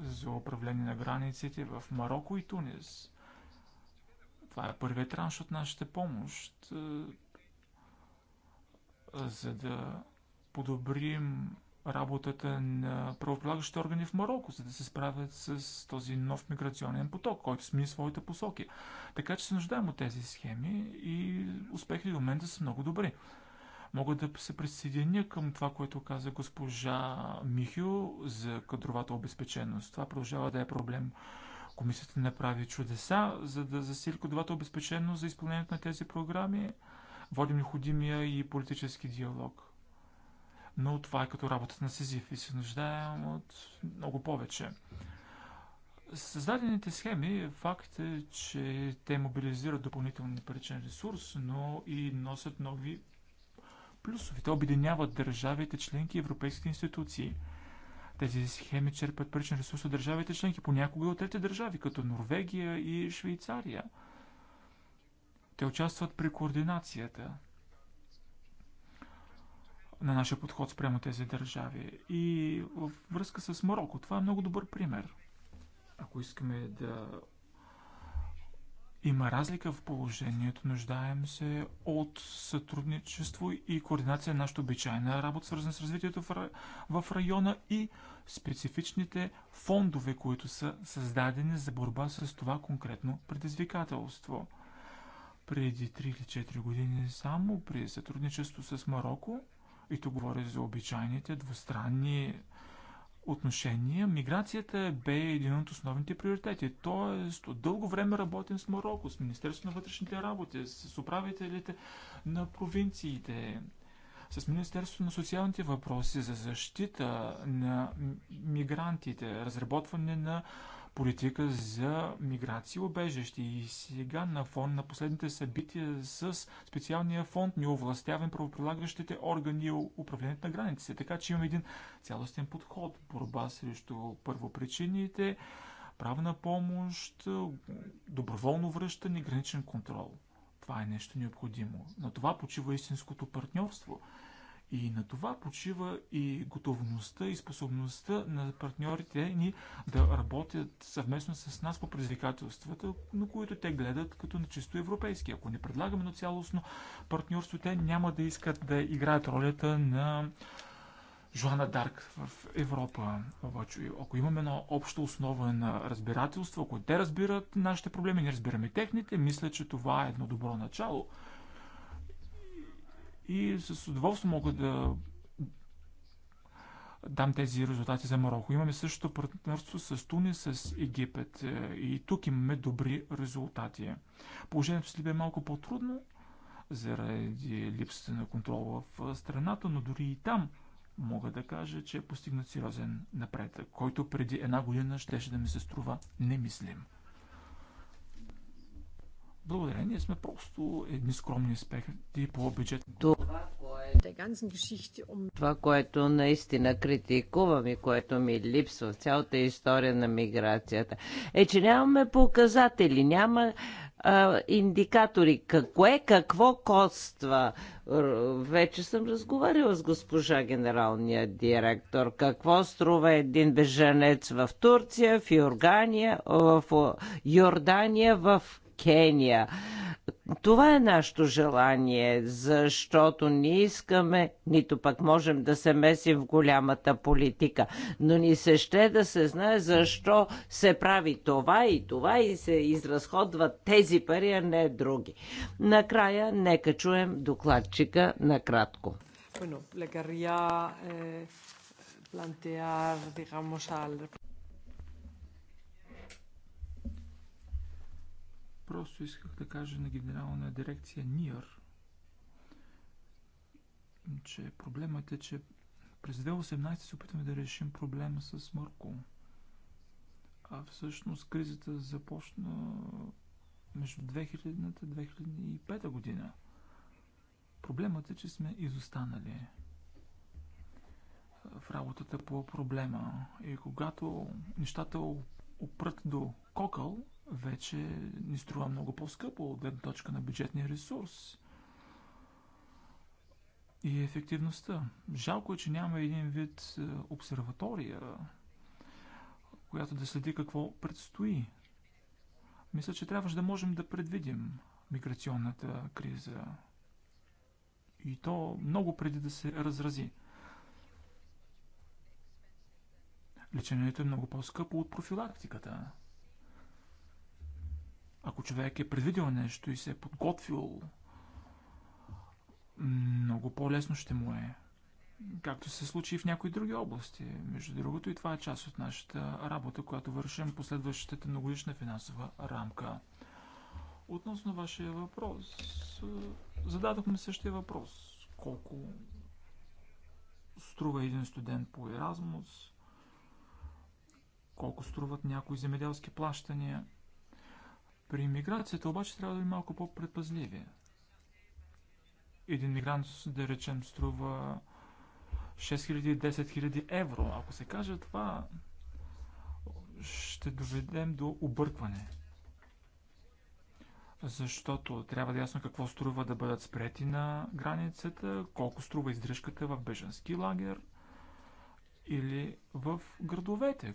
за управление на границите в Марокко и Тунис. Това е първият транш от нашата помощ, е, за да подобрим работата на правополагащите органи в Марокко, за да се справят с този нов миграционен поток, който смени своите посоки. Така че се нуждаем от тези схеми и успехи до момента са много добри. Мога да се присъединя към това, което каза госпожа Михио за кадровата обезпеченост. Това продължава да е проблем, Комисията направи чудеса, за да засили кодовата обезпеченост за изпълнението на тези програми. Водим необходимия и политически диалог. Но това е като работата на Сизиф и се нуждаем от много повече. Създадените схеми, факт е, че те мобилизират допълнителни паричен ресурс, но и носят нови плюсове. Те обединяват държавите, членки и европейските институции – тези схеми черпят паричен ресурс от държавите членки, понякога и от трети държави, като Норвегия и Швейцария. Те участват при координацията на нашия подход спрямо тези държави. И във връзка с Марокко, това е много добър пример. Ако искаме да има разлика в положението. Нуждаем се от сътрудничество и координация на нашата обичайна работа, свързана с развитието в района и специфичните фондове, които са създадени за борба с това конкретно предизвикателство. Преди 3 или 4 години само при сътрудничество с Марокко, и тук говоря за обичайните двустранни отношения, миграцията бе един от основните приоритети. Тоест, от дълго време работим с Марокко, с Министерството на вътрешните работи, с управителите на провинциите, с Министерството на социалните въпроси за защита на мигрантите, разработване на политика за миграция и обежище. И сега на фон на последните събития с специалния фонд ни овластяваме правоприлагащите органи и управлението на границите. Така че имаме един цялостен подход. Борба срещу първопричините, правна помощ, доброволно връщане, граничен контрол. Това е нещо необходимо. На това почива истинското партньорство – и на това почива и готовността и способността на партньорите ни да работят съвместно с нас по предизвикателствата, на които те гледат като на чисто европейски. Ако не предлагаме на цялостно партньорство, те няма да искат да играят ролята на Жоана Дарк в Европа. Обаче, ако имаме една обща основа на разбирателство, ако те разбират нашите проблеми, не разбираме техните, мисля, че това е едно добро начало – и с удоволствие мога да дам тези резултати за Марокко. Имаме също партньорство с Тунис, с Египет е, и тук имаме добри резултати. Положението с Либия е малко по-трудно заради липсата на контрол в е, страната, но дори и там мога да кажа, че е постигнат сериозен напредък, който преди една година щеше да ми се струва немислим. Благодаря, ние сме просто едни скромни аспекти по бюджет. Това, което наистина критикувам и което ми липсва в цялата история на миграцията, е, че нямаме показатели, няма а, индикатори. Какво е, какво коства? Вече съм разговаряла с госпожа генералния директор. Какво струва един беженец в Турция, в Йордания, в Йордания, в Кения. Това е нашето желание, защото не искаме, нито пък можем да се месим в голямата политика. Но ни се ще да се знае защо се прави това и това и се изразходват тези пари, а не други. Накрая, нека чуем докладчика накратко. Bueno, le querría eh, plantear, digamos, al... Просто исках да кажа на генерална дирекция НИР, че проблемът е, че през 2018 се опитваме да решим проблема с Мърко. А всъщност кризата започна между 2000-та и 2005 година. Проблемът е, че сме изостанали в работата по проблема. И когато нещата опрат до кокъл, вече ни струва много по-скъпо от гледна точка на бюджетния ресурс и ефективността. Жалко е, че няма един вид е, обсерватория, която да следи какво предстои. Мисля, че трябваше да можем да предвидим миграционната криза. И то много преди да се разрази. Лечението е много по-скъпо от профилактиката. Ако човек е предвидил нещо и се е подготвил, много по-лесно ще му е. Както се случи и в някои други области. Между другото и това е част от нашата работа, която вършим последващата многогодишна финансова рамка. Относно вашия въпрос, зададохме същия въпрос. Колко струва един студент по Еразмус, колко струват някои земеделски плащания. При иммиграцията обаче трябва да бъдем малко по-предпазливи. Един мигрант, да речем, струва 6000-10 000 евро. Ако се каже това, ще доведем до объркване. Защото трябва да е ясно какво струва да бъдат спрети на границата, колко струва издръжката в беженски лагер или в градовете,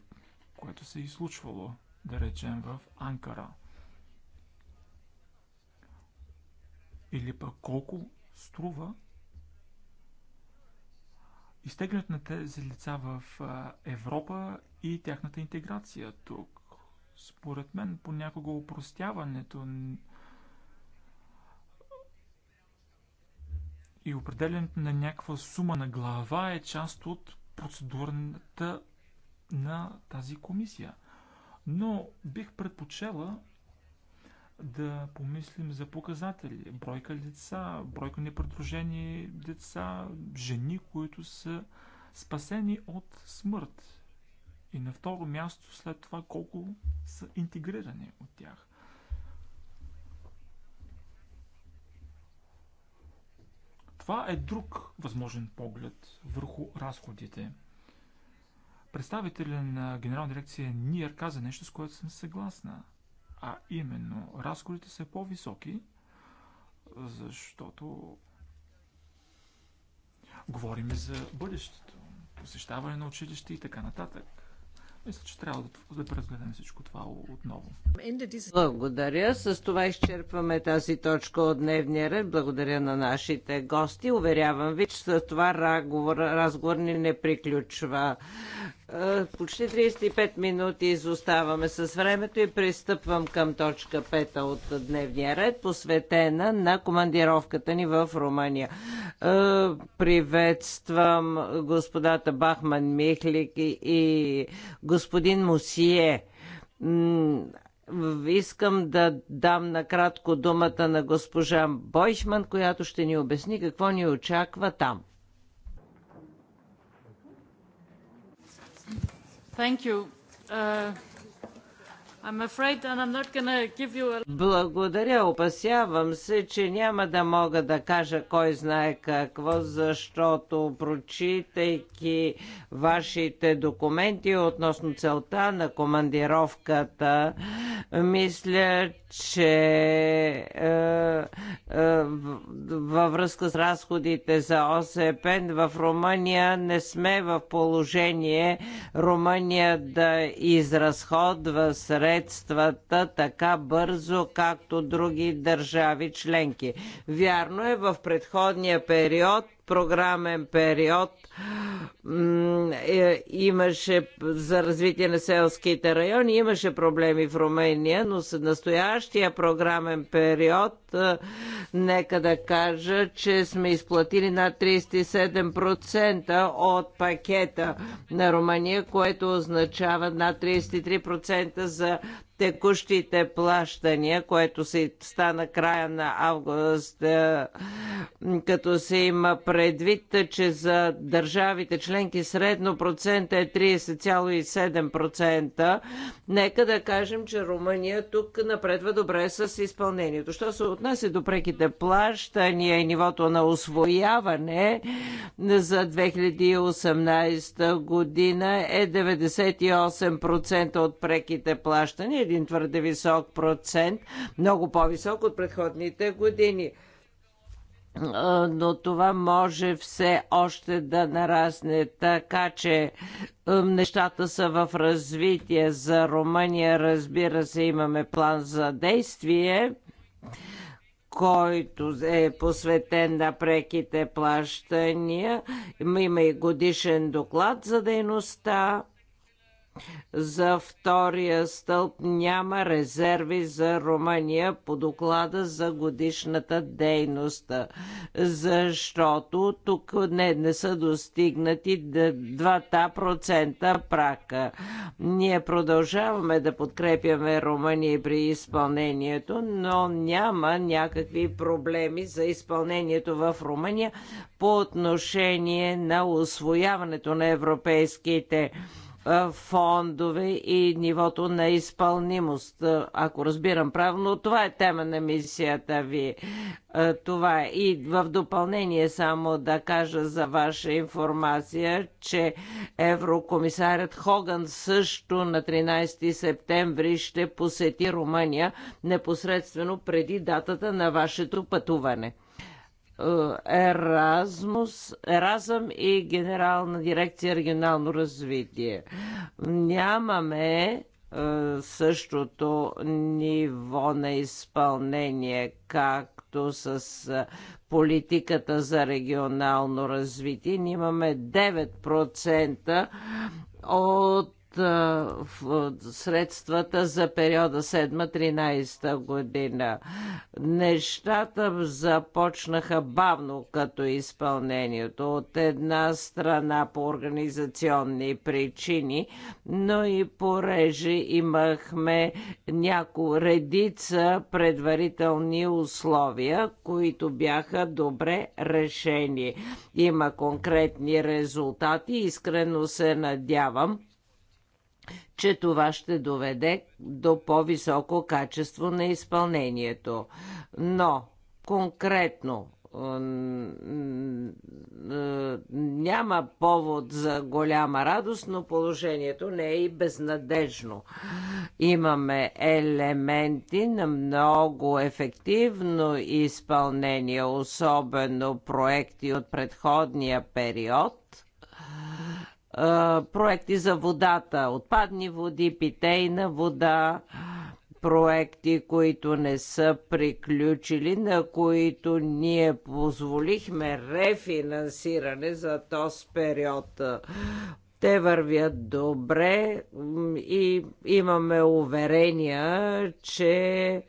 което се е случвало, да речем, в Анкара – Или пък колко струва изтеглят на тези лица в Европа и тяхната интеграция тук. Според мен понякога упростяването и определенето на някаква сума на глава е част от процедурата на тази комисия. Но бих предпочела да помислим за показатели. Бройка деца, бройка непредружени деца, жени, които са спасени от смърт. И на второ място след това колко са интегрирани от тях. Това е друг възможен поглед върху разходите. Представителя на генерална дирекция Ниер каза нещо, с което съм съгласна – а именно, разходите са по-високи, защото говорим и за бъдещето, посещаване на училище и така нататък. Мисля, че трябва да, да преразгледаме всичко това отново. Благодаря. С това изчерпваме тази точка от дневния ред. Благодаря на нашите гости. Уверявам ви, че с това разговор, разговор ни не приключва. Е, почти 35 минути изоставаме с времето и пристъпвам към точка 5 от дневния ред, посветена на командировката ни в Румъния. Е, приветствам господата Бахман Михлик и господин Мусие. Искам да дам накратко думата на госпожа Бойшман, която ще ни обясни какво ни очаква там. Thank you. Uh, благодаря, опасявам се, че няма да мога да кажа кой знае какво, защото прочитайки вашите документи относно целта на командировката, мисля, че е, е, във връзка с разходите за ОСП в Румъния не сме в положение Румъния да изразходва средства средствата така бързо, както други държави членки. Вярно е, в предходния период програмен период е, имаше за развитие на селските райони, имаше проблеми в Румъния, но с настоящия програмен период, е, нека да кажа, че сме изплатили над 37% от пакета на Румъния, което означава над 33% за текущите плащания, което се стана края на август, е, като се има предвид, че за държавите членки средно процент е 30,7%. Нека да кажем, че Румъния тук напредва добре с изпълнението. Що се отнася до преките плащания и нивото на освояване за 2018 година е 98% от преките плащания един твърде висок процент, много по-висок от предходните години но това може все още да нарасне. Така че нещата са в развитие. За Румъния, разбира се, имаме план за действие, който е посветен на преките плащания. Има и годишен доклад за дейността за втория стълб няма резерви за Румъния по доклада за годишната дейност, защото тук не, не са достигнати 2% прака. Ние продължаваме да подкрепяме Румъния при изпълнението, но няма някакви проблеми за изпълнението в Румъния по отношение на освояването на европейските фондове и нивото на изпълнимост. Ако разбирам правилно, това е тема на мисията ви. Това е. И в допълнение само да кажа за ваша информация, че еврокомисарят Хоган също на 13 септември ще посети Румъния непосредствено преди датата на вашето пътуване. Еразмус, Еразъм и Генерална дирекция регионално развитие. Нямаме е, същото ниво на изпълнение, както с е, политиката за регионално развитие. Ние имаме 9% от средствата за периода 7-13 година. Нещата започнаха бавно като изпълнението. От една страна по организационни причини, но и по имахме няко редица предварителни условия, които бяха добре решени. Има конкретни резултати. Искрено се надявам, че това ще доведе до по-високо качество на изпълнението. Но конкретно няма повод за голяма радост, но положението не е и безнадежно. Имаме елементи на много ефективно изпълнение, особено проекти от предходния период, проекти за водата, отпадни води, питейна вода, проекти, които не са приключили, на които ние позволихме рефинансиране за този период. Те вървят добре и имаме уверения, че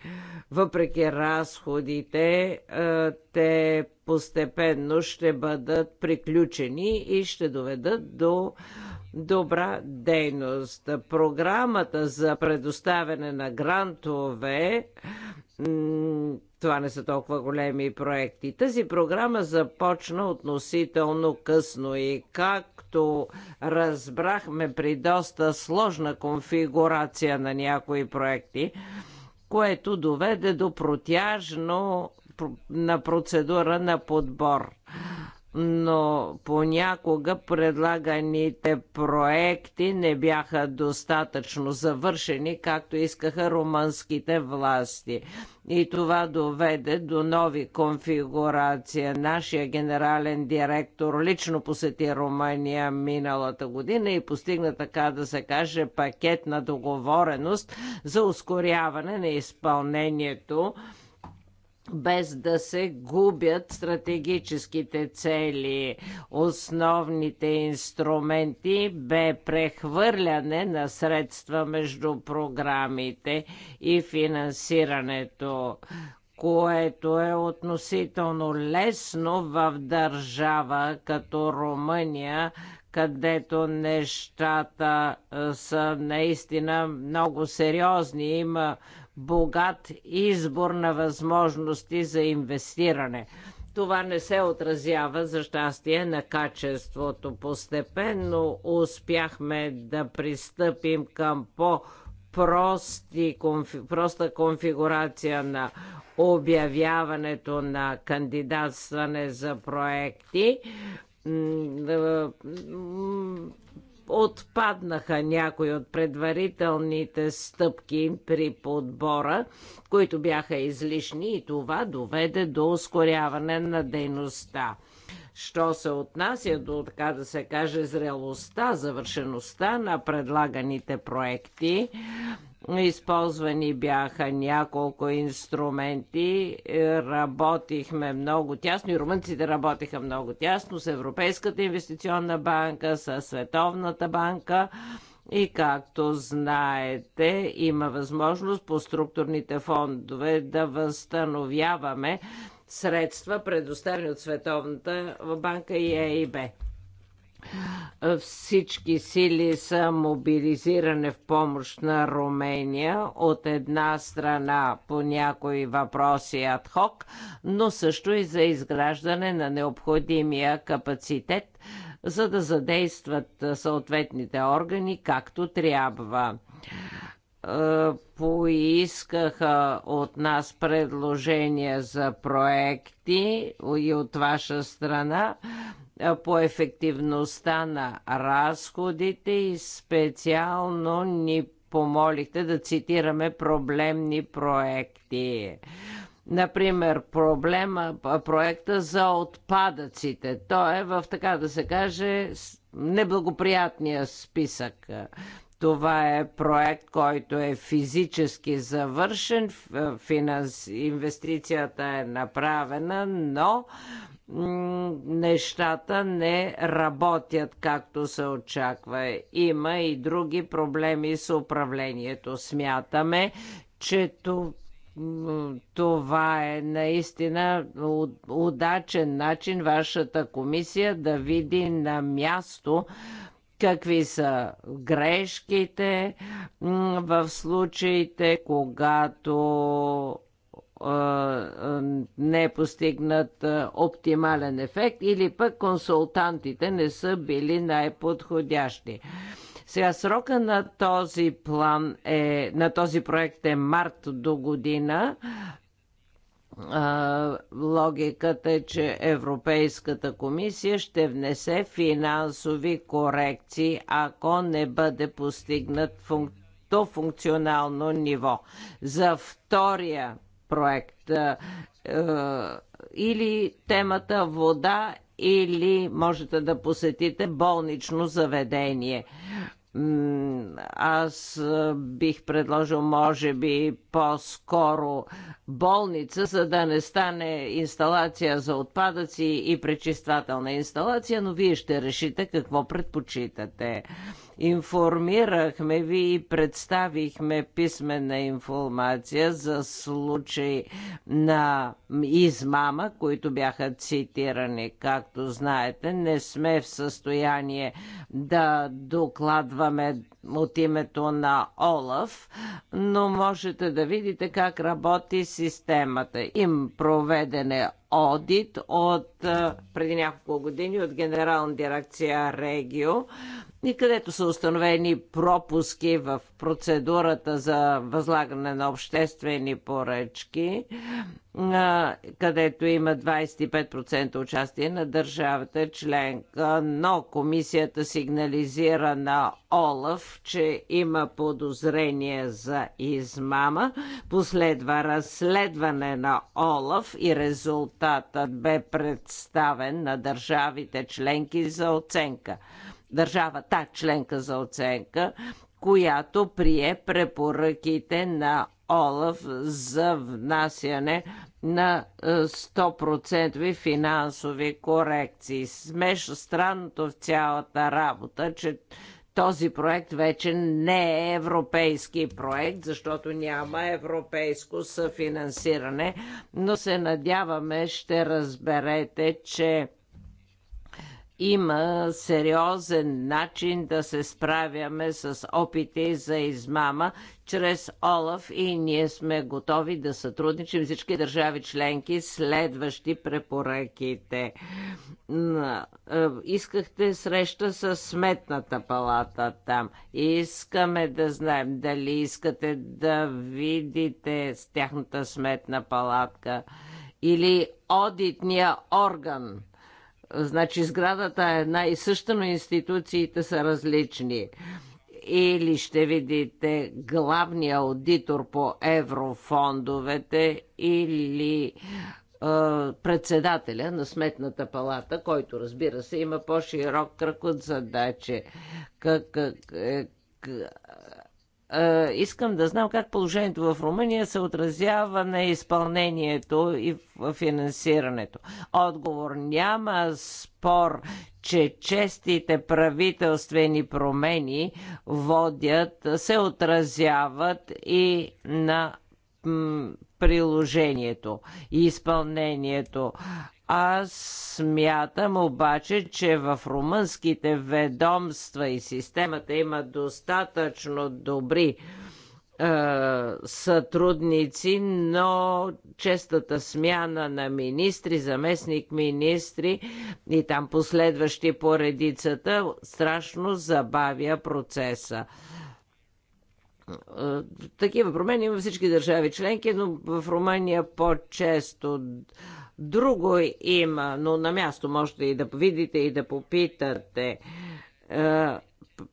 въпреки разходите, те постепенно ще бъдат приключени и ще доведат до добра дейност. Програмата за предоставяне на грантове това не са толкова големи проекти. Тази програма започна относително късно и както разбрахме при доста сложна конфигурация на някои проекти, което доведе до протяжно на процедура на подбор но понякога предлаганите проекти не бяха достатъчно завършени, както искаха румънските власти. И това доведе до нови конфигурации. Нашия генерален директор лично посети Румъния миналата година и постигна така да се каже пакет на договореност за ускоряване на изпълнението без да се губят стратегическите цели. Основните инструменти бе прехвърляне на средства между програмите и финансирането, което е относително лесно в държава като Румъния, където нещата са наистина много сериозни. Има богат избор на възможности за инвестиране. Това не се отразява, за щастие, на качеството. Постепенно успяхме да пристъпим към по- прости, конфи, проста конфигурация на обявяването на кандидатстване за проекти отпаднаха някои от предварителните стъпки при подбора, които бяха излишни и това доведе до ускоряване на дейността. Що се отнася до, така да се каже, зрелостта, завършеността на предлаганите проекти, Използвани бяха няколко инструменти, е, работихме много тясно и румънците работиха много тясно с Европейската инвестиционна банка, с Световната банка. И както знаете, има възможност по структурните фондове да възстановяваме средства, предоставени от Световната банка и ЕИБ. Всички сили са мобилизирани в помощ на Румения от една страна по някои въпроси адхок, но също и за изграждане на необходимия капацитет, за да задействат съответните органи както трябва поискаха от нас предложения за проекти и от ваша страна по ефективността на разходите и специално ни помолихте да цитираме проблемни проекти. Например, проблема, проекта за отпадъците. Той е в, така да се каже, неблагоприятния списък. Това е проект, който е физически завършен, финанс, инвестицията е направена, но нещата не работят както се очаква. Има и други проблеми с управлението. Смятаме, че това е наистина удачен начин вашата комисия да види на място какви са грешките в случаите, когато не е постигнат оптимален ефект или пък консултантите не са били най-подходящи. Сега срока на този план е, на този проект е март до година, логиката е, че Европейската комисия ще внесе финансови корекции, ако не бъде постигнат функ... до функционално ниво. За втория проект е, или темата вода, или можете да посетите болнично заведение аз бих предложил, може би, по-скоро болница, за да не стане инсталация за отпадъци и пречиствателна инсталация, но вие ще решите какво предпочитате. Информирахме ви и представихме писмена информация за случаи на измама, които бяха цитирани. Както знаете, не сме в състояние да докладваме от името на Олаф, но можете да видите как работи системата. Им проведен е одит от преди няколко години от Генерална дирекция Регио и където са установени пропуски в процедурата за възлагане на обществени поръчки където има 25% участие на държавата членка, но комисията сигнализира на Олаф, че има подозрение за измама. Последва разследване на Олаф и резултатът бе представен на държавите членки за оценка. Държавата членка за оценка, която прие препоръките на ОЛАФ за внасяне на 100% е, финансови корекции. Смеш странното в цялата работа, че този проект вече не е европейски проект, защото няма европейско съфинансиране, но се надяваме ще разберете, че има сериозен начин да се справяме с опити за измама чрез ОЛАФ и ние сме готови да сътрудничим всички държави членки, следващи препоръките. Е, искахте среща с сметната палата там. Искаме да знаем дали искате да видите с тяхната сметна палатка или одитния орган Значи сградата е една и също, но институциите са различни или ще видите главния аудитор по еврофондовете или е, председателя на Сметната палата, който разбира се има по-широк кръг от задачи. Как, как, е, искам да знам как положението в Румъния се отразява на изпълнението и финансирането. Отговор няма спор, че честите правителствени промени водят, се отразяват и на приложението и изпълнението. Аз смятам обаче, че в румънските ведомства и системата има достатъчно добри е, сътрудници, но честата смяна на министри, заместник министри и там последващи поредицата страшно забавя процеса. Е, такива промени има всички държави членки, но в Румъния по-често Друго има, но на място можете и да видите и да попитате.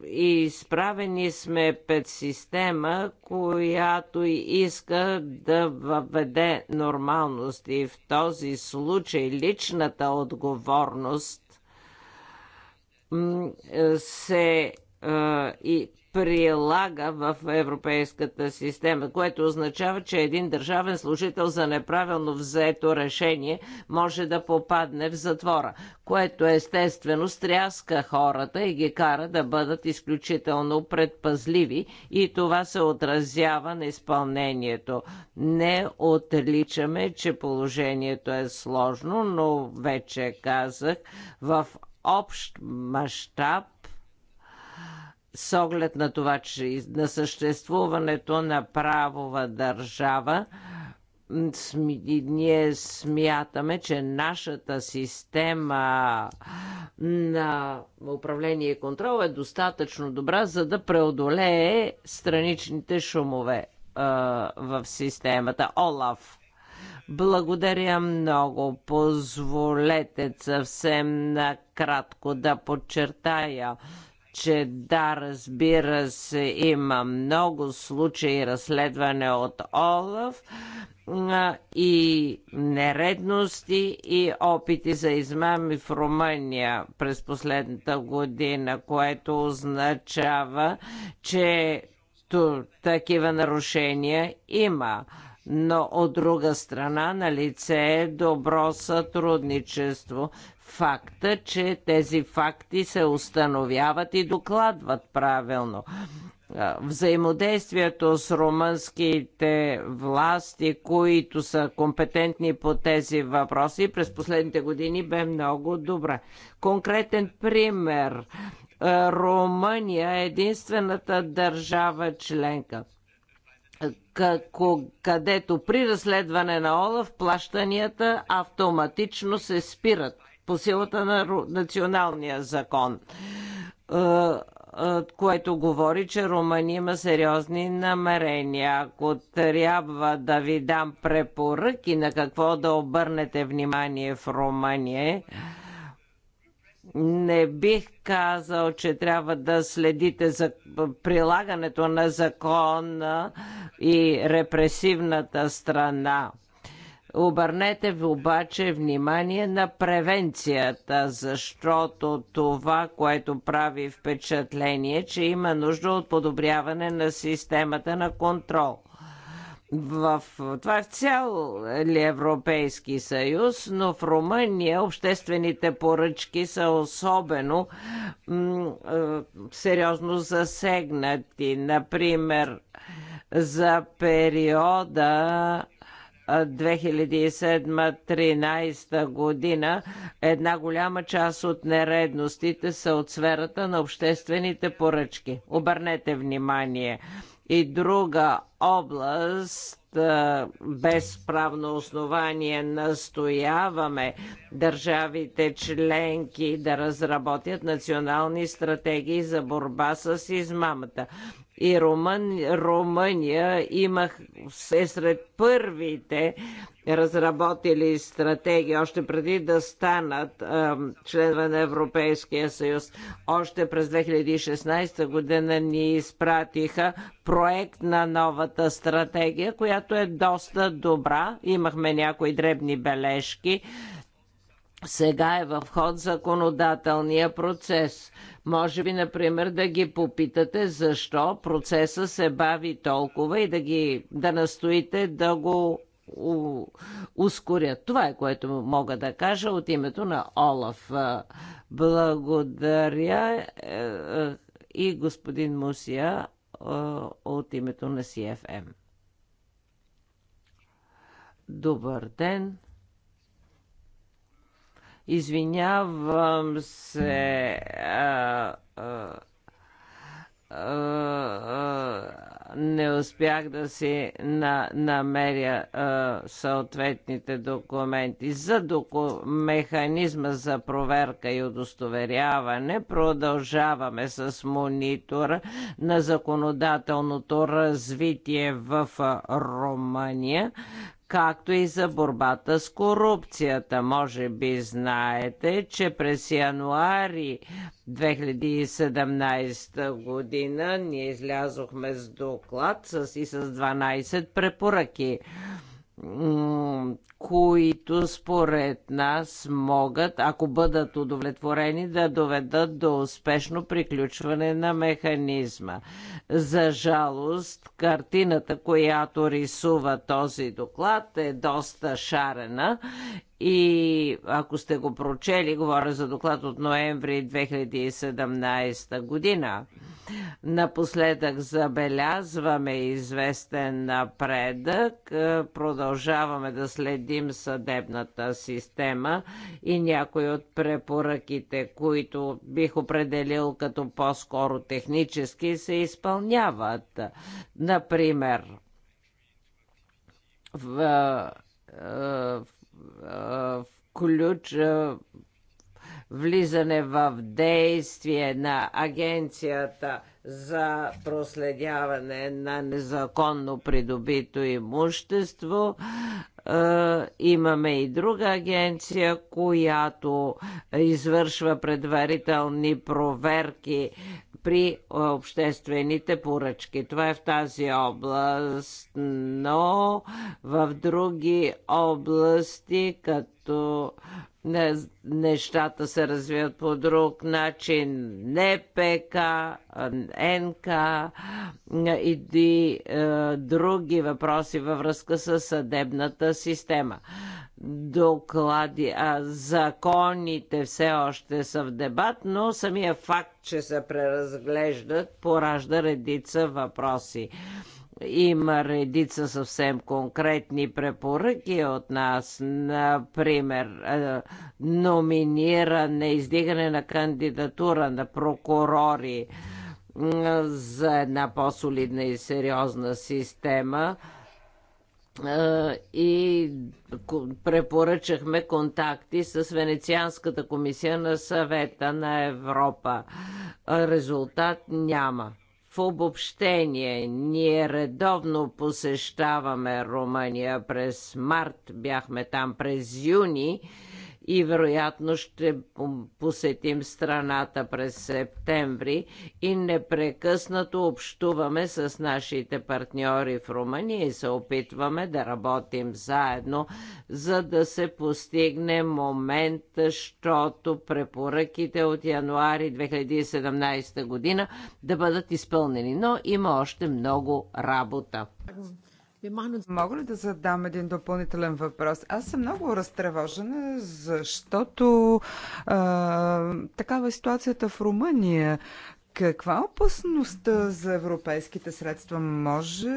И е, изправени сме пред система, която и иска да въведе нормалност. И в този случай личната отговорност е, се е, и прилага в европейската система, което означава, че един държавен служител за неправилно взето решение може да попадне в затвора, което естествено стряска хората и ги кара да бъдат изключително предпазливи и това се отразява на изпълнението. Не отличаме, че положението е сложно, но вече казах, в общ мащаб с оглед на това, че на съществуването на правова държава, ние смятаме, че нашата система на управление и контрол е достатъчно добра, за да преодолее страничните шумове в системата. Олаф, благодаря много. Позволете съвсем накратко да подчертая че да, разбира се, има много случаи разследване от Олаф и нередности и опити за измами в Румъния през последната година, което означава, че такива нарушения има но от друга страна на лице е добро сътрудничество факта, че тези факти се установяват и докладват правилно взаимодействието с румънските власти, които са компетентни по тези въпроси през последните години бе много добра. Конкретен пример. Румъния е единствената държава членка, където при разследване на Олаф плащанията автоматично се спират по силата на националния закон е, е, което говори, че Румъния има сериозни намерения. Ако трябва да ви дам препоръки на какво да обърнете внимание в Румъния, не бих казал, че трябва да следите за прилагането на закона и репресивната страна Обърнете ви обаче внимание на превенцията, защото това, което прави впечатление, е, че има нужда от подобряване на системата на контрол в, това е в цял ли Европейски съюз, но в Румъния обществените поръчки са особено сериозно засегнати. Например, за периода 2007-2013 година една голяма част от нередностите са от сферата на обществените поръчки. Обърнете внимание. И друга област без правно основание настояваме държавите членки да разработят национални стратегии за борба с измамата и Румън, Румъния имах е сред първите разработили стратегии още преди да станат е, членове на Европейския съюз. Още през 2016 година ни изпратиха проект на новата стратегия, която е доста добра. Имахме някои дребни бележки, сега е в ход законодателния процес. Може би, например, да ги попитате защо процеса се бави толкова и да, ги, да настоите да го у, ускорят. Това е което мога да кажа от името на Олаф. Благодаря е, е, и господин Мусия е, от името на CFM. Добър ден! Извинявам се. не успях да си на, намеря а, съответните документи. За доку, механизма за проверка и удостоверяване продължаваме с монитора на законодателното развитие в Румъния, както и за борбата с корупцията. Може би знаете, че през януари 2017 година ние излязохме с доклад с, и с 12 препоръки които според нас могат, ако бъдат удовлетворени, да доведат до успешно приключване на механизма. За жалост, картината, която рисува този доклад е доста шарена и ако сте го прочели, говоря за доклад от ноември 2017 година, напоследък забелязваме известен напредък, е, продължаваме да следим съдебната система и някои от препоръките, които бих определил като по-скоро технически, се изпълняват. Например, в, в е, включа влизане в действие на агенцията за проследяване на незаконно придобито имущество. Имаме и друга агенция, която извършва предварителни проверки при обществените поръчки. Това е в тази област, но в други области, като нещата се развиват по друг начин. НПК, НК и, и е, други въпроси във връзка с съдебната система. Доклади, а законите все още са в дебат, но самия факт, че се преразглеждат, поражда редица въпроси. Има редица съвсем конкретни препоръки от нас, например е, номиниране, издигане на кандидатура на прокурори за една по-солидна и сериозна система е, и препоръчахме контакти с Венецианската комисия на съвета на Европа. Резултат няма. В обобщение, ние редовно посещаваме Румъния. През март бяхме там, през юни и вероятно ще посетим страната през септември и непрекъснато общуваме с нашите партньори в Румъния и се опитваме да работим заедно, за да се постигне момент, защото препоръките от януари 2017 година да бъдат изпълнени. Но има още много работа. Мога ли да задам един допълнителен въпрос? Аз съм много разтревожена, защото а, такава е ситуацията в Румъния. Каква е опасността за европейските средства? Може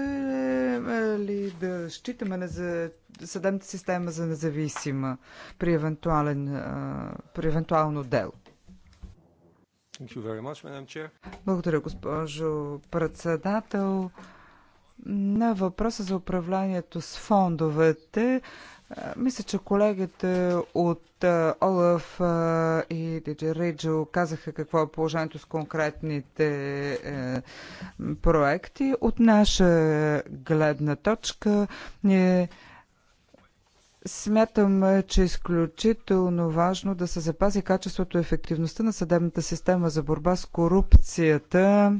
ли да считаме за съдебната система за независима при, евентуален, при евентуално дело? Благодаря, госпожо председател. На въпроса за управлението с фондовете, мисля, че колегите от Олаф и Диджи Риджо казаха какво е положението с конкретните е, проекти. От наша гледна точка ние Смятам, че е изключително важно да се запази качеството и ефективността на съдебната система за борба с корупцията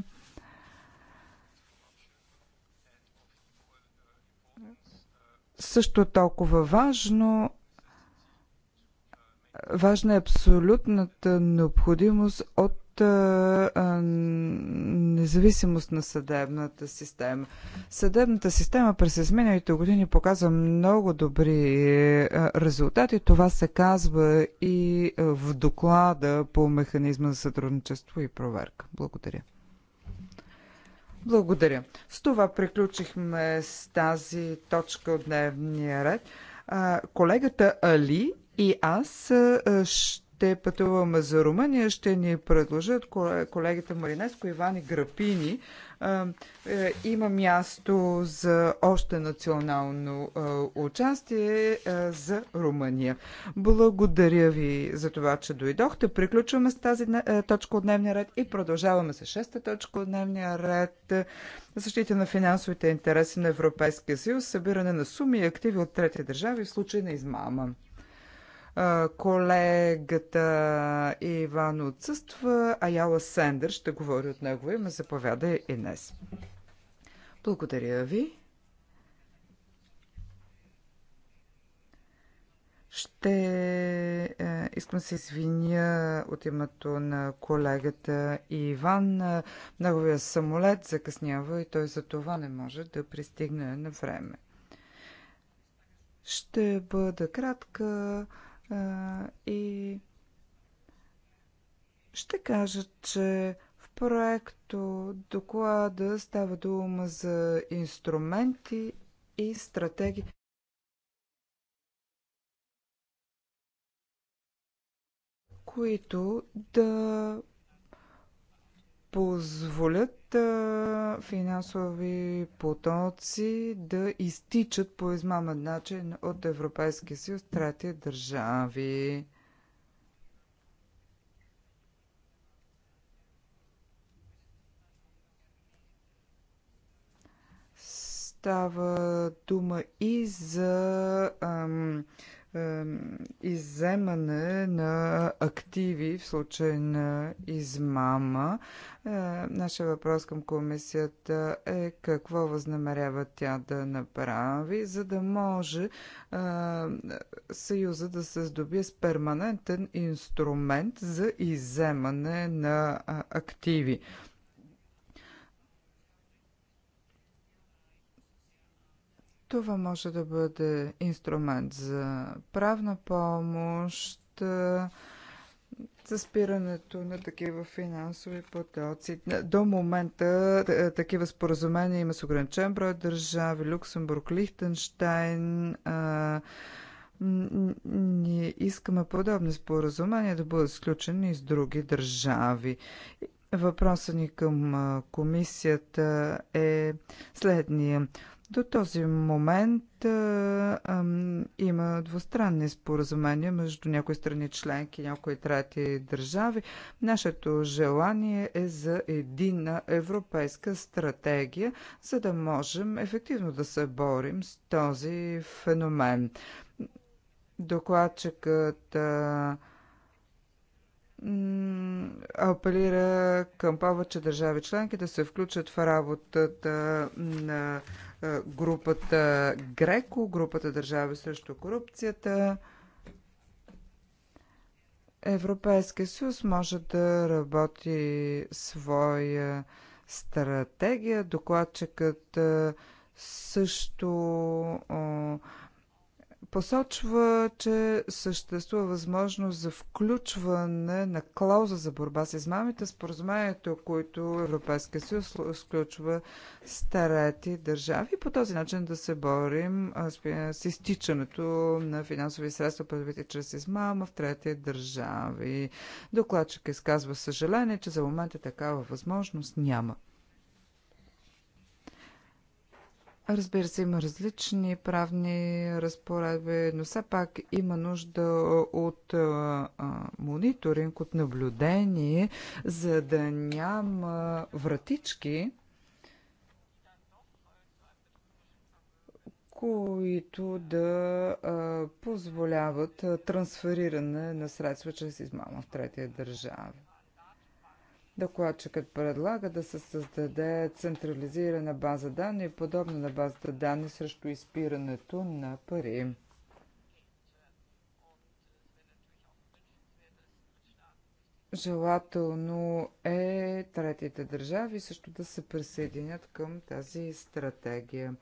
Също е толкова важно важна е абсолютната необходимост от а, а, независимост на съдебната система. Съдебната система през изминалите години показва много добри а, резултати. Това се казва и в доклада по механизма за сътрудничество и проверка. Благодаря. Благодаря. С това приключихме с тази точка от дневния ред. Колегата Али и аз ще те пътуваме за Румъния, ще ни предложат колегите Маринеско, Иван и Грапини. Е, има място за още национално участие за Румъния. Благодаря ви за това, че дойдохте. Приключваме с тази точка от дневния ред и продължаваме с шеста точка от дневния ред. Защита на финансовите интереси на Европейския съюз, събиране на суми и активи от трети държави в случай на измама. Колегата Иван отсъства, а Яла Сендър ще говори от него и ме Заповяда е и днес. Благодаря ви. Ще е, искам се извиня от името на колегата Иван. Неговия самолет закъснява и той за това не може да пристигне на време. Ще бъда кратка и ще кажа, че в проекто доклада става дума за инструменти и стратегии. които да позволят финансови потоци да изтичат по измамен начин от Европейския съюз трети държави. Става дума и за ам, изземане на активи в случай на измама. Е, нашия въпрос към комисията е какво възнамерява тя да направи, за да може е, Съюза да се здобие с перманентен инструмент за изземане на активи. Това може да бъде инструмент за правна помощ, за спирането на такива финансови потоци. До момента такива споразумения има с ограничен брой държави, Люксембург, Лихтенштайн. Ние искаме подобни споразумения да бъдат сключени и с други държави. Въпросът ни към комисията е следния. До този момент а, а, има двустранни споразумения между някои страни членки и някои трети държави. Нашето желание е за единна европейска стратегия, за да можем ефективно да се борим с този феномен. Докладчикът а, апелира към повече държави членки да се включат в работата на е, групата Греко, групата Държави срещу корупцията. Европейския съюз може да работи своя стратегия. Докладчикът е, също е, посочва, че съществува възможност за включване на клауза за борба с измамите, споразумението, което Европейския съюз сключва с трети държави. По този начин да се борим с изтичането на финансови средства, предвидите чрез измама в трети държави. Докладчик изказва съжаление, че за момента такава възможност няма. Разбира се, има различни правни разпоредби, но все пак има нужда от а, мониторинг, от наблюдение, за да няма вратички, които да а, позволяват трансфериране на средства чрез измама в третия държави. Докладчикът предлага да се създаде централизирана база данни, подобна на базата данни срещу изпирането на пари. Желателно е третите държави също да се присъединят към тази стратегия.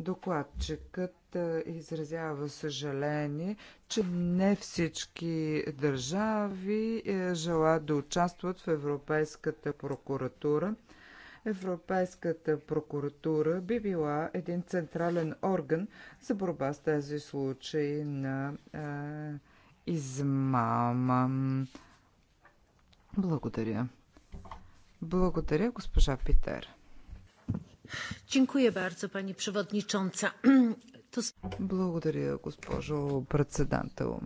Докладчикът изразява съжаление, че не всички държави е, желаят да участват в Европейската прокуратура. Европейската прокуратура би била един централен орган за борба с тези случаи на е, измама. Благодаря. Благодаря, госпожа Питер. Благодаря, госпожо председател.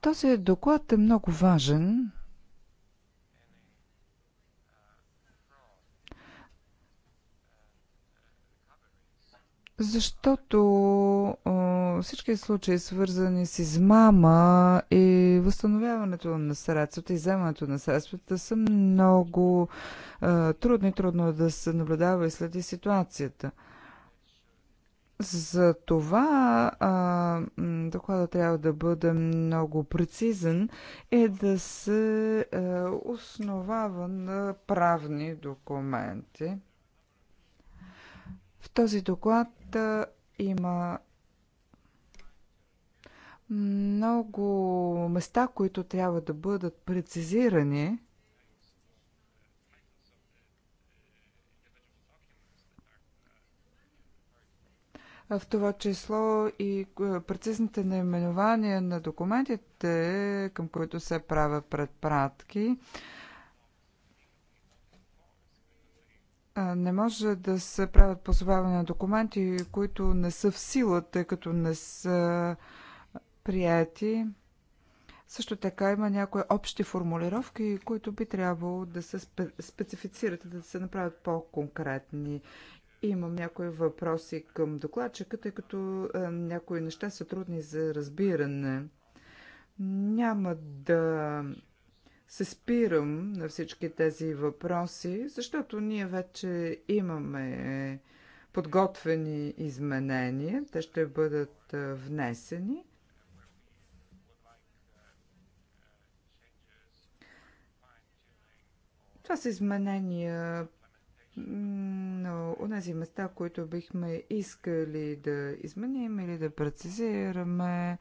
Този доклад е много важен. Защото а, всички случаи, свързани с измама и възстановяването на средствата, и вземането на средствата, са много а, трудни. Трудно е да се наблюдава и следи ситуацията. За това а, доклада трябва да бъде много прецизен и е да се а, основава на правни документи. В този доклад момента има много места, които трябва да бъдат прецизирани. В това число и е, прецизните наименования на документите, към които се правят предпратки. Не може да се правят позоваване на документи, които не са в сила, тъй като не са прияти. Също така има някои общи формулировки, които би трябвало да се специфицират, да се направят по-конкретни. Имам някои въпроси към докладчика, тъй като някои неща са трудни за разбиране. Няма да се спирам на всички тези въпроси, защото ние вече имаме подготвени изменения. Те ще бъдат внесени. Това са изменения на тези места, които бихме искали да изменим или да прецизираме.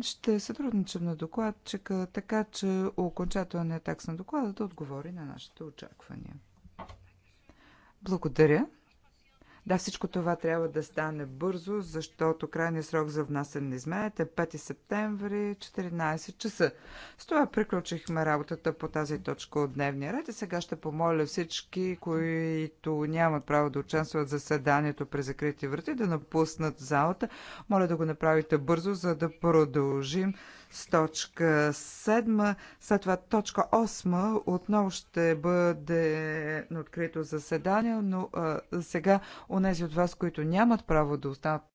Ще сътрудничам на докладчика, така че окончателният текст на доклада да отговори на нашите очаквания. Благодаря. Да, всичко това трябва да стане бързо, защото крайният срок за внасен не знаете 5 е септември, 14 часа. С това приключихме работата по тази точка от дневния ред и сега ще помоля всички, които нямат право да участват в заседанието при закрити врати, да напуснат залата. Моля да го направите бързо, за да продължим с точка 7. След това точка 8 отново ще бъде на открито заседание, но а, сега у нези от вас, които нямат право да останат